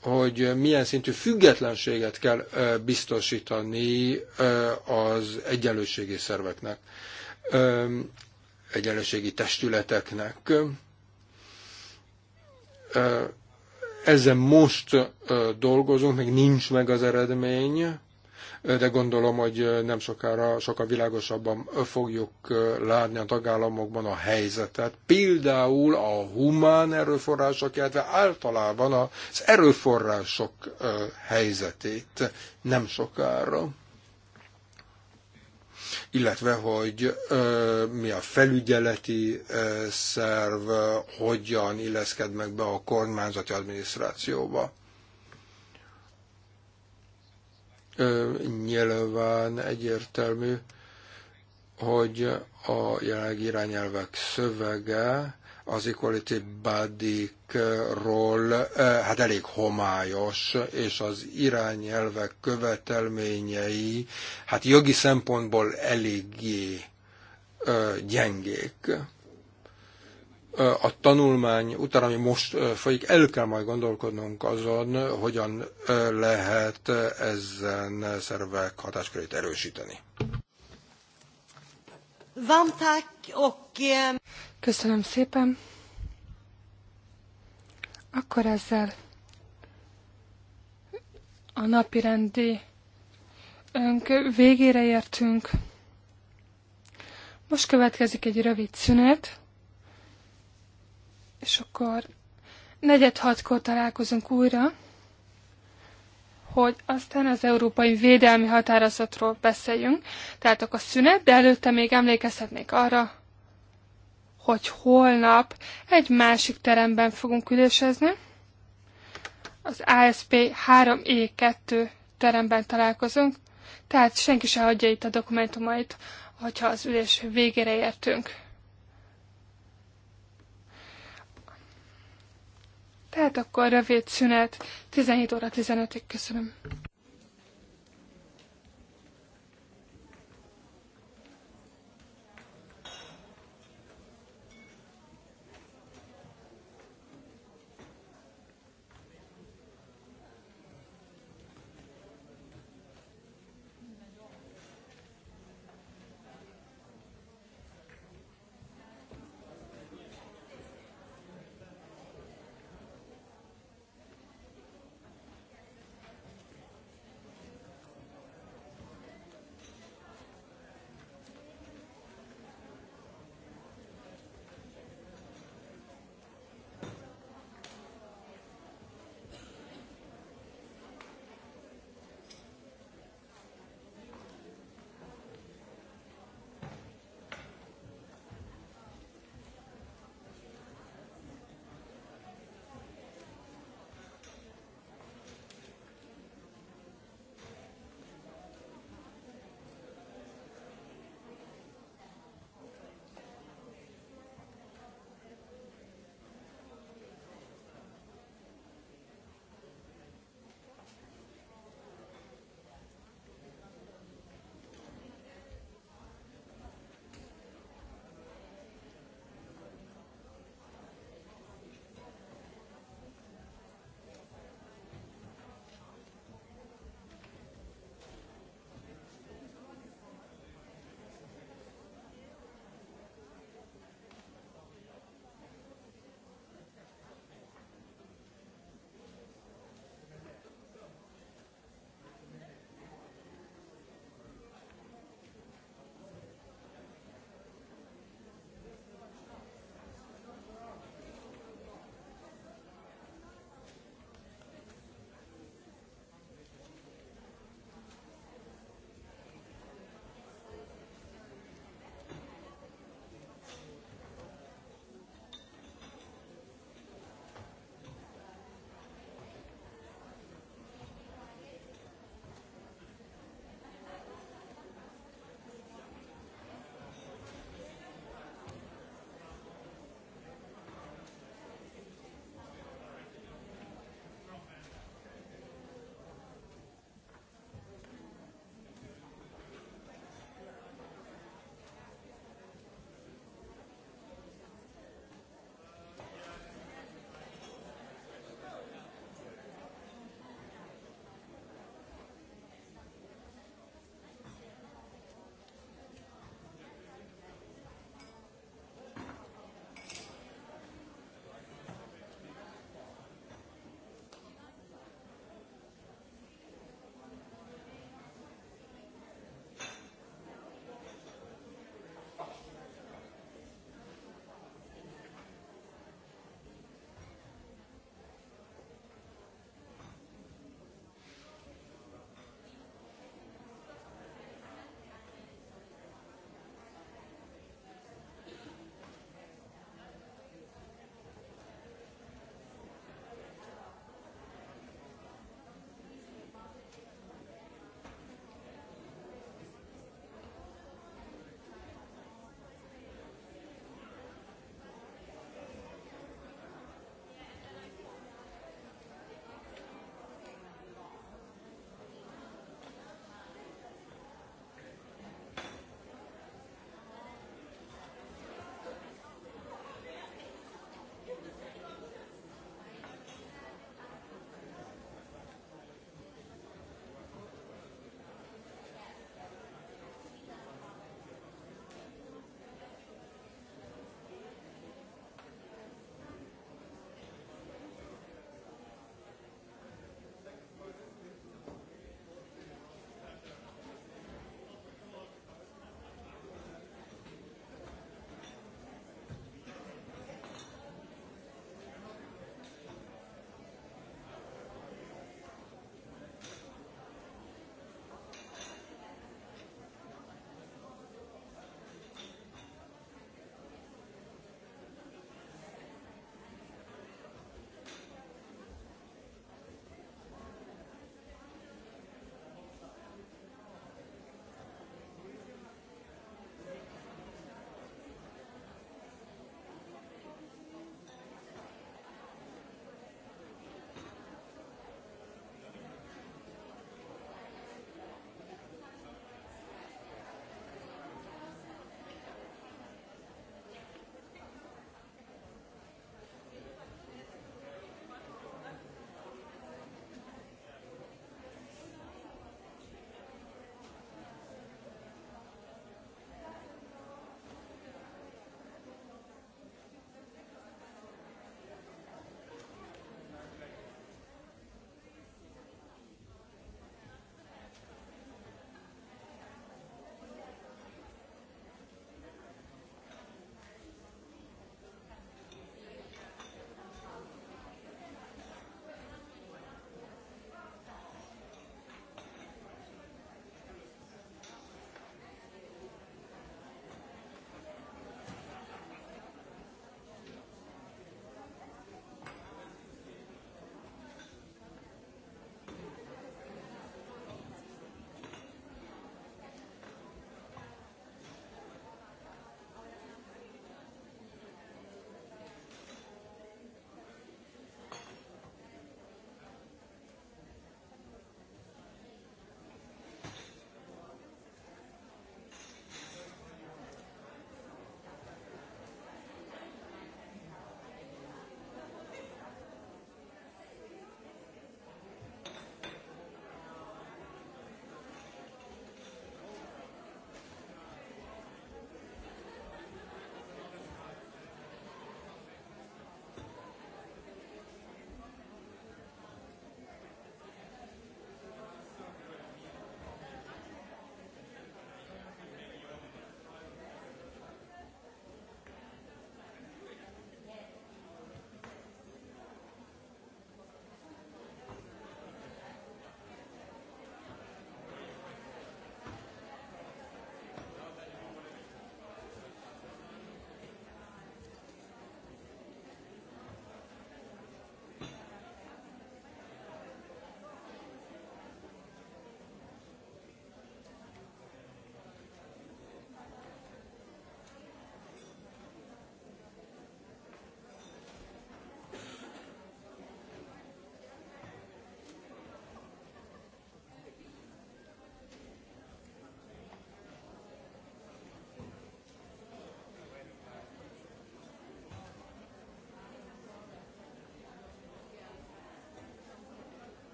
hogy milyen szintű függetlenséget kell biztosítani az egyenlőségi szerveknek, egyenlőségi testületeknek. Ezen most dolgozunk, még nincs meg az eredmény, de gondolom, hogy nem sokára sokkal világosabban fogjuk látni a tagállamokban a helyzetet. Például a humán erőforrások, illetve általában az erőforrások helyzetét nem sokára illetve hogy ö, mi a felügyeleti ö, szerv, hogyan illeszked meg be a kormányzati adminisztrációba. nyilván egyértelmű, hogy a jelenlegi irányelvek szövege az equality buddy-ról hát elég homályos, és az irányelvek követelményei hát jogi szempontból eléggé gyengék a tanulmány után, ami most folyik, el kell majd gondolkodnunk azon, hogyan lehet ezen szervek hatáskörét erősíteni. Köszönöm szépen. Akkor ezzel a napirendi önk végére értünk. Most következik egy rövid szünet és akkor negyed hatkor találkozunk újra, hogy aztán az európai védelmi határozatról beszéljünk. Tehát akkor szünet, de előtte még emlékezhetnék arra, hogy holnap egy másik teremben fogunk ülésezni. Az ASP 3E2 teremben találkozunk, tehát senki se hagyja itt a dokumentumait, hogyha az ülés végére értünk. Tehát akkor rövid szünet, 17 óra 15-ig köszönöm.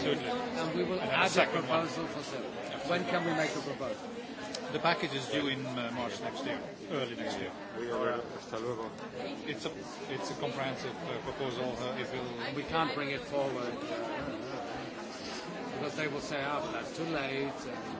Absolutely. And we will and add a, proposal one. for Absolutely. When can we make a proposal? The package is due in uh, March next year, early next year. It's a, it's a comprehensive uh, proposal. Uh, it will we can't bring it forward uh, because they will say, oh, that's too late. And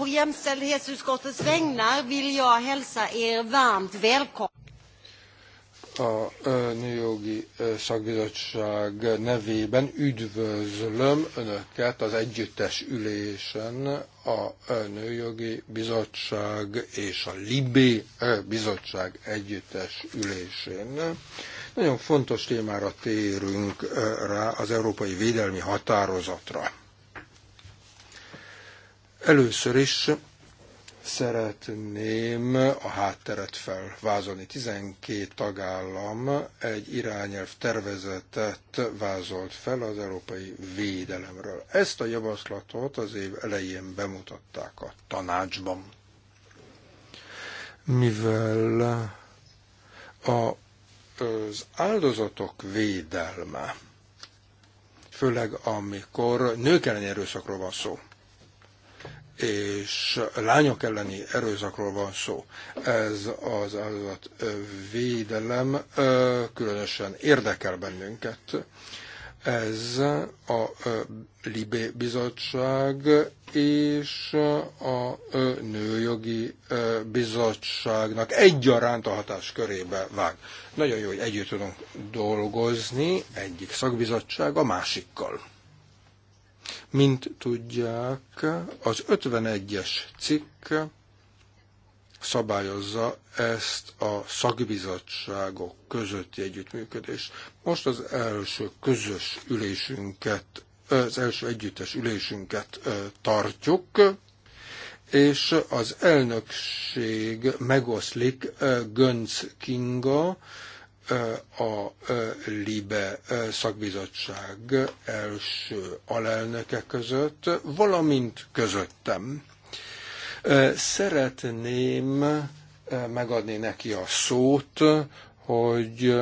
På jämställdhetsutskottets vägnar vill jag hälsa er varmt välkomna. A Nőjogi Szakbizottság nevében üdvözlöm Önöket az együttes ülésen a Nőjogi Bizottság és a Libé Bizottság együttes ülésén. Nagyon fontos témára térünk rá az Európai Védelmi Határozatra Először is szeretném a hátteret felvázolni. 12 tagállam egy irányelv tervezetet vázolt fel az európai védelemről. Ezt a javaslatot az év elején bemutatták a tanácsban. Mivel a, az áldozatok védelme, főleg amikor nők elleni erőszakról van szó, és lányok elleni erőszakról van szó. Ez az áldozat védelem különösen érdekel bennünket. Ez a Libé Bizottság és a Nőjogi Bizottságnak egyaránt a hatás körébe vág. Nagyon jó, hogy együtt tudunk dolgozni egyik szakbizottság a másikkal. Mint tudják, az 51-es cikk szabályozza ezt a szakbizottságok közötti együttműködést. Most az első közös ülésünket, az első együttes ülésünket tartjuk, és az elnökség megoszlik Gönc Kinga, a LIBE e, szakbizottság első alelnöke között, valamint közöttem. E, szeretném e, megadni neki a szót, hogy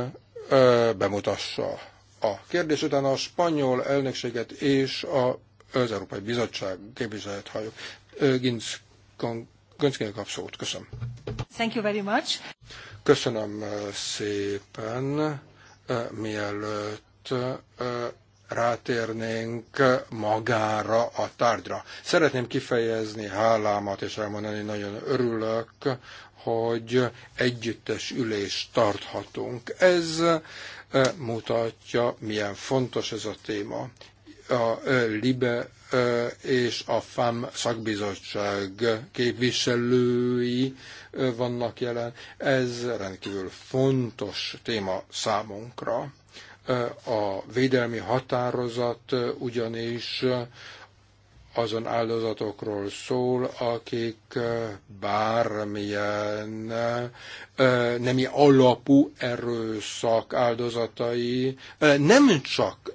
bemutassa a kérdés után a spanyol elnökséget és az Európai Bizottság képviselőt halljuk. Ginz kap szót. Köszönöm. Thank you very much. Köszönöm szépen. Mielőtt rátérnénk magára a tárgyra. Szeretném kifejezni hálámat, és elmondani, nagyon örülök, hogy együttes ülést tarthatunk. Ez mutatja, milyen fontos ez a téma. A Libe és a FAM szakbizottság képviselői vannak jelen. Ez rendkívül fontos téma számunkra. A védelmi határozat ugyanis azon áldozatokról szól, akik bármilyen nemi alapú erőszak áldozatai, nem csak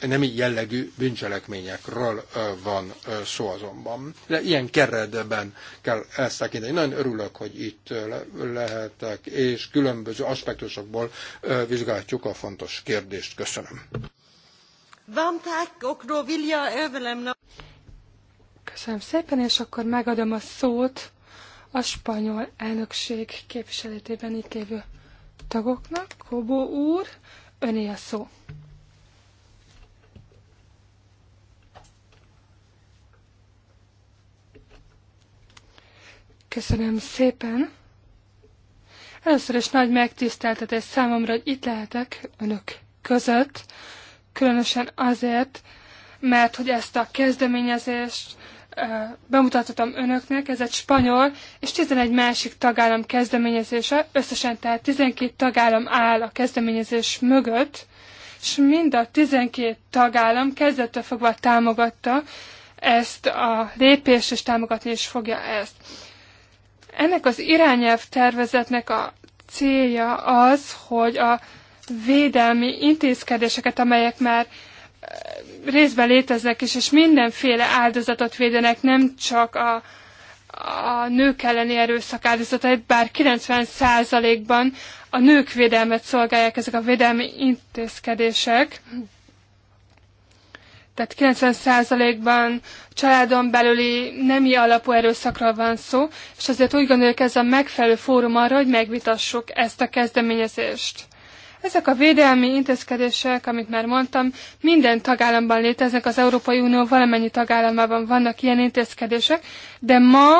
nem jellegű bűncselekményekről van szó azonban. De ilyen keredben kell ezt tekinteni. Nagyon örülök, hogy itt lehetek, és különböző aspektusokból vizsgáljuk a fontos kérdést. Köszönöm. Köszönöm szépen, és akkor megadom a szót a spanyol elnökség képviseletében itt lévő tagoknak. Kobó úr, öné a szó. Köszönöm szépen. Először is nagy megtiszteltetés számomra, hogy itt lehetek önök között, különösen azért, mert hogy ezt a kezdeményezést bemutathatom önöknek, ez egy spanyol és 11 másik tagállam kezdeményezése, összesen tehát 12 tagállam áll a kezdeményezés mögött, és mind a 12 tagállam kezdettől fogva támogatta ezt a lépést, és támogatni is fogja ezt. Ennek az irányelv tervezetnek a célja az, hogy a védelmi intézkedéseket, amelyek már eh, részben léteznek is, és mindenféle áldozatot védenek, nem csak a, a nők elleni erőszak áldozatait, bár 90%-ban a nők védelmet szolgálják ezek a védelmi intézkedések tehát 90%-ban családon belüli nemi alapú erőszakról van szó, és azért úgy gondoljuk ez a megfelelő fórum arra, hogy megvitassuk ezt a kezdeményezést. Ezek a védelmi intézkedések, amit már mondtam, minden tagállamban léteznek, az Európai Unió valamennyi tagállamában vannak ilyen intézkedések, de ma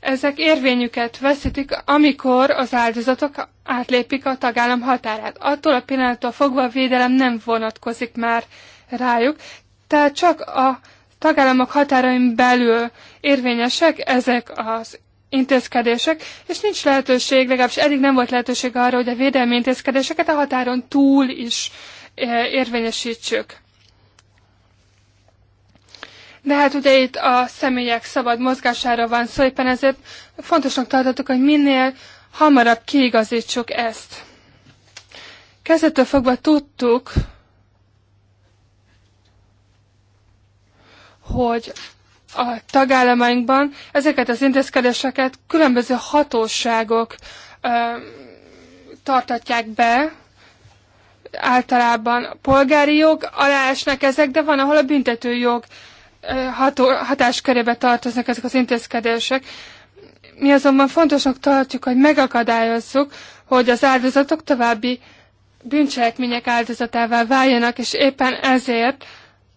ezek érvényüket veszítik, amikor az áldozatok átlépik a tagállam határát. Attól a pillanattól fogva a védelem nem vonatkozik már rájuk, tehát csak a tagállamok határain belül érvényesek ezek az intézkedések, és nincs lehetőség, legalábbis eddig nem volt lehetőség arra, hogy a védelmi intézkedéseket a határon túl is e, érvényesítsük. De hát ugye itt a személyek szabad mozgására van szó, éppen ezért fontosnak tartottuk, hogy minél hamarabb kiigazítsuk ezt. Kezdettől fogva tudtuk, hogy a tagállamainkban ezeket az intézkedéseket különböző hatóságok ö, tartatják be, általában polgári jog alá esnek ezek, de van, ahol a büntetőjog ható, hatáskörébe tartoznak ezek az intézkedések. Mi azonban fontosnak tartjuk, hogy megakadályozzuk, hogy az áldozatok további bűncselekmények áldozatává váljanak, és éppen ezért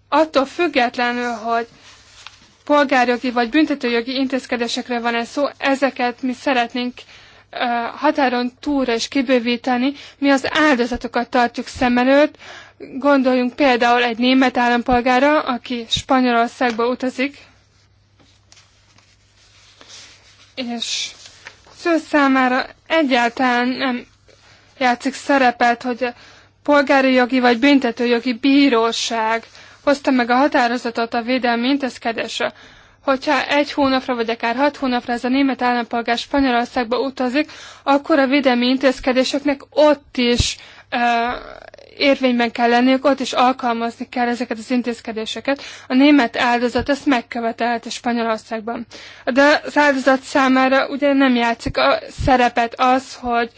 attól függetlenül, hogy polgárjogi vagy büntetőjogi intézkedésekre van ez szó, ezeket mi szeretnénk határon túlra is kibővíteni. Mi az áldozatokat tartjuk szem előtt. Gondoljunk például egy német állampolgára, aki Spanyolországba utazik, és ő számára egyáltalán nem játszik szerepet, hogy polgári jogi vagy büntetőjogi bíróság hozta meg a határozatot a védelmi intézkedésre. Hogyha egy hónapra vagy akár hat hónapra ez a német állampolgár Spanyolországba utazik, akkor a védelmi intézkedéseknek ott is e, érvényben kell lenniük, ott is alkalmazni kell ezeket az intézkedéseket. A német áldozat ezt a Spanyolországban. De az áldozat számára ugye nem játszik a szerepet az, hogy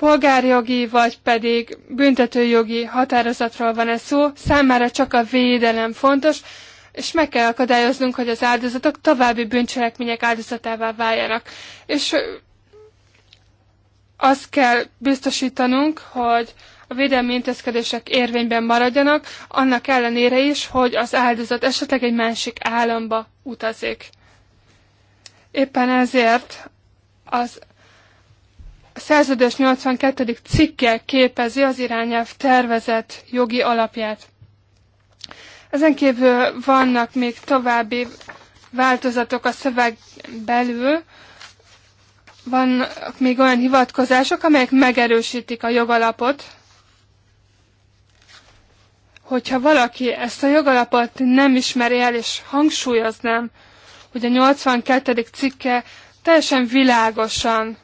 polgárjogi vagy pedig büntetőjogi határozatról van ez szó, számára csak a védelem fontos, és meg kell akadályoznunk, hogy az áldozatok további bűncselekmények áldozatává váljanak. És azt kell biztosítanunk, hogy a védelmi intézkedések érvényben maradjanak, annak ellenére is, hogy az áldozat esetleg egy másik államba utazik. Éppen ezért az szerződés 82. cikke képezi az irányelv tervezett jogi alapját. Ezen kívül vannak még további változatok a szöveg belül, vannak még olyan hivatkozások, amelyek megerősítik a jogalapot. Hogyha valaki ezt a jogalapot nem ismeri el, és hangsúlyoznám, hogy a 82. cikke teljesen világosan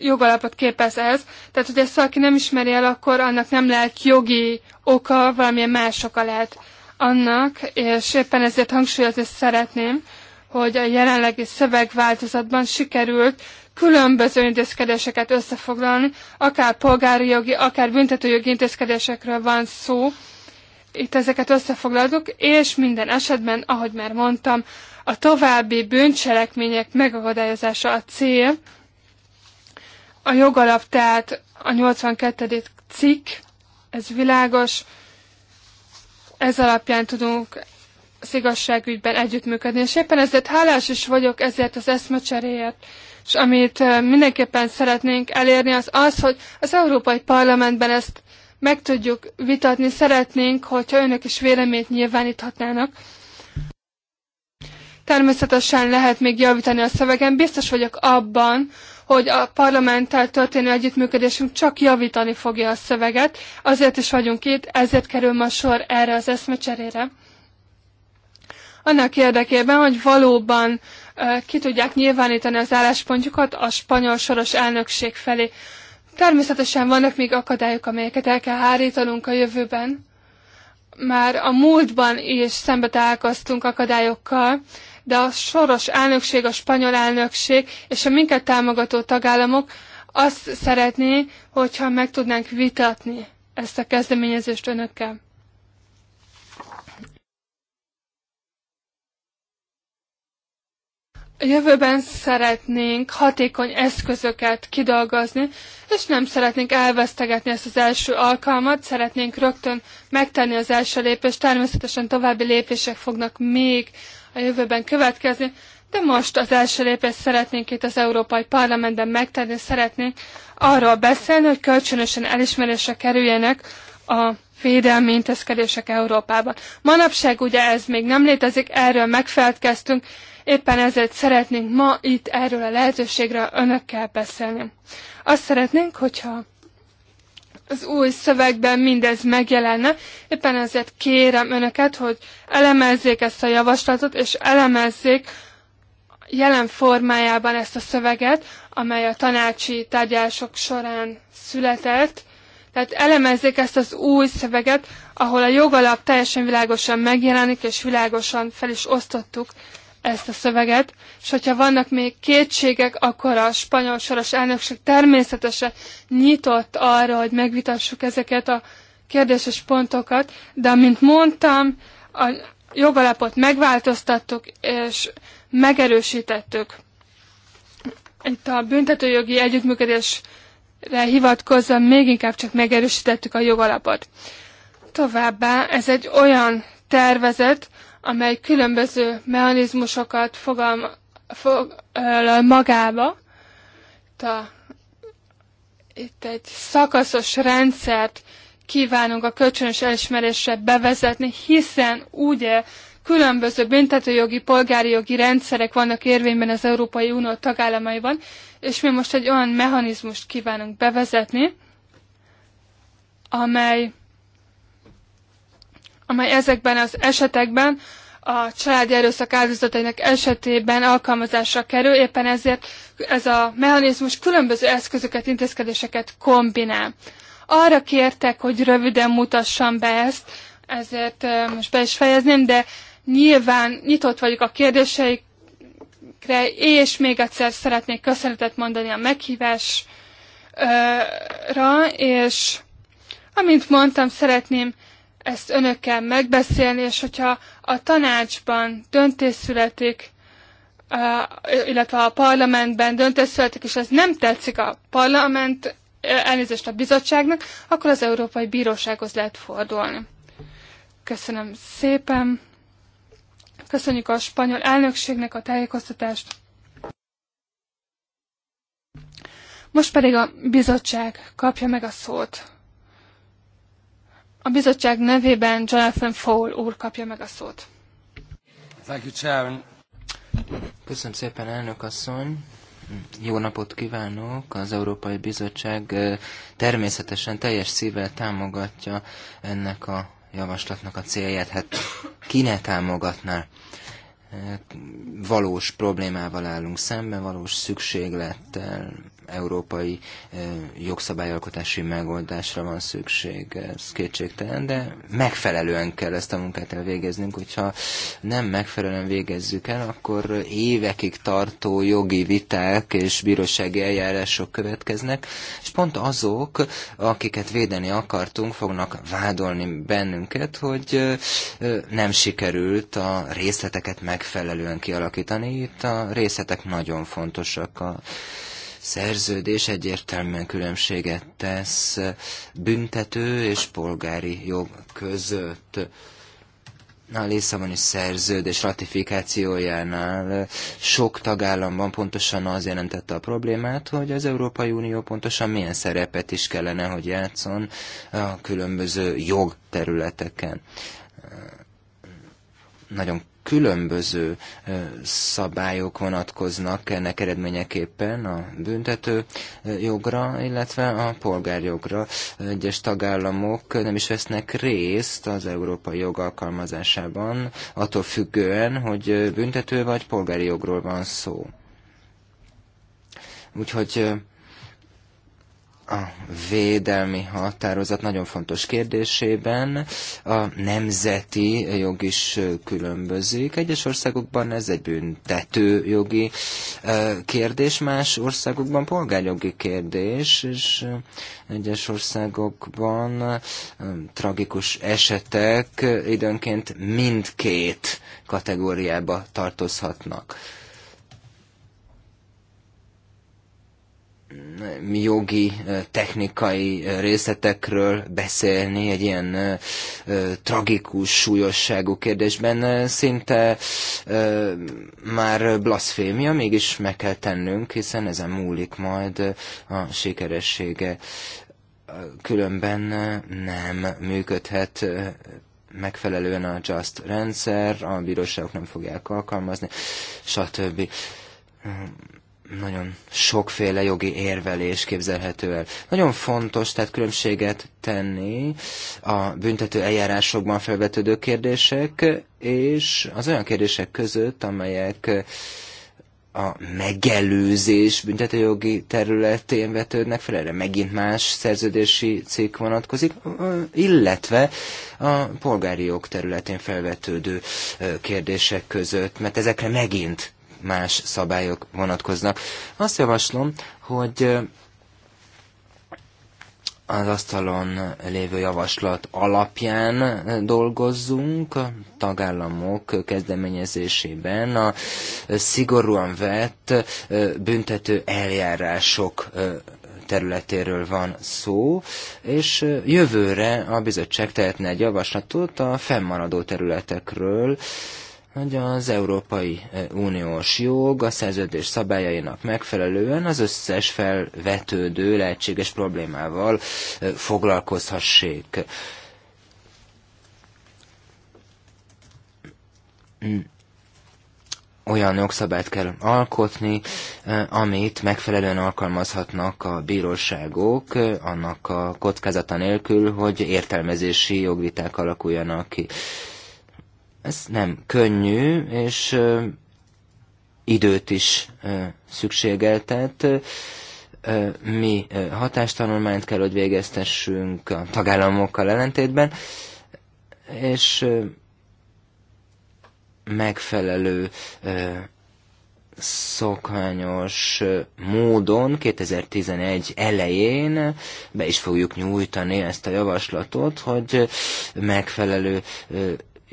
jogalapot képez ez. Tehát, hogy ezt valaki nem ismeri el, akkor annak nem lehet jogi oka, valamilyen más oka lehet annak, és éppen ezért hangsúlyozni szeretném, hogy a jelenlegi szövegváltozatban sikerült különböző intézkedéseket összefoglalni, akár polgári jogi, akár büntetőjogi intézkedésekről van szó. Itt ezeket összefoglaltuk, és minden esetben, ahogy már mondtam, a további bűncselekmények megakadályozása a cél, a jogalap tehát a 82. cikk, ez világos, ez alapján tudunk az igazságügyben együttműködni. És éppen ezért hálás is vagyok ezért az eszmecseréért. És amit mindenképpen szeretnénk elérni, az az, hogy az Európai Parlamentben ezt meg tudjuk vitatni, szeretnénk, hogyha önök is véleményt nyilváníthatnának. Természetesen lehet még javítani a szövegen. Biztos vagyok abban, hogy a parlamenttel történő együttműködésünk csak javítani fogja a szöveget. Azért is vagyunk itt, ezért kerül ma sor erre az eszmecserére. Annak érdekében, hogy valóban ki tudják nyilvánítani az álláspontjukat a spanyol soros elnökség felé. Természetesen vannak még akadályok, amelyeket el kell hárítanunk a jövőben. Már a múltban is szembe találkoztunk akadályokkal, de a soros elnökség, a spanyol elnökség és a minket támogató tagállamok azt szeretné, hogyha meg tudnánk vitatni ezt a kezdeményezést önökkel. A jövőben szeretnénk hatékony eszközöket kidolgozni, és nem szeretnénk elvesztegetni ezt az első alkalmat, szeretnénk rögtön megtenni az első lépést, természetesen további lépések fognak még a jövőben következni, de most az első lépést szeretnénk itt az Európai Parlamentben megtenni, szeretnénk arról beszélni, hogy kölcsönösen elismerésre kerüljenek a védelmi intézkedések Európában. Manapság ugye ez még nem létezik, erről megfeledkeztünk, éppen ezért szeretnénk ma itt erről a lehetőségről önökkel beszélni. Azt szeretnénk, hogyha az új szövegben mindez megjelenne. Éppen ezért kérem önöket, hogy elemezzék ezt a javaslatot, és elemezzék jelen formájában ezt a szöveget, amely a tanácsi tárgyások során született. Tehát elemezzék ezt az új szöveget, ahol a jogalap teljesen világosan megjelenik, és világosan fel is osztottuk ezt a szöveget, és hogyha vannak még kétségek, akkor a spanyol soros elnökség természetesen nyitott arra, hogy megvitassuk ezeket a kérdéses pontokat, de amint mondtam, a jogalapot megváltoztattuk, és megerősítettük. Itt a büntetőjogi együttműködésre hivatkozva még inkább csak megerősítettük a jogalapot. Továbbá ez egy olyan tervezet, amely különböző mechanizmusokat fogal, fog magába. Ta, itt egy szakaszos rendszert kívánunk a kölcsönös elismerésre bevezetni, hiszen ugye különböző büntetőjogi, polgári jogi rendszerek vannak érvényben az Európai Unió tagállamaiban, és mi most egy olyan mechanizmust kívánunk bevezetni, amely amely ezekben az esetekben a családi erőszak áldozatainak esetében alkalmazásra kerül, éppen ezért ez a mechanizmus különböző eszközöket, intézkedéseket kombinál. Arra kértek, hogy röviden mutassam be ezt, ezért most be is fejezném, de nyilván nyitott vagyok a kérdéseikre, és még egyszer szeretnék köszönetet mondani a meghívásra, és amint mondtam, szeretném ezt önökkel megbeszélni, és hogyha a tanácsban döntés születik, illetve a parlamentben döntés születik, és ez nem tetszik a parlament, e, elnézést a bizottságnak, akkor az Európai Bírósághoz lehet fordulni. Köszönöm szépen. Köszönjük a spanyol elnökségnek a tájékoztatást. Most pedig a bizottság kapja meg a szót. A bizottság nevében Jonathan Fowl úr kapja meg a szót. Thank you, Chairman. Köszönöm szépen, elnök asszony. Jó napot kívánok! Az Európai Bizottság természetesen teljes szívvel támogatja ennek a javaslatnak a célját. Hát ki ne támogatná? Valós problémával állunk szemben, valós szükséglettel, európai eh, jogszabályalkotási megoldásra van szükség, ez kétségtelen, de megfelelően kell ezt a munkát elvégeznünk, hogyha nem megfelelően végezzük el, akkor évekig tartó jogi viták és bírósági eljárások következnek, és pont azok, akiket védeni akartunk, fognak vádolni bennünket, hogy eh, nem sikerült a részleteket megfelelően kialakítani. Itt a részletek nagyon fontosak a szerződés egyértelműen különbséget tesz büntető és polgári jog között a Lisszaboni szerződés ratifikációjánál sok tagállamban pontosan az jelentette a problémát, hogy az Európai Unió pontosan milyen szerepet is kellene, hogy játszon a különböző jogterületeken. Nagyon különböző szabályok vonatkoznak ennek eredményeképpen a büntető jogra, illetve a polgárjogra. Egyes tagállamok nem is vesznek részt az európai jog alkalmazásában, attól függően, hogy büntető vagy polgári jogról van szó. Úgyhogy a védelmi határozat nagyon fontos kérdésében a nemzeti jog is különbözik. Egyes országokban ez egy büntető jogi kérdés, más országokban polgárjogi kérdés, és egyes országokban tragikus esetek időnként mindkét kategóriába tartozhatnak. jogi, technikai részletekről beszélni egy ilyen tragikus súlyosságú kérdésben szinte már blaszfémia, mégis meg kell tennünk, hiszen ezen múlik majd a sikeressége. Különben nem működhet megfelelően a just rendszer, a bíróságok nem fogják alkalmazni, stb nagyon sokféle jogi érvelés képzelhető el. Nagyon fontos tehát különbséget tenni a büntető eljárásokban felvetődő kérdések és az olyan kérdések között, amelyek a megelőzés büntetőjogi területén vetődnek fel, erre megint más szerződési cikk vonatkozik, illetve a polgári jog területén felvetődő kérdések között, mert ezekre megint más szabályok vonatkoznak. Azt javaslom, hogy az asztalon lévő javaslat alapján dolgozzunk, a tagállamok kezdeményezésében a szigorúan vett büntető eljárások területéről van szó, és jövőre a bizottság tehetne egy javaslatot a fennmaradó területekről, hogy az Európai e, Uniós jog a szerződés szabályainak megfelelően az összes felvetődő lehetséges problémával e, foglalkozhassék. Olyan jogszabályt kell alkotni, e, amit megfelelően alkalmazhatnak a bíróságok, annak a kockázata nélkül, hogy értelmezési jogviták alakuljanak ki. Ez nem könnyű, és időt is szükségeltet. Mi hatástanulmányt kell, hogy végeztessünk a tagállamokkal ellentétben, és megfelelő szokványos módon 2011 elején be is fogjuk nyújtani ezt a javaslatot, hogy megfelelő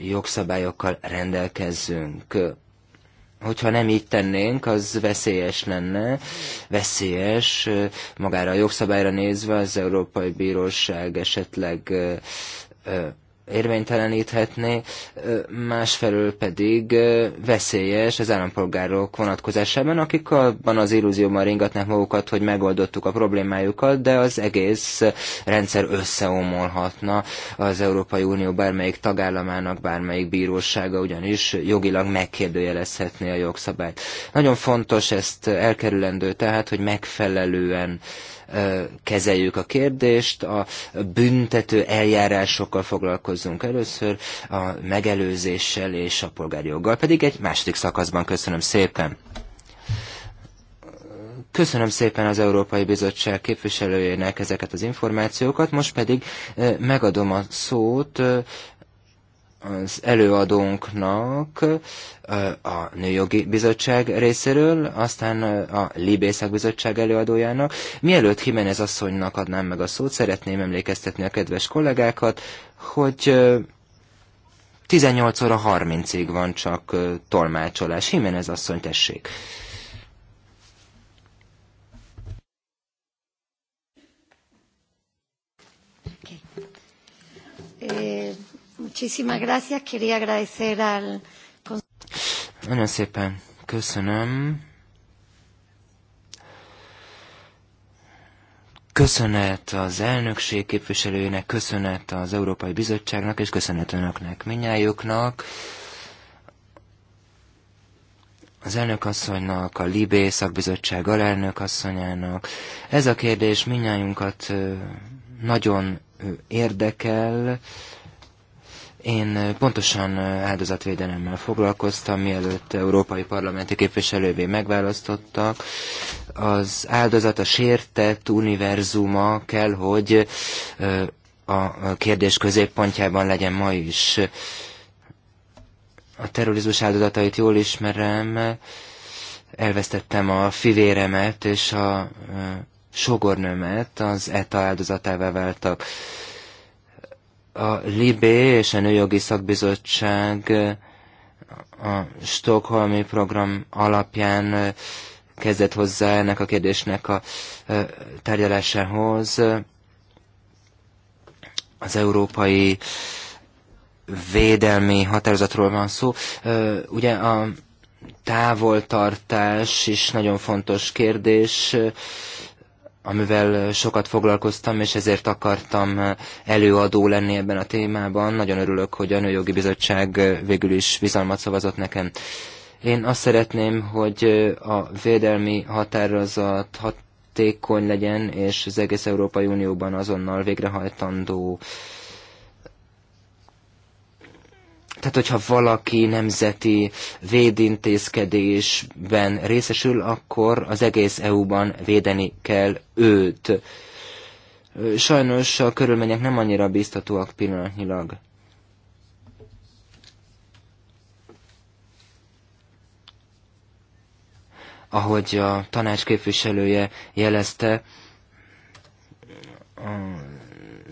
jogszabályokkal rendelkezzünk. Hogyha nem így tennénk, az veszélyes lenne, veszélyes magára a jogszabályra nézve az Európai Bíróság esetleg érvénytelenítheti, másfelől pedig veszélyes az állampolgárok vonatkozásában, akik abban az illúzióban ringatnak magukat, hogy megoldottuk a problémájukat, de az egész rendszer összeomolhatna az Európai Unió bármelyik tagállamának, bármelyik bírósága, ugyanis jogilag megkérdőjelezhetné a jogszabályt. Nagyon fontos ezt elkerülendő tehát, hogy megfelelően kezeljük a kérdést, a büntető eljárásokkal foglalkozzunk először, a megelőzéssel és a polgári joggal pedig egy második szakaszban. Köszönöm szépen! Köszönöm szépen az Európai Bizottság képviselőjének ezeket az információkat, most pedig megadom a szót az előadónknak a Nőjogi Bizottság részéről, aztán a Libészek Bizottság előadójának. Mielőtt Jimenez asszonynak adnám meg a szót, szeretném emlékeztetni a kedves kollégákat, hogy 18 óra 30-ig van csak tolmácsolás. Jimenez asszony, tessék! Okay. Eh... Muchísimas gracias. Quería agradecer al... Nagyon szépen köszönöm. Köszönet az elnökség képviselőjének, köszönet az Európai Bizottságnak, és köszönet önöknek, minnyájuknak. Az elnök asszonynak, a Libé szakbizottság alelnök asszonyának. Ez a kérdés minnyájunkat nagyon érdekel, én pontosan áldozatvédelemmel foglalkoztam, mielőtt európai parlamenti képviselővé megválasztottak. Az áldozat, a sértett univerzuma kell, hogy a kérdés középpontjában legyen ma is. A terrorizmus áldozatait jól ismerem, elvesztettem a fivéremet és a sogornőmet, az ETA áldozatává váltak. A Libé és a Nőjogi Szakbizottság a Stockholmi program alapján kezdett hozzá ennek a kérdésnek a tárgyalásához. Az európai védelmi határozatról van szó. Ugye a távoltartás is nagyon fontos kérdés amivel sokat foglalkoztam, és ezért akartam előadó lenni ebben a témában. Nagyon örülök, hogy a Nőjogi Bizottság végül is bizalmat szavazott nekem. Én azt szeretném, hogy a védelmi határozat hatékony legyen, és az egész Európai Unióban azonnal végrehajtandó tehát, hogyha valaki nemzeti védintézkedésben részesül, akkor az egész EU-ban védeni kell őt. Sajnos a körülmények nem annyira biztatóak pillanatnyilag. Ahogy a tanács képviselője jelezte,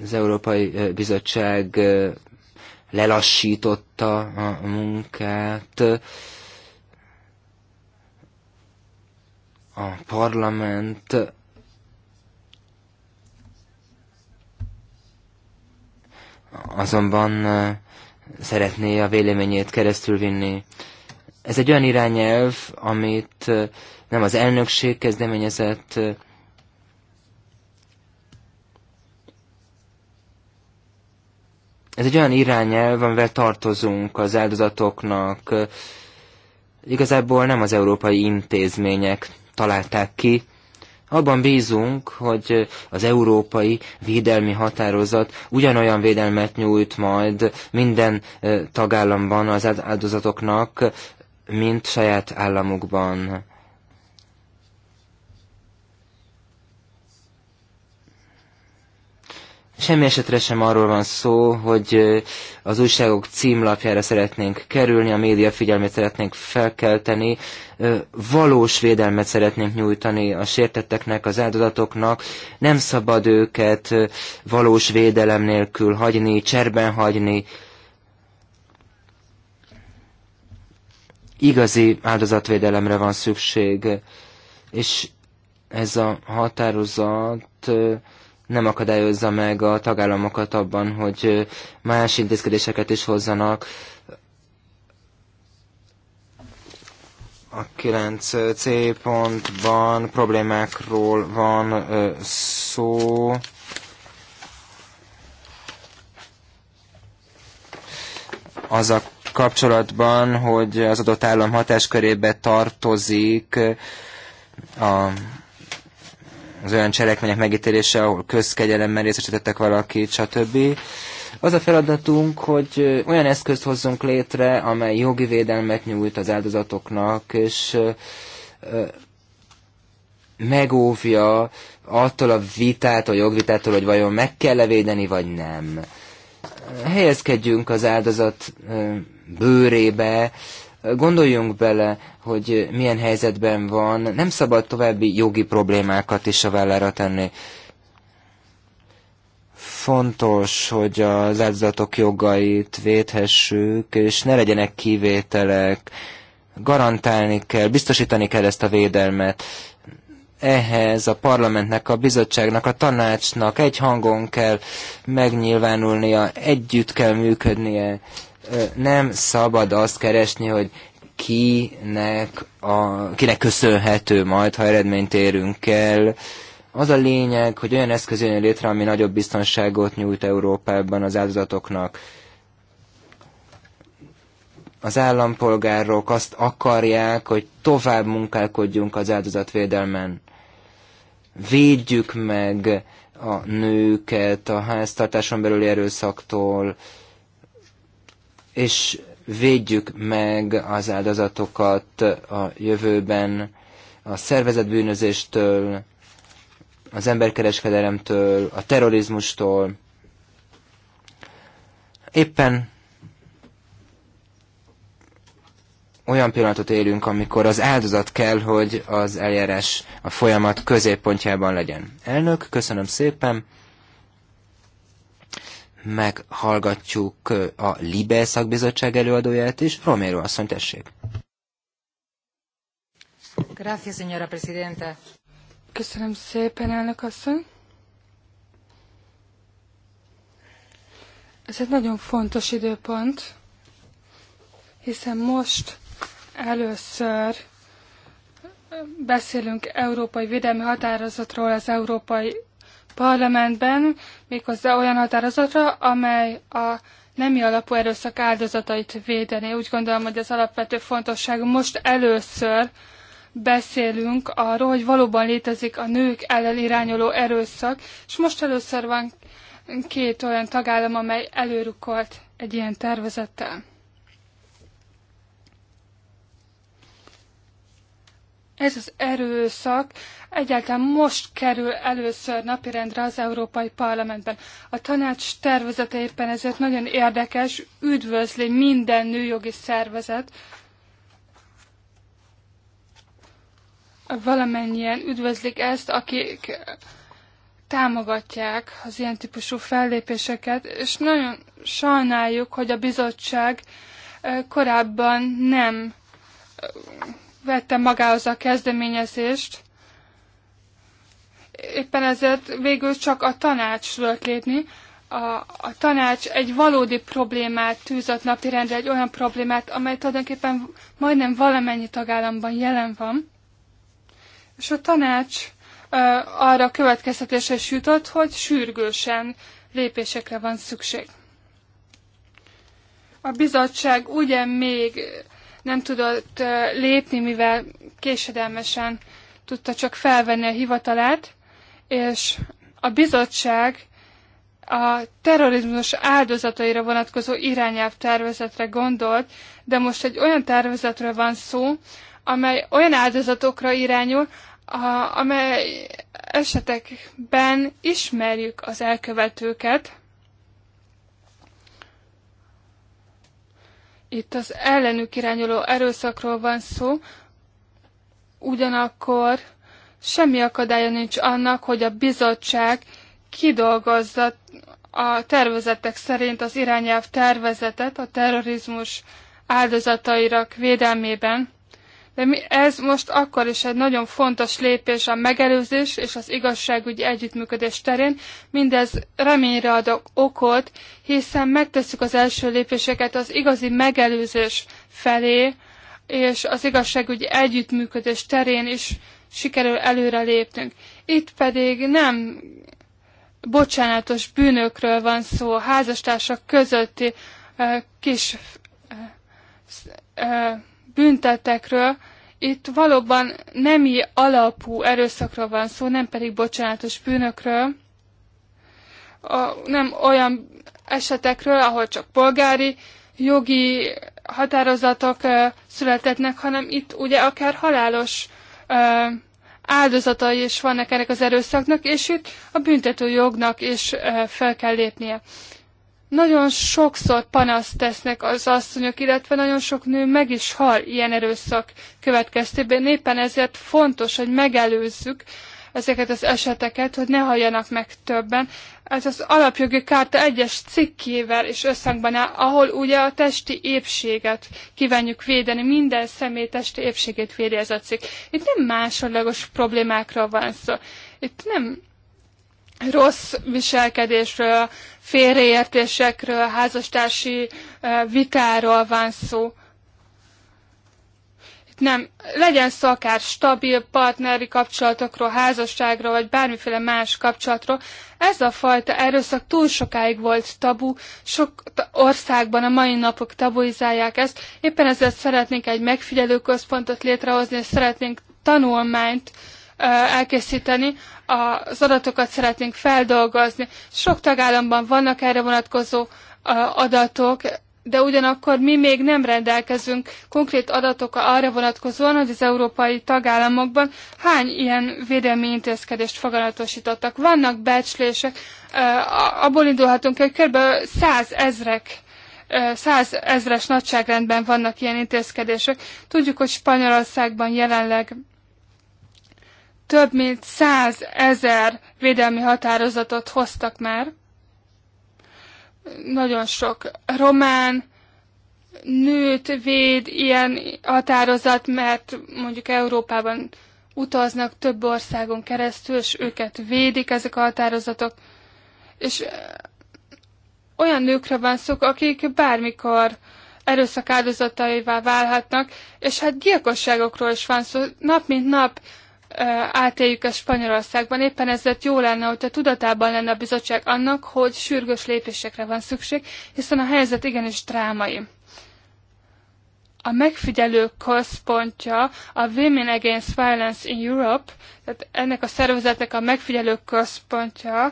az Európai Bizottság lelassította a munkát, a parlament azonban szeretné a véleményét keresztül vinni. Ez egy olyan irányelv, amit nem az elnökség kezdeményezett, Ez egy olyan irányelv, amivel tartozunk az áldozatoknak. Igazából nem az európai intézmények találták ki. Abban bízunk, hogy az európai védelmi határozat ugyanolyan védelmet nyújt majd minden eh, tagállamban az áldozatoknak, mint saját államukban. Semmi esetre sem arról van szó, hogy az újságok címlapjára szeretnénk kerülni, a média figyelmét szeretnénk felkelteni, valós védelmet szeretnénk nyújtani a sértetteknek, az áldozatoknak, nem szabad őket valós védelem nélkül hagyni, cserben hagyni, igazi áldozatvédelemre van szükség, és ez a határozat nem akadályozza meg a tagállamokat abban, hogy más intézkedéseket is hozzanak. A 9C pontban problémákról van szó. Az a kapcsolatban, hogy az adott állam hatáskörébe tartozik a az olyan cselekmények megítélése, ahol közkegyelemmel részesítettek valakit, stb. Az a feladatunk, hogy olyan eszközt hozzunk létre, amely jogi védelmet nyújt az áldozatoknak, és megóvja attól a vitát a jogvitától, hogy vajon meg kell-e védeni, vagy nem. Helyezkedjünk az áldozat bőrébe, Gondoljunk bele, hogy milyen helyzetben van, nem szabad további jogi problémákat is a vállára tenni. Fontos, hogy az áldozatok jogait védhessük, és ne legyenek kivételek. Garantálni kell, biztosítani kell ezt a védelmet ehhez a parlamentnek, a bizottságnak, a tanácsnak egy hangon kell megnyilvánulnia, együtt kell működnie, nem szabad azt keresni, hogy kinek, a, kinek köszönhető majd, ha eredményt érünk el. Az a lényeg, hogy olyan eszköz jön létre, ami nagyobb biztonságot nyújt Európában az áldozatoknak. Az állampolgárok azt akarják, hogy tovább munkálkodjunk az áldozatvédelmen. Védjük meg a nőket a háztartáson belüli erőszaktól, és védjük meg az áldozatokat a jövőben a szervezetbűnözéstől, az emberkereskedelemtől, a terrorizmustól. Éppen olyan pillanatot élünk, amikor az áldozat kell, hogy az eljárás a folyamat középpontjában legyen. Elnök, köszönöm szépen! meghallgatjuk a Libe szakbizottság előadóját is. Romero asszony, tessék. Gracias, señora presidenta. Köszönöm szépen, elnök asszony. Ez egy nagyon fontos időpont, hiszen most először beszélünk európai védelmi határozatról az Európai parlamentben, méghozzá olyan határozatra, amely a nemi alapú erőszak áldozatait védené. Úgy gondolom, hogy ez alapvető fontosság. Most először beszélünk arról, hogy valóban létezik a nők ellen irányuló erőszak, és most először van két olyan tagállam, amely előrukolt egy ilyen tervezettel. ez az erőszak egyáltalán most kerül először napirendre az Európai Parlamentben. A tanács tervezete éppen ezért nagyon érdekes, üdvözli minden nőjogi szervezet, valamennyien üdvözlik ezt, akik támogatják az ilyen típusú fellépéseket, és nagyon sajnáljuk, hogy a bizottság eh, korábban nem eh, vette magához a kezdeményezést. Éppen ezért végül csak a tanács tudott lépni. A, a tanács egy valódi problémát tűzött napirendre, egy olyan problémát, amely tulajdonképpen majdnem valamennyi tagállamban jelen van. És a tanács ö, arra a következtetésre is jutott, hogy sürgősen lépésekre van szükség. A bizottság ugye még nem tudott lépni, mivel késedelmesen tudta csak felvenni a hivatalát, és a bizottság a terrorizmus áldozataira vonatkozó irányelv tervezetre gondolt, de most egy olyan tervezetről van szó, amely olyan áldozatokra irányul, a, amely esetekben ismerjük az elkövetőket, Itt az ellenük irányuló erőszakról van szó, ugyanakkor semmi akadálya nincs annak, hogy a bizottság kidolgozza a tervezetek szerint az irányelv tervezetet a terrorizmus áldozatairak védelmében, de mi, ez most akkor is egy nagyon fontos lépés a megelőzés és az igazságügyi együttműködés terén. Mindez reményre adok okot, hiszen megtesszük az első lépéseket az igazi megelőzés felé, és az igazságügyi együttműködés terén is sikerül előre lépnünk. Itt pedig nem bocsánatos bűnökről van szó, házastársak közötti uh, kis uh, uh, büntetekről, itt valóban nemi alapú erőszakról van szó, nem pedig bocsánatos bűnökről, a, nem olyan esetekről, ahol csak polgári, jogi határozatok ö, születetnek, hanem itt ugye akár halálos ö, áldozatai is vannak ennek az erőszaknak, és itt a büntető jognak is fel kell lépnie. Nagyon sokszor panaszt tesznek az asszonyok, illetve nagyon sok nő meg is hal ilyen erőszak következtében. Éppen ezért fontos, hogy megelőzzük ezeket az eseteket, hogy ne halljanak meg többen. Ez az alapjogi kárta egyes cikkével és összhangban áll, ahol ugye a testi épséget kívánjuk védeni, minden személy testi épségét védi ez a cikk. Itt nem másodlagos problémákra van szó. Itt nem rossz viselkedésről, félreértésekről, házastársi vitáról van szó. Itt nem, legyen szó akár stabil partneri kapcsolatokról, házasságról, vagy bármiféle más kapcsolatról. Ez a fajta erőszak túl sokáig volt tabu, sok országban a mai napok tabuizálják ezt. Éppen ezért szeretnénk egy megfigyelőközpontot létrehozni, és szeretnénk tanulmányt uh, elkészíteni, az adatokat szeretnénk feldolgozni. Sok tagállamban vannak erre vonatkozó adatok, de ugyanakkor mi még nem rendelkezünk konkrét adatokkal arra vonatkozóan, hogy az európai tagállamokban hány ilyen védelmi intézkedést foganatosítottak. Vannak becslések, abból indulhatunk, hogy kb. 100 ezrek százezres nagyságrendben vannak ilyen intézkedések. Tudjuk, hogy Spanyolországban jelenleg több mint ezer védelmi határozatot hoztak már. Nagyon sok román nőt véd ilyen határozat, mert mondjuk Európában utaznak több országon keresztül, és őket védik ezek a határozatok. És olyan nőkre van szó, akik bármikor erőszak áldozataival válhatnak, és hát gyilkosságokról is van szó. Nap mint nap átéljük ezt Spanyolországban. Éppen ezért jó lenne, hogyha tudatában lenne a bizottság annak, hogy sürgős lépésekre van szükség, hiszen a helyzet igenis drámai. A megfigyelő központja a Women Against Violence in Europe, tehát ennek a szervezetnek a megfigyelő központja,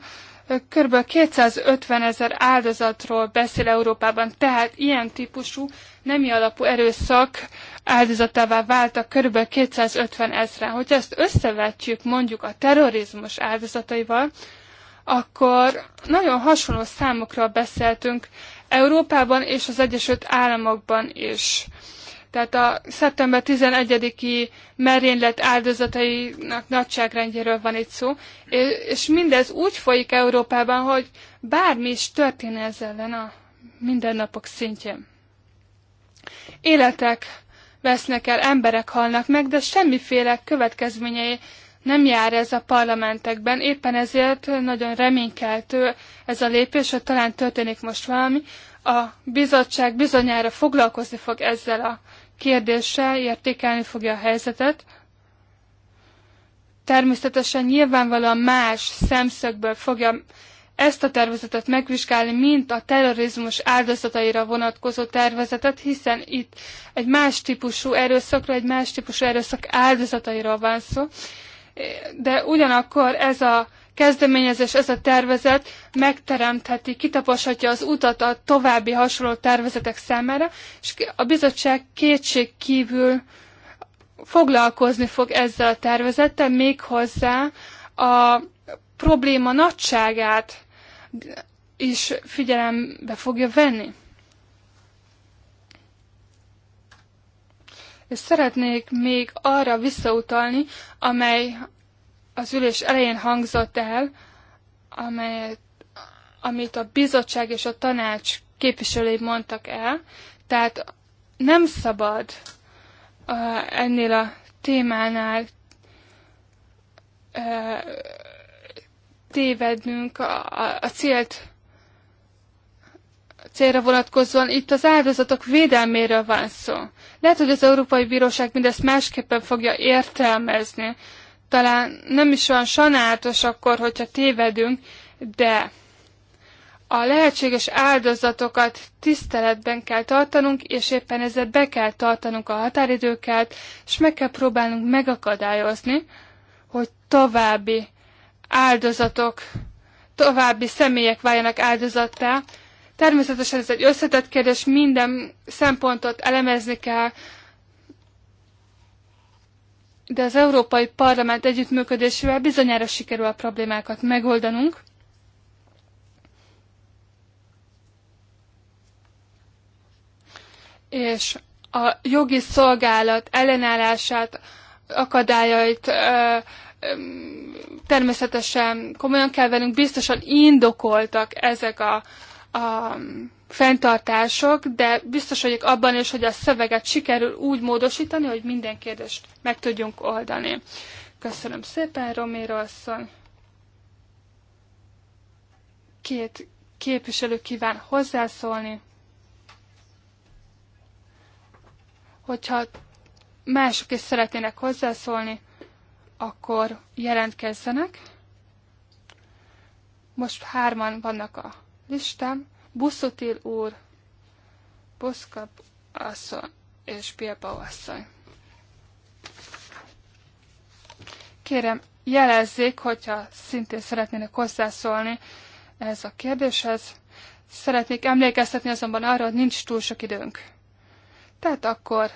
kb. 250 ezer áldozatról beszél Európában, tehát ilyen típusú nemi alapú erőszak áldozatává váltak körülbelül 250 ezre. Hogyha ezt összevetjük mondjuk a terrorizmus áldozataival, akkor nagyon hasonló számokról beszéltünk Európában és az Egyesült Államokban is. Tehát a szeptember 11-i merénylet áldozatainak nagyságrendjéről van itt szó, és mindez úgy folyik Európában, hogy bármi is történne ezzel ellen a mindennapok szintjén. Életek vesznek el, emberek halnak meg, de semmiféle következményei nem jár ez a parlamentekben, éppen ezért nagyon reménykeltő ez a lépés, hogy talán történik most valami. A bizottság bizonyára foglalkozni fog ezzel a kérdéssel, értékelni fogja a helyzetet. Természetesen nyilvánvalóan más szemszögből fogja ezt a tervezetet megvizsgálni, mint a terrorizmus áldozataira vonatkozó tervezetet, hiszen itt egy más típusú erőszakra, egy más típusú erőszak áldozataira van szó. De ugyanakkor ez a kezdeményezés, ez a tervezet megteremtheti, kitaposhatja az utat a további hasonló tervezetek számára, és a bizottság kétség kívül foglalkozni fog ezzel a tervezettel, méghozzá a probléma nagyságát is figyelembe fogja venni. És szeretnék még arra visszautalni, amely az ülés elején hangzott el, amelyet, amit a bizottság és a tanács képviselői mondtak el. Tehát nem szabad uh, ennél a témánál uh, tévednünk a, a, a célt célra vonatkozóan itt az áldozatok védelméről van szó. Lehet, hogy az Európai Bíróság mindezt másképpen fogja értelmezni. Talán nem is olyan sanáltos akkor, hogyha tévedünk, de a lehetséges áldozatokat tiszteletben kell tartanunk, és éppen ezzel be kell tartanunk a határidőket, és meg kell próbálnunk megakadályozni, hogy további áldozatok, további személyek váljanak áldozattá. Természetesen ez egy összetett kérdés, minden szempontot elemezni kell, de az Európai Parlament együttműködésével bizonyára sikerül a problémákat megoldanunk. És a jogi szolgálat ellenállását, akadályait természetesen komolyan kell vennünk, biztosan indokoltak ezek a, a fenntartások, de biztos vagyok abban is, hogy a szöveget sikerül úgy módosítani, hogy minden kérdést meg tudjunk oldani. Köszönöm szépen, Romero asszony. Két képviselő kíván hozzászólni. Hogyha mások is szeretnének hozzászólni, akkor jelentkezzenek. Most hárman vannak a listám. Buszotil úr, Boszkap asszony és Pilpa asszony. Kérem, jelezzék, hogyha szintén szeretnének hozzászólni ez a kérdéshez. Szeretnék emlékeztetni azonban arra, hogy nincs túl sok időnk. Tehát akkor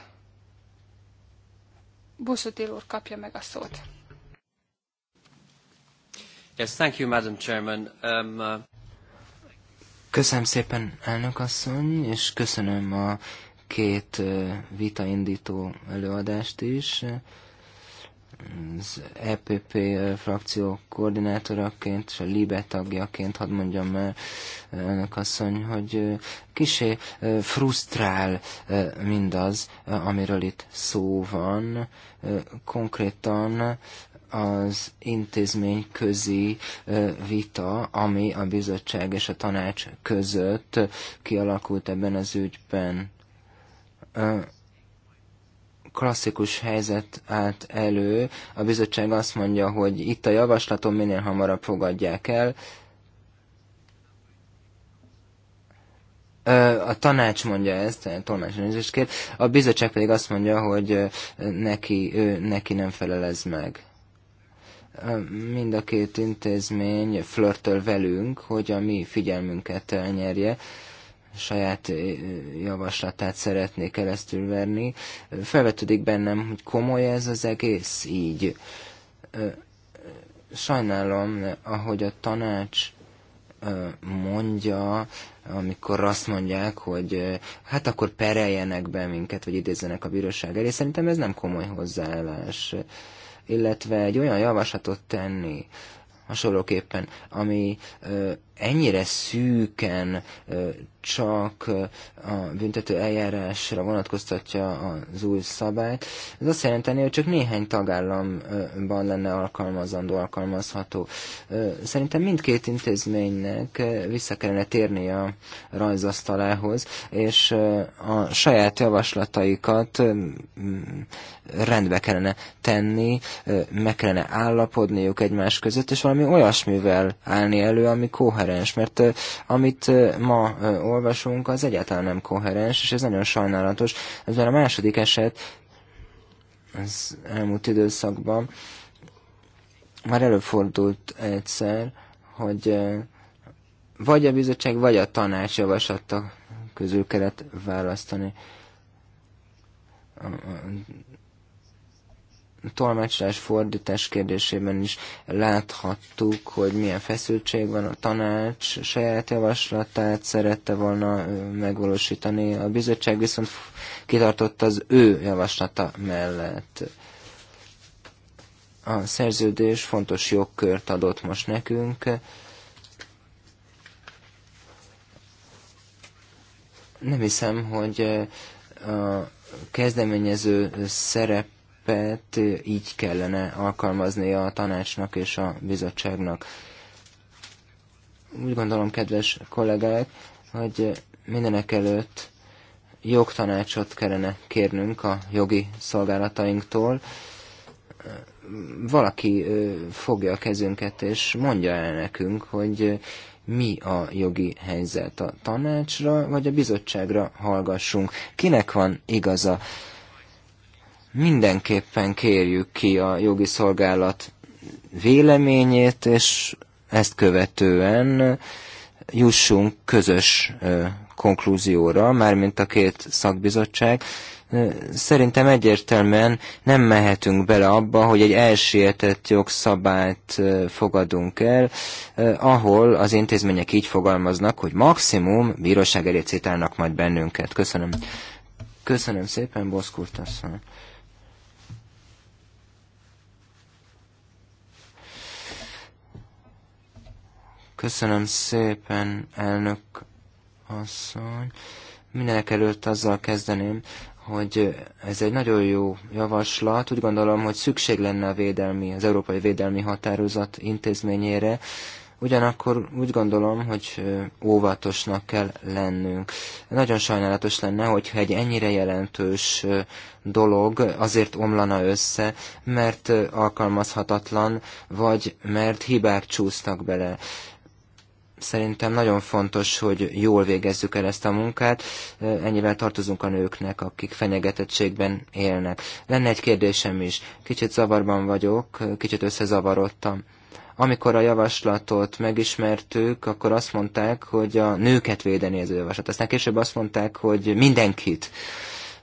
Buszutil úr kapja meg a szót. Yes, thank you, Madam Chairman. Um, uh... Köszönöm szépen, elnök asszony, és köszönöm a két uh, vitaindító előadást is az EPP frakció koordinátoraként és a LIBE tagjaként hadd mondjam el önök asszony, hogy kisé frusztrál mindaz, amiről itt szó van. Konkrétan az intézmény közi vita, ami a bizottság és a tanács között kialakult ebben az ügyben klasszikus helyzet állt elő. A bizottság azt mondja, hogy itt a javaslaton minél hamarabb fogadják el. A tanács mondja ezt, a tolmácsolózést kér, a bizottság pedig azt mondja, hogy neki, ő, neki nem felelez meg mind a két intézmény flörtöl velünk, hogy a mi figyelmünket elnyerje saját javaslatát szeretné verni. Felvetődik bennem, hogy komoly ez az egész így. Sajnálom, ahogy a tanács mondja, amikor azt mondják, hogy hát akkor pereljenek be minket, vagy idézzenek a bíróság elé. Szerintem ez nem komoly hozzáállás. Illetve egy olyan javaslatot tenni, Hasonlóképpen, ami ennyire szűken csak a büntető eljárásra vonatkoztatja az új szabályt, ez azt jelenteni, hogy csak néhány tagállamban lenne alkalmazandó, alkalmazható. Szerintem mindkét intézménynek vissza kellene térni a rajzasztalához, és a saját javaslataikat rendbe kellene tenni, meg kellene állapodniuk egymás között, és valami valami olyasmivel állni elő, ami koherens, mert amit ma olvasunk, az egyáltalán nem koherens, és ez nagyon sajnálatos. Ez már a második eset az elmúlt időszakban. Már előfordult egyszer, hogy vagy a bizottság, vagy a tanács javaslata közül kellett választani tolmácsolás fordítás kérdésében is láthattuk, hogy milyen feszültség van a tanács, saját javaslatát szerette volna megvalósítani, a bizottság viszont kitartott az ő javaslata mellett. A szerződés fontos jogkört adott most nekünk, nem hiszem, hogy a kezdeményező szerep szerepet így kellene alkalmazni a tanácsnak és a bizottságnak. Úgy gondolom, kedves kollégák, hogy mindenek előtt jogtanácsot kellene kérnünk a jogi szolgálatainktól. Valaki fogja a kezünket és mondja el nekünk, hogy mi a jogi helyzet a tanácsra, vagy a bizottságra hallgassunk. Kinek van igaza? mindenképpen kérjük ki a jogi szolgálat véleményét, és ezt követően jussunk közös konklúzióra, mármint a két szakbizottság. Szerintem egyértelműen nem mehetünk bele abba, hogy egy elsietett jogszabályt fogadunk el, ahol az intézmények így fogalmaznak, hogy maximum bíróság elé majd bennünket. Köszönöm. Köszönöm szépen, Boszkurt asszony. Köszönöm szépen, elnök asszony. Mindenek előtt azzal kezdeném, hogy ez egy nagyon jó javaslat. Úgy gondolom, hogy szükség lenne a védelmi, az Európai Védelmi Határozat intézményére. Ugyanakkor úgy gondolom, hogy óvatosnak kell lennünk. Nagyon sajnálatos lenne, hogyha egy ennyire jelentős dolog azért omlana össze, mert alkalmazhatatlan, vagy mert hibák csúsznak bele. Szerintem nagyon fontos, hogy jól végezzük el ezt a munkát, ennyivel tartozunk a nőknek, akik fenyegetettségben élnek. Lenne egy kérdésem is, kicsit zavarban vagyok, kicsit összezavarodtam amikor a javaslatot megismertük, akkor azt mondták, hogy a nőket védeni ez a javaslat. Aztán később azt mondták, hogy mindenkit.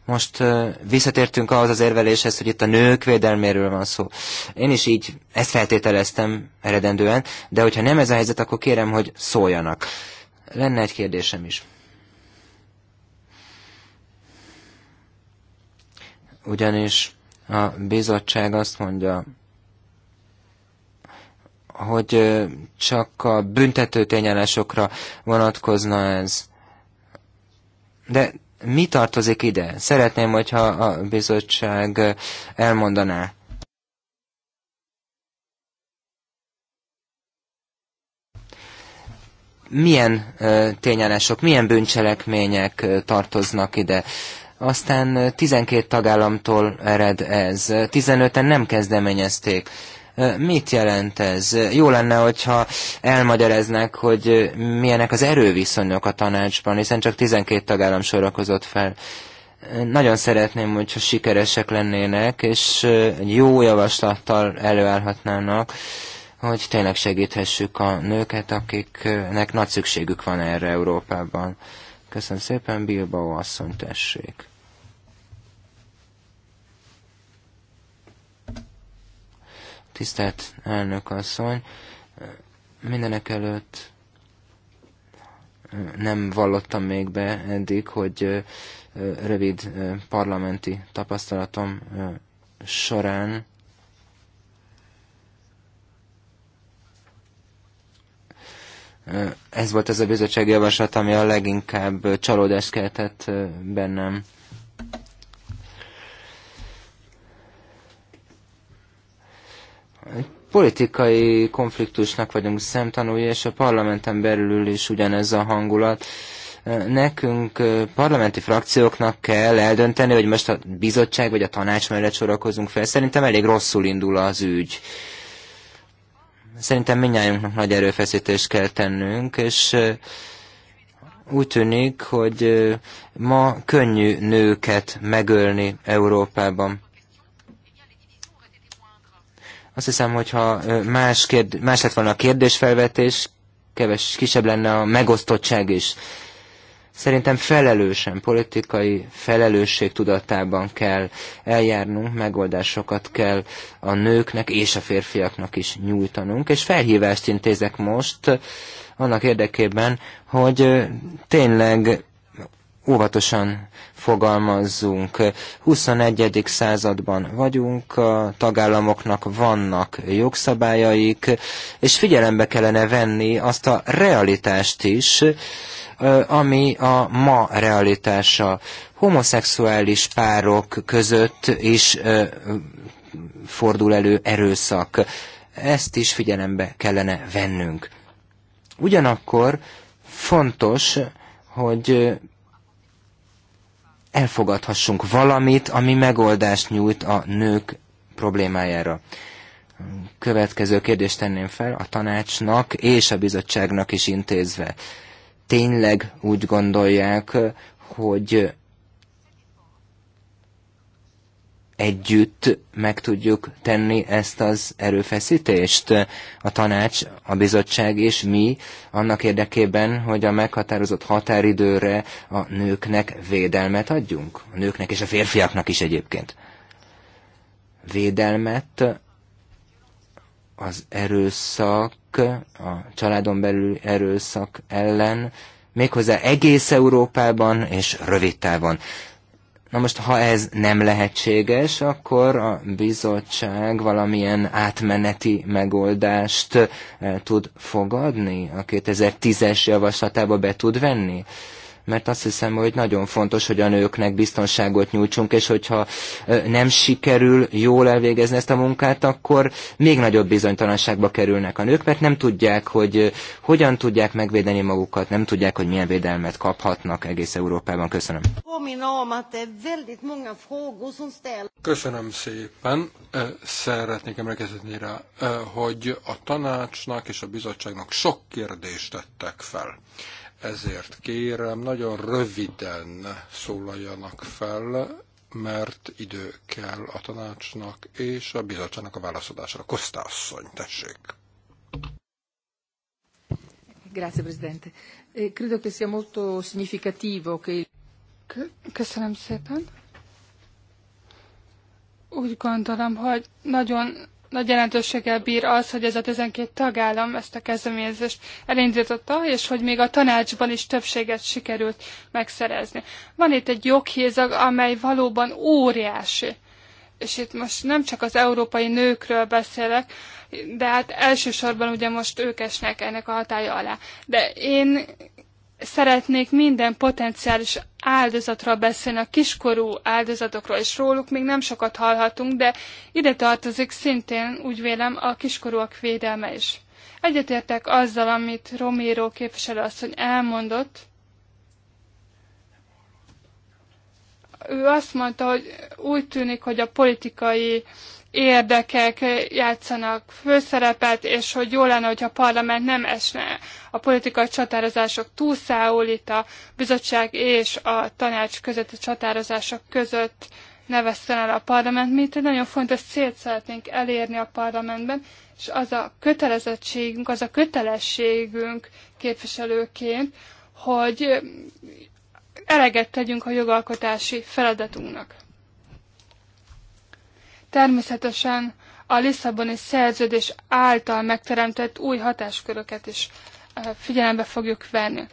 Most visszatértünk ahhoz az érveléshez, hogy itt a nők védelméről van szó. Én is így ezt feltételeztem eredendően, de hogyha nem ez a helyzet, akkor kérem, hogy szóljanak. Lenne egy kérdésem is. Ugyanis a bizottság azt mondja, hogy csak a büntető tényállásokra vonatkozna ez. De mi tartozik ide? Szeretném, hogyha a bizottság elmondaná. Milyen tényállások, milyen bűncselekmények tartoznak ide? Aztán 12 tagállamtól ered ez. 15-en nem kezdeményezték Mit jelent ez? Jó lenne, hogyha elmagyaráznák, hogy milyenek az erőviszonyok a tanácsban, hiszen csak 12 tagállam sorakozott fel. Nagyon szeretném, hogyha sikeresek lennének, és jó javaslattal előállhatnának, hogy tényleg segíthessük a nőket, akiknek nagy szükségük van erre Európában. Köszönöm szépen, Bilbao asszony, tessék. Tisztelt elnök asszony, mindenek előtt nem vallottam még be eddig, hogy rövid parlamenti tapasztalatom során ez volt ez a bizottság javaslat, ami a leginkább csalódást keltett bennem. Egy politikai konfliktusnak vagyunk szemtanúi, és a parlamenten belül is ugyanez a hangulat. Nekünk parlamenti frakcióknak kell eldönteni, hogy most a bizottság vagy a tanács mellett sorakozunk fel. Szerintem elég rosszul indul az ügy szerintem minnyájunknak nagy erőfeszítést kell tennünk, és úgy tűnik, hogy ma könnyű nőket megölni Európában. Azt hiszem, hogyha más, kérd, más lett volna a kérdésfelvetés, keves, kisebb lenne a megosztottság is. Szerintem felelősen, politikai felelősség tudatában kell eljárnunk, megoldásokat kell a nőknek és a férfiaknak is nyújtanunk, és felhívást intézek most annak érdekében, hogy tényleg óvatosan fogalmazzunk. 21. században vagyunk, a tagállamoknak vannak jogszabályaik, és figyelembe kellene venni azt a realitást is, ami a ma realitása. Homoszexuális párok között is fordul elő erőszak. Ezt is figyelembe kellene vennünk. Ugyanakkor fontos, hogy elfogadhassunk valamit, ami megoldást nyújt a nők problémájára. Következő kérdést tenném fel a tanácsnak és a bizottságnak is intézve. Tényleg úgy gondolják, hogy együtt meg tudjuk tenni ezt az erőfeszítést, a tanács, a bizottság és mi, annak érdekében, hogy a meghatározott határidőre a nőknek védelmet adjunk. A nőknek és a férfiaknak is egyébként. Védelmet az erőszak, a családon belül erőszak ellen, méghozzá egész Európában és rövid távon. Na most, ha ez nem lehetséges, akkor a bizottság valamilyen átmeneti megoldást eh, tud fogadni, a 2010-es javaslatába be tud venni mert azt hiszem, hogy nagyon fontos, hogy a nőknek biztonságot nyújtsunk, és hogyha nem sikerül jól elvégezni ezt a munkát, akkor még nagyobb bizonytalanságba kerülnek a nők, mert nem tudják, hogy hogyan tudják megvédeni magukat, nem tudják, hogy milyen védelmet kaphatnak egész Európában. Köszönöm. Köszönöm szépen. Szeretnék emlékezni rá, hogy a tanácsnak és a bizottságnak sok kérdést tettek fel ezért kérem, nagyon röviden szólaljanak fel, mert idő kell a tanácsnak és a bizottságnak a válaszadására. Kosztá asszony, tessék! Grazie, Presidente. Eh, credo che sia molto significativo che... Köszönöm szépen. Úgy gondolom, hogy nagyon nagy jelentőséggel bír az, hogy ez a 12 tagállam ezt a kezdeményezést elindította, és hogy még a tanácsban is többséget sikerült megszerezni. Van itt egy joghézag, amely valóban óriási. És itt most nem csak az európai nőkről beszélek, de hát elsősorban ugye most ők esnek ennek a hatája alá. De én szeretnék minden potenciális áldozatról beszélni, a kiskorú áldozatokról, és róluk még nem sokat hallhatunk, de ide tartozik szintén, úgy vélem, a kiskorúak védelme is. Egyetértek azzal, amit Romero képviselő asszony elmondott. Ő azt mondta, hogy úgy tűnik, hogy a politikai érdekek játszanak főszerepet, és hogy jó lenne, hogy a parlament nem esne a politikai csatározások túlszául itt a bizottság és a tanács közötti csatározások között ne veszten el a parlament. Mi itt egy nagyon fontos célt szeretnénk elérni a parlamentben, és az a kötelezettségünk, az a kötelességünk képviselőként, hogy eleget tegyünk a jogalkotási feladatunknak természetesen a Lisszaboni szerződés által megteremtett új hatásköröket is figyelembe fogjuk venni.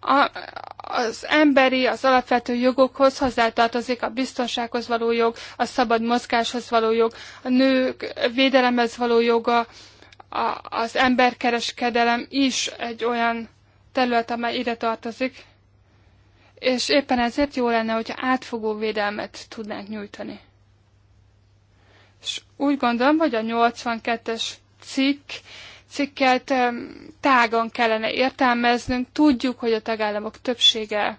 A, az emberi, az alapvető jogokhoz hozzátartozik a biztonsághoz való jog, a szabad mozgáshoz való jog, a nők védelemhez való joga, a, az emberkereskedelem is egy olyan terület, amely ide tartozik, és éppen ezért jó lenne, hogyha átfogó védelmet tudnánk nyújtani. És úgy gondolom, hogy a 82-es cikk cikket tágan kellene értelmeznünk. Tudjuk, hogy a tagállamok többsége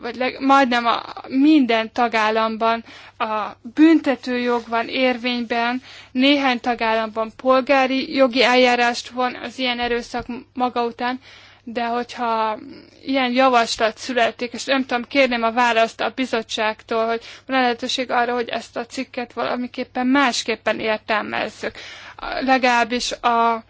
vagy leg, majdnem a, minden tagállamban a büntetőjog van érvényben, néhány tagállamban polgári jogi eljárást van, az ilyen erőszak maga után, de hogyha ilyen javaslat születik, és nem tudom, kérném a választ a bizottságtól, hogy van lehetőség arra, hogy ezt a cikket valamiképpen másképpen értelmezzük. Legalábbis a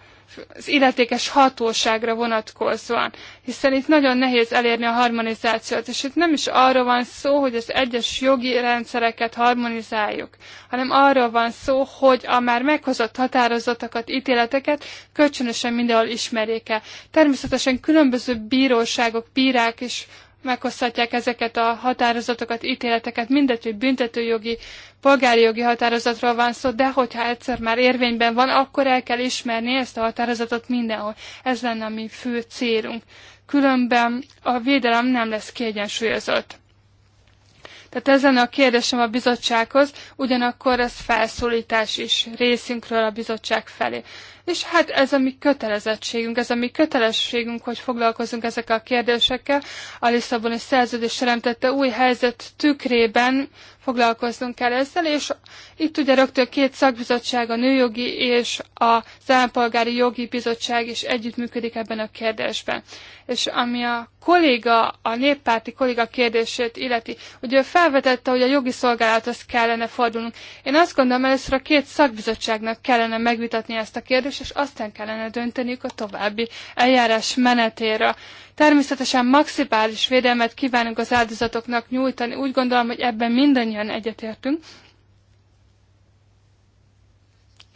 az illetékes hatóságra vonatkozóan, hiszen itt nagyon nehéz elérni a harmonizációt, és itt nem is arról van szó, hogy az egyes jogi rendszereket harmonizáljuk, hanem arról van szó, hogy a már meghozott határozatokat, ítéleteket kölcsönösen mindenhol ismerjék el. Természetesen különböző bíróságok, bírák is meghozhatják ezeket a határozatokat, ítéleteket, mindegy, hogy büntetőjogi, polgári jogi határozatról van szó, de hogyha egyszer már érvényben van, akkor el kell ismerni ezt a határozatot mindenhol. Ez lenne a mi fő célunk. Különben a védelem nem lesz kiegyensúlyozott. Tehát ez lenne a kérdésem a bizottsághoz, ugyanakkor ez felszólítás is részünkről a bizottság felé és hát ez a mi kötelezettségünk, ez a mi kötelességünk, hogy foglalkozunk ezekkel a kérdésekkel. A Lisszaboni szerződés teremtette új helyzet tükrében foglalkoznunk kell ezzel, és itt ugye rögtön két szakbizottság, a Nőjogi és az Állampolgári Jogi Bizottság is együttműködik ebben a kérdésben. És ami a kolléga, a néppárti kolléga kérdését illeti, ugye ő felvetette, hogy a jogi szolgálathoz kellene fordulnunk. Én azt gondolom, először a két szakbizottságnak kellene megvitatni ezt a kérdést, és aztán kellene dönteniük a további eljárás menetéről. Természetesen maximális védelmet kívánunk az áldozatoknak nyújtani. Úgy gondolom, hogy ebben mindannyian egyetértünk.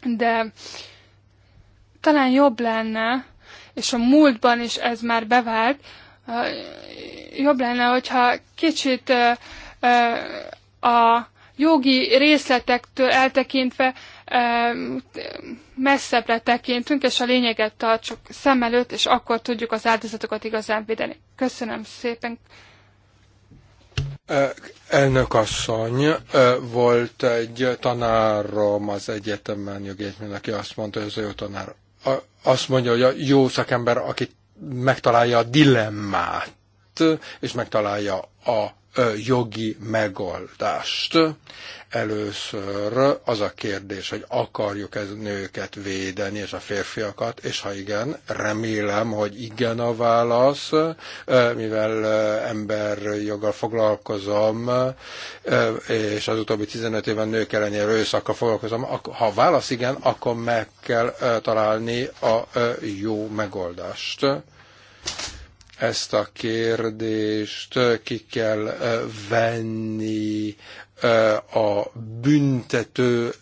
De talán jobb lenne, és a múltban is ez már bevált, jobb lenne, hogyha kicsit a jogi részletektől eltekintve messzebbre tekintünk, és a lényeget tartsuk szem előtt, és akkor tudjuk az áldozatokat igazán védeni. Köszönöm szépen. Eh, elnök asszony, eh, volt egy tanárom az egyetemen jogétmén, aki azt mondta, hogy az jó tanár azt mondja, hogy a jó szakember, aki megtalálja a dilemmát, és megtalálja a jogi megoldást. Először az a kérdés, hogy akarjuk ez nőket védeni, és a férfiakat, és ha igen, remélem, hogy igen a válasz, mivel emberjoggal foglalkozom, és az utóbbi 15 évben nők elleni erőszakkal foglalkozom, ha válasz igen, akkor meg kell találni a jó megoldást ezt a kérdést ki kell venni a büntető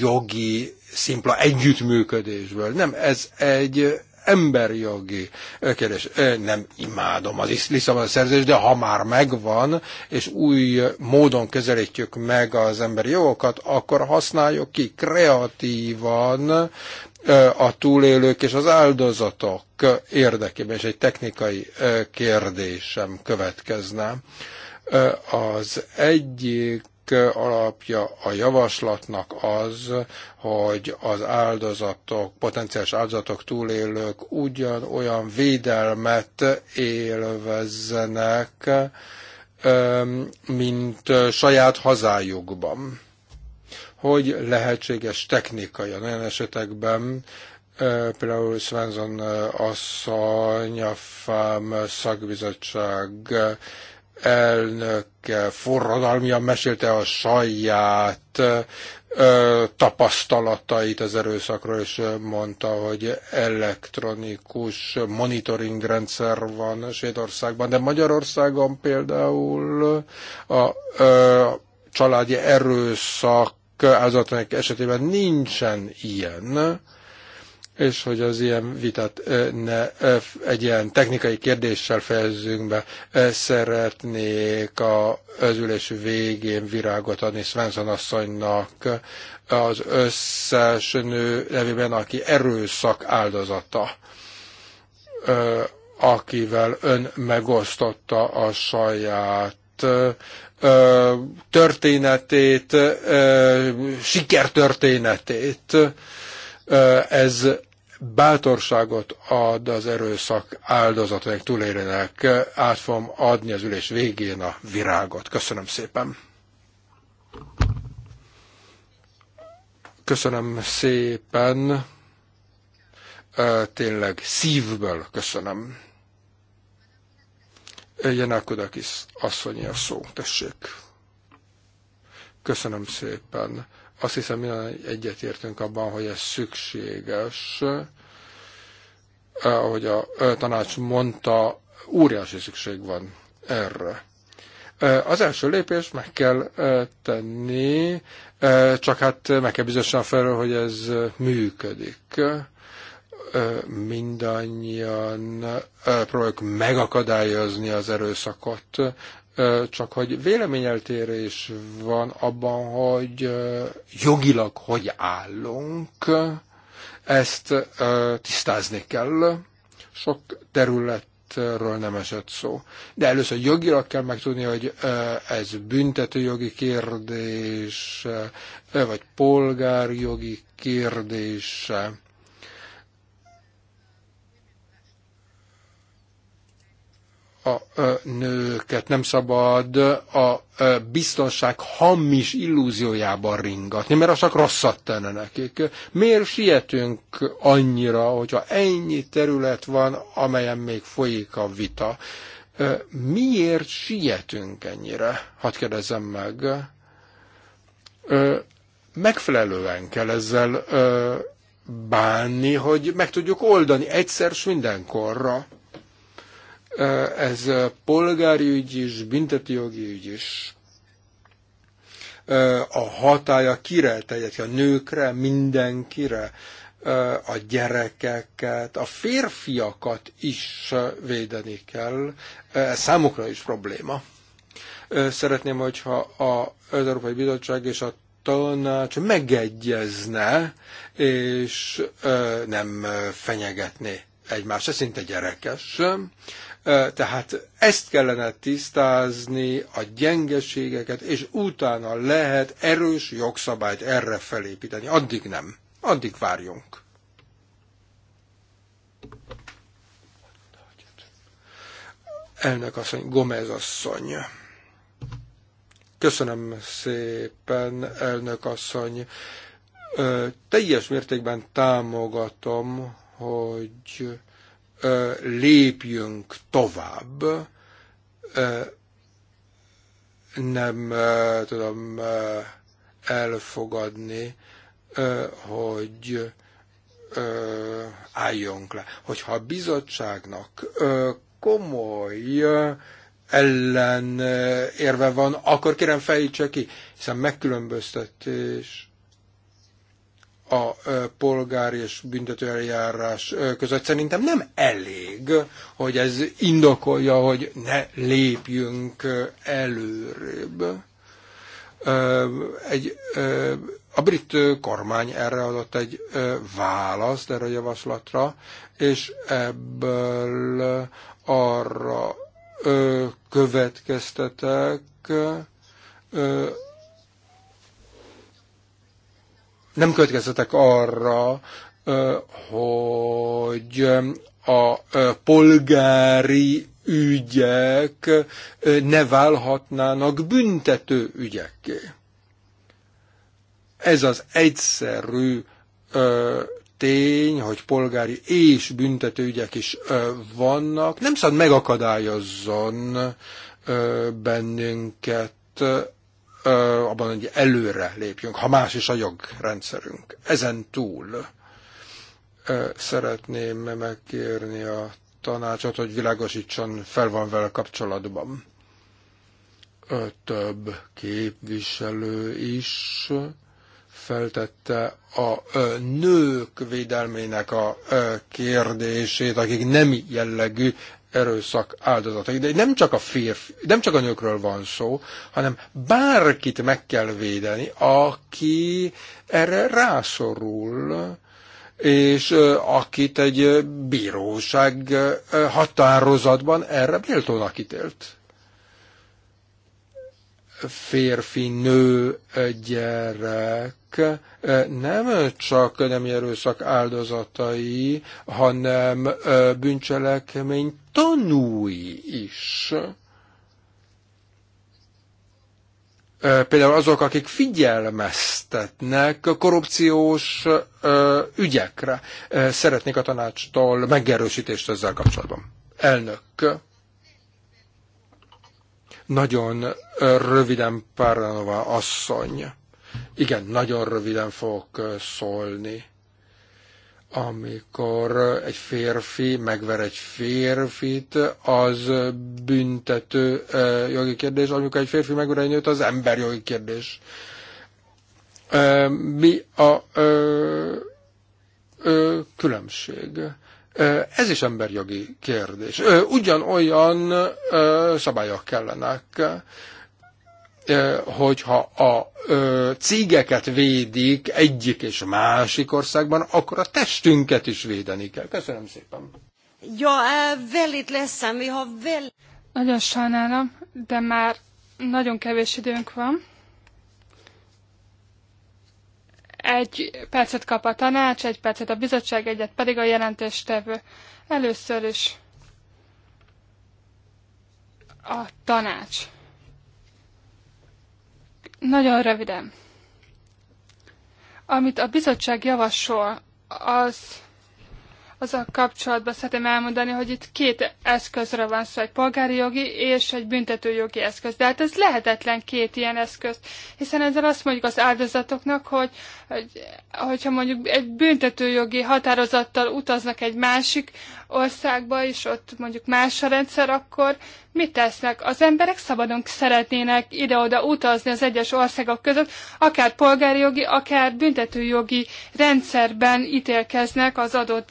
jogi szimpla együttműködésből. Nem, ez egy emberjogi kérdés. Nem imádom az Lisszabon szerződést, de ha már megvan, és új módon közelítjük meg az emberi jogokat, akkor használjuk ki kreatívan a túlélők és az áldozatok érdekében, és egy technikai kérdésem következne. Az egyik alapja a javaslatnak az, hogy az áldozatok, potenciális áldozatok, túlélők ugyanolyan védelmet élvezzenek, mint saját hazájukban hogy lehetséges technikai olyan esetekben, például Svensson asszony, a FAM szakbizottság elnöke forradalmian mesélte a saját tapasztalatait az erőszakról, és mondta, hogy elektronikus monitoring rendszer van Svédországban, de Magyarországon például a a családi erőszak áldozatának esetében nincsen ilyen, és hogy az ilyen vitát ne egy ilyen technikai kérdéssel fejezzünk be. Szeretnék az ülés végén virágot adni Svensson asszonynak az összes nő nevében, aki erőszak áldozata akivel ön megosztotta a saját történetét, sikertörténetét. Ez bátorságot ad az erőszak áldozatainak túlélének. Át fogom adni az ülés végén a virágot. Köszönöm szépen. Köszönöm szépen. Tényleg szívből köszönöm. Janakudakis asszonyi a szó, tessék. Köszönöm szépen. Azt hiszem, minden egyetértünk abban, hogy ez szükséges. Eh, ahogy a eh, tanács mondta, óriási szükség van erre. Eh, az első lépés meg kell tenni, csak hát meg kell bizonyosan felről, hogy ez működik mindannyian próbáljuk megakadályozni az erőszakot, csak hogy véleményeltérés van abban, hogy jogilag hogy állunk, ezt tisztázni kell. Sok területről nem esett szó. De először jogilag kell megtudni, hogy ez jogi kérdés, vagy polgárjogi kérdése a nőket nem szabad a biztonság hamis illúziójában ringatni, mert az csak rosszat tenne nekik. Miért sietünk annyira, hogyha ennyi terület van, amelyen még folyik a vita? Miért sietünk ennyire? Hadd kérdezzem meg. Megfelelően kell ezzel bánni, hogy meg tudjuk oldani egyszer s mindenkorra Eh, ez eh, polgári ügy is, jogi ügy is. Eh, a hatája kire tegyet ki? A nőkre, mindenkire, a gyerekeket, a férfiakat is védeni kell. Ez számukra is probléma. Szeretném, hogyha az Európai Bizottság és a tanács megegyezne, és nem fenyegetné egymást. Ez szinte gyerekes. Tehát ezt kellene tisztázni, a gyengeségeket, és utána lehet erős jogszabályt erre felépíteni. Addig nem. Addig várjunk. Elnök asszony, Gomez asszony. Köszönöm szépen, elnök asszony. Ö, teljes mértékben támogatom, hogy lépjünk tovább, nem tudom elfogadni, hogy álljunk le. Hogyha a bizottságnak komoly ellen érve van, akkor kérem fejtse ki, hiszen megkülönböztetés a polgár és eljárás között. Szerintem nem elég, hogy ez indokolja, hogy ne lépjünk előrébb. Egy, a brit kormány erre adott egy választ erre a javaslatra, és ebből arra következtetek, nem következtetek arra, hogy a polgári ügyek ne válhatnának büntető ügyekké. Ez az egyszerű tény, hogy polgári és büntető ügyek is vannak, nem szabad megakadályozzon bennünket abban, hogy előre lépjünk, ha más is a jogrendszerünk. Ezen túl szeretném megkérni a tanácsot, hogy világosítson fel van vele kapcsolatban. Több képviselő is feltette a nők védelmének a kérdését, akik nem jellegű erőszak áldozatai, de nem csak a férfi, nem csak a nőkről van szó, hanem bárkit meg kell védeni, aki erre rászorul, és akit egy bíróság határozatban erre méltónak ítélt férfi, nő, gyerek nem csak nem erőszak áldozatai, hanem bűncselekmény tanúi is. Például azok, akik figyelmeztetnek korrupciós ügyekre, szeretnék a tanácstól megerősítést ezzel kapcsolatban. Elnök. Nagyon röviden Páranova asszony. Igen, nagyon röviden fogok szólni. Amikor egy férfi megver egy férfit, az büntető jogi kérdés. Amikor egy férfi megver egy nőt, az jogi kérdés. Mi a ö, ö, különbség? Ez is emberjogi kérdés. Ugyanolyan szabályok kellenek, hogyha a cégeket védik egyik és másik országban, akkor a testünket is védeni kell. Köszönöm szépen. Ja, velit leszem, vi har Nagyon sajnálom, de már nagyon kevés időnk van. Egy percet kap a tanács, egy percet a bizottság, egyet pedig a jelentéstevő. Először is a tanács. Nagyon röviden. Amit a bizottság javasol, az azzal kapcsolatban szeretném elmondani, hogy itt két eszközre van szó, egy polgári jogi és egy büntetőjogi eszköz. De hát ez lehetetlen két ilyen eszköz, hiszen ezzel azt mondjuk az áldozatoknak, hogy, hogy hogyha mondjuk egy büntetőjogi határozattal utaznak egy másik országba, és ott mondjuk más a rendszer, akkor mit tesznek? Az emberek szabadon szeretnének ide-oda utazni az egyes országok között, akár polgári jogi, akár büntetőjogi rendszerben ítélkeznek az adott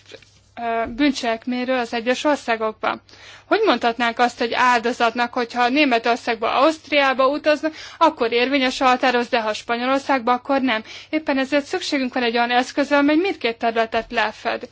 bűncselekményről az egyes országokban. Hogy mondhatnánk azt egy áldozatnak, hogyha Németországba, Ausztriába utaznak, akkor érvényes a határoz, de ha Spanyolországba, akkor nem. Éppen ezért szükségünk van egy olyan eszközre, amely mindkét területet lefed.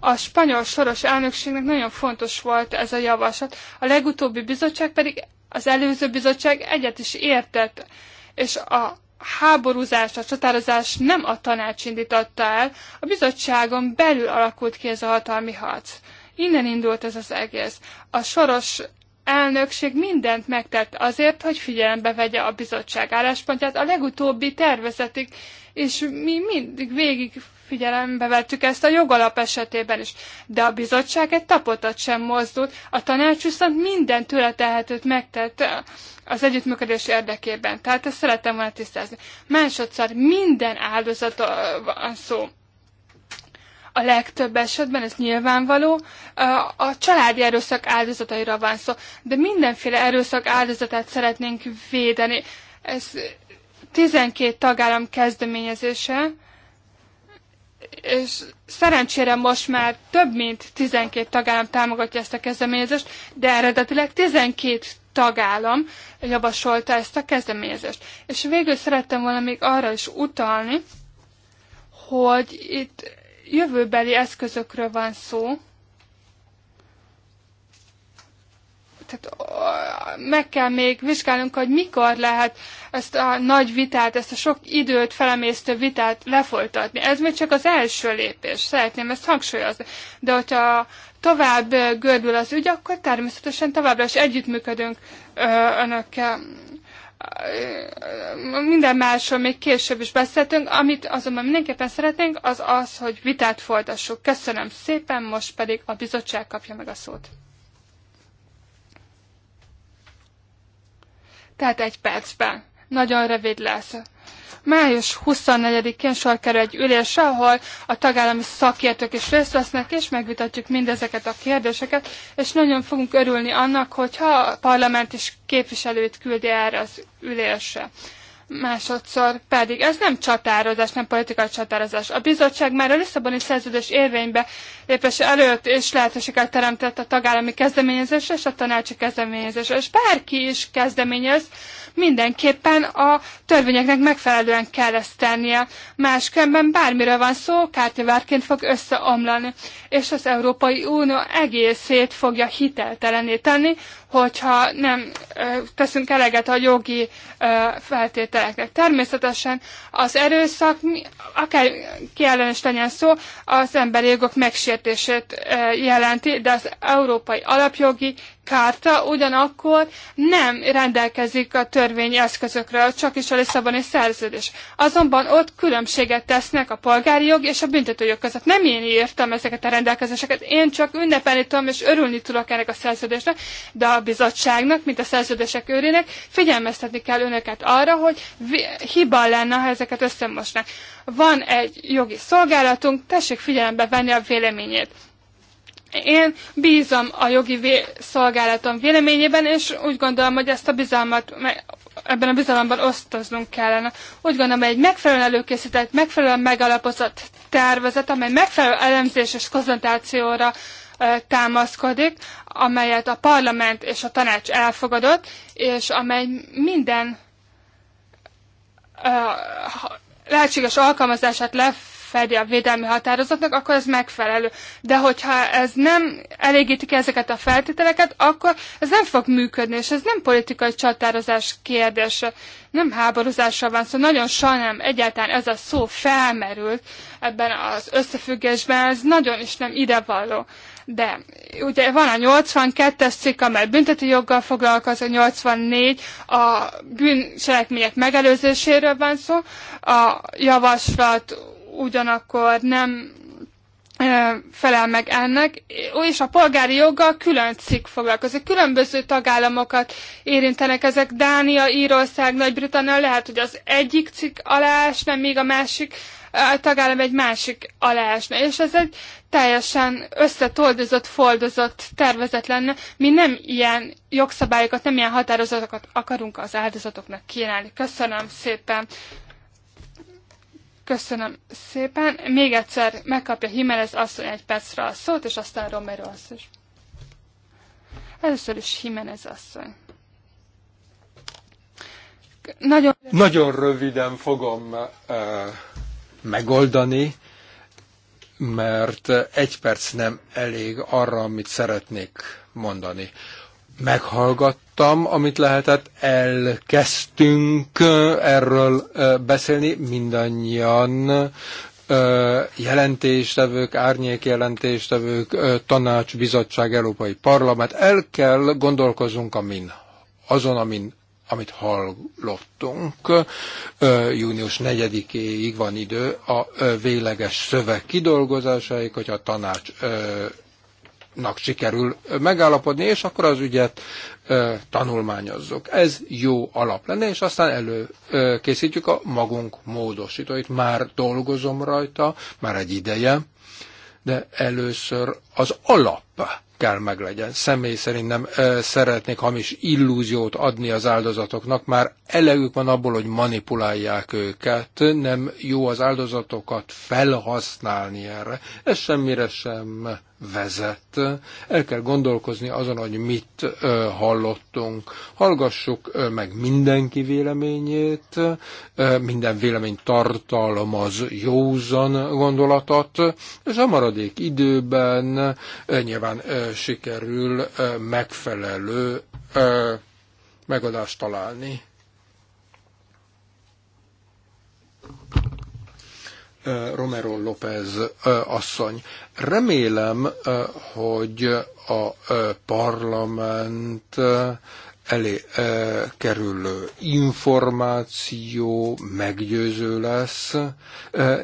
A spanyol soros elnökségnek nagyon fontos volt ez a javaslat. A legutóbbi bizottság pedig, az előző bizottság egyet is értett, és a háborúzás, a csatározás nem a tanács indította el, a bizottságon belül alakult ki ez a hatalmi harc. Innen indult ez az egész. A soros elnökség mindent megtett azért, hogy figyelembe vegye a bizottság álláspontját a legutóbbi tervezetig, és mi mindig végig figyelembe vettük ezt a jogalap esetében is. De a bizottság egy tapotat sem mozdult, a tanács viszont minden tőle tehetőt megtett az együttműködés érdekében. Tehát ezt szeretem volna tisztázni. Másodszor minden áldozat van szó. A legtöbb esetben, ez nyilvánvaló, a családi erőszak áldozataira van szó, de mindenféle erőszak áldozatát szeretnénk védeni. Ez 12 tagállam kezdeményezése, és szerencsére most már több mint 12 tagállam támogatja ezt a kezdeményezést, de eredetileg 12 tagállam javasolta ezt a kezdeményezést. És végül szerettem volna még arra is utalni, hogy itt jövőbeli eszközökről van szó, tehát meg kell még vizsgálnunk, hogy mikor lehet ezt a nagy vitát, ezt a sok időt felemésztő vitát lefolytatni. Ez még csak az első lépés, szeretném ezt hangsúlyozni. De hogyha tovább gördül az ügy, akkor természetesen továbbra is együttműködünk önökkel minden másról még később is beszéltünk, amit azonban mindenképpen szeretnénk, az az, hogy vitát folytassuk. Köszönöm szépen, most pedig a bizottság kapja meg a szót. tehát egy percben. Nagyon rövid lesz. Május 24-én sor kerül egy ülés, ahol a tagállami szakértők is részt vesznek, és megvitatjuk mindezeket a kérdéseket, és nagyon fogunk örülni annak, hogyha a parlament is képviselőt küldi erre az ülésre másodszor pedig ez nem csatározás, nem politikai csatározás. A bizottság már a Lisszaboni szerződés érvénybe lépése előtt és lehetőséget teremtett a tagállami kezdeményezésre és a tanácsi kezdeményezésre. És bárki is kezdeményez, mindenképpen a törvényeknek megfelelően kell ezt tennie. Máskülönben bármiről van szó, kártyavárként fog összeomlani. És az Európai Unió egészét fogja hiteltelené tenni, hogyha nem teszünk eleget a jogi feltételeknek. Természetesen az erőszak, akár kiellen is legyen szó, az emberi jogok megsértését jelenti, de az európai alapjogi kárta ugyanakkor nem rendelkezik a törvényi eszközökről, csak is a Lisszaboni szerződés. Azonban ott különbséget tesznek a polgári jog és a büntetőjog között. Nem én írtam ezeket a rendelkezéseket, én csak ünnepelni tudom és örülni tudok ennek a szerződésnek, de a bizottságnak, mint a szerződések őrének figyelmeztetni kell önöket arra, hogy hiba lenne, ha ezeket összemosnak. Van egy jogi szolgálatunk, tessék figyelembe venni a véleményét. Én bízom a jogi vé- szolgálatom véleményében, és úgy gondolom, hogy ezt a bizalmat ebben a bizalomban osztoznunk kellene. Úgy gondolom, hogy egy megfelelően előkészített, megfelelően megalapozott tervezet, amely megfelelő elemzés és konzultációra támaszkodik, amelyet a parlament és a tanács elfogadott, és amely minden lehetséges alkalmazását lef megfelelő a védelmi határozatnak, akkor ez megfelelő. De hogyha ez nem ki ezeket a feltételeket, akkor ez nem fog működni, és ez nem politikai csatározás kérdése, nem háborúzásra van szó. Szóval nagyon sajnálom, egyáltalán ez a szó felmerült ebben az összefüggésben, ez nagyon is nem idevaló. De ugye van a 82-es cikk, amely bünteti joggal foglalkozik, a 84 a bűncselekmények megelőzéséről van szó, a javaslat ugyanakkor nem felel meg ennek, és a polgári joggal külön cikk foglalkozik. Különböző tagállamokat érintenek ezek, Dánia, Írország, Nagy-Britannia, lehet, hogy az egyik cikk alá nem még a másik a tagállam egy másik alá esne, és ez egy teljesen összetoldozott, foldozott tervezet lenne. Mi nem ilyen jogszabályokat, nem ilyen határozatokat akarunk az áldozatoknak kínálni. Köszönöm szépen! Köszönöm szépen. Még egyszer megkapja Himelez asszony egy percre a szót, és aztán Romero asszony. Először is Himelez asszony. Nagyon, Nagyon röviden fogom uh, megoldani, mert egy perc nem elég arra, amit szeretnék mondani meghallgattam, amit lehetett, elkezdtünk erről beszélni, mindannyian jelentéstevők, árnyék jelentéstevők, tanács, bizottság, Európai Parlament. El kell gondolkozunk amin, azon, amin, amit hallottunk. Június 4-éig van idő a véleges szöveg kidolgozásáig, hogy a tanács nak sikerül megállapodni, és akkor az ügyet ö, tanulmányozzuk. Ez jó alap lenne, és aztán előkészítjük a magunk módosítóit. Már dolgozom rajta, már egy ideje, de először az alap kell meglegyen. Személy szerint nem ö, szeretnék hamis illúziót adni az áldozatoknak, már elegük van abból, hogy manipulálják őket, nem jó az áldozatokat felhasználni erre. Ez semmire sem vezet. El kell gondolkozni azon, hogy mit hallottunk. Hallgassuk meg mindenki véleményét, minden vélemény tartalmaz józan gondolatot, és a maradék időben nyilván sikerül megfelelő megoldást találni. Romero López asszony. Remélem, hogy a parlament elé kerülő információ meggyőző lesz.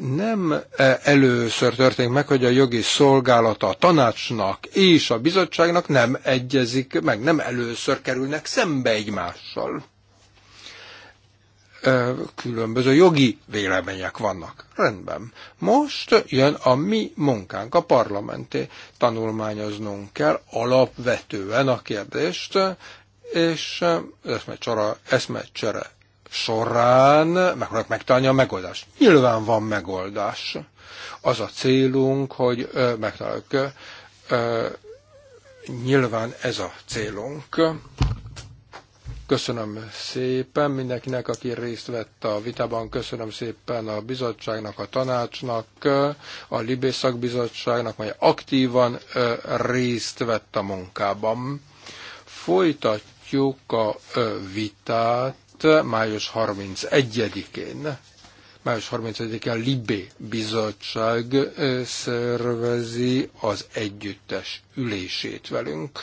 Nem először történik meg, hogy a jogi szolgálata a tanácsnak és a bizottságnak nem egyezik meg, nem először kerülnek szembe egymással különböző jogi vélemények vannak. Rendben. Most jön a mi munkánk, a parlamenté. Tanulmányoznunk kell alapvetően a kérdést, és eszmecsere, eszmecsere során meg fognak megtalálni a megoldást. Nyilván van megoldás. Az a célunk, hogy megtaláljuk. Nyilván ez a célunk Köszönöm szépen mindenkinek, aki részt vett a vitában. Köszönöm szépen a bizottságnak, a tanácsnak, a Libé szakbizottságnak, mely aktívan részt vett a munkában. Folytatjuk a vitát május 31-én. Május 30-án Libé bizottság szervezi az együttes ülését velünk.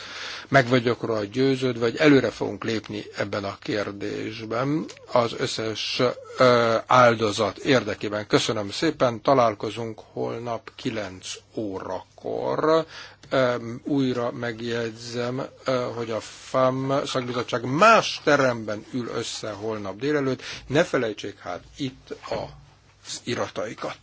Meg vagyok rá győződve, hogy előre fogunk lépni ebben a kérdésben az összes áldozat érdekében. Köszönöm szépen, találkozunk holnap 9 órakor újra megjegyzem, eh, hogy a FAM szakbizottság más teremben ül össze holnap délelőtt. Ne felejtsék hát itt az irataikat.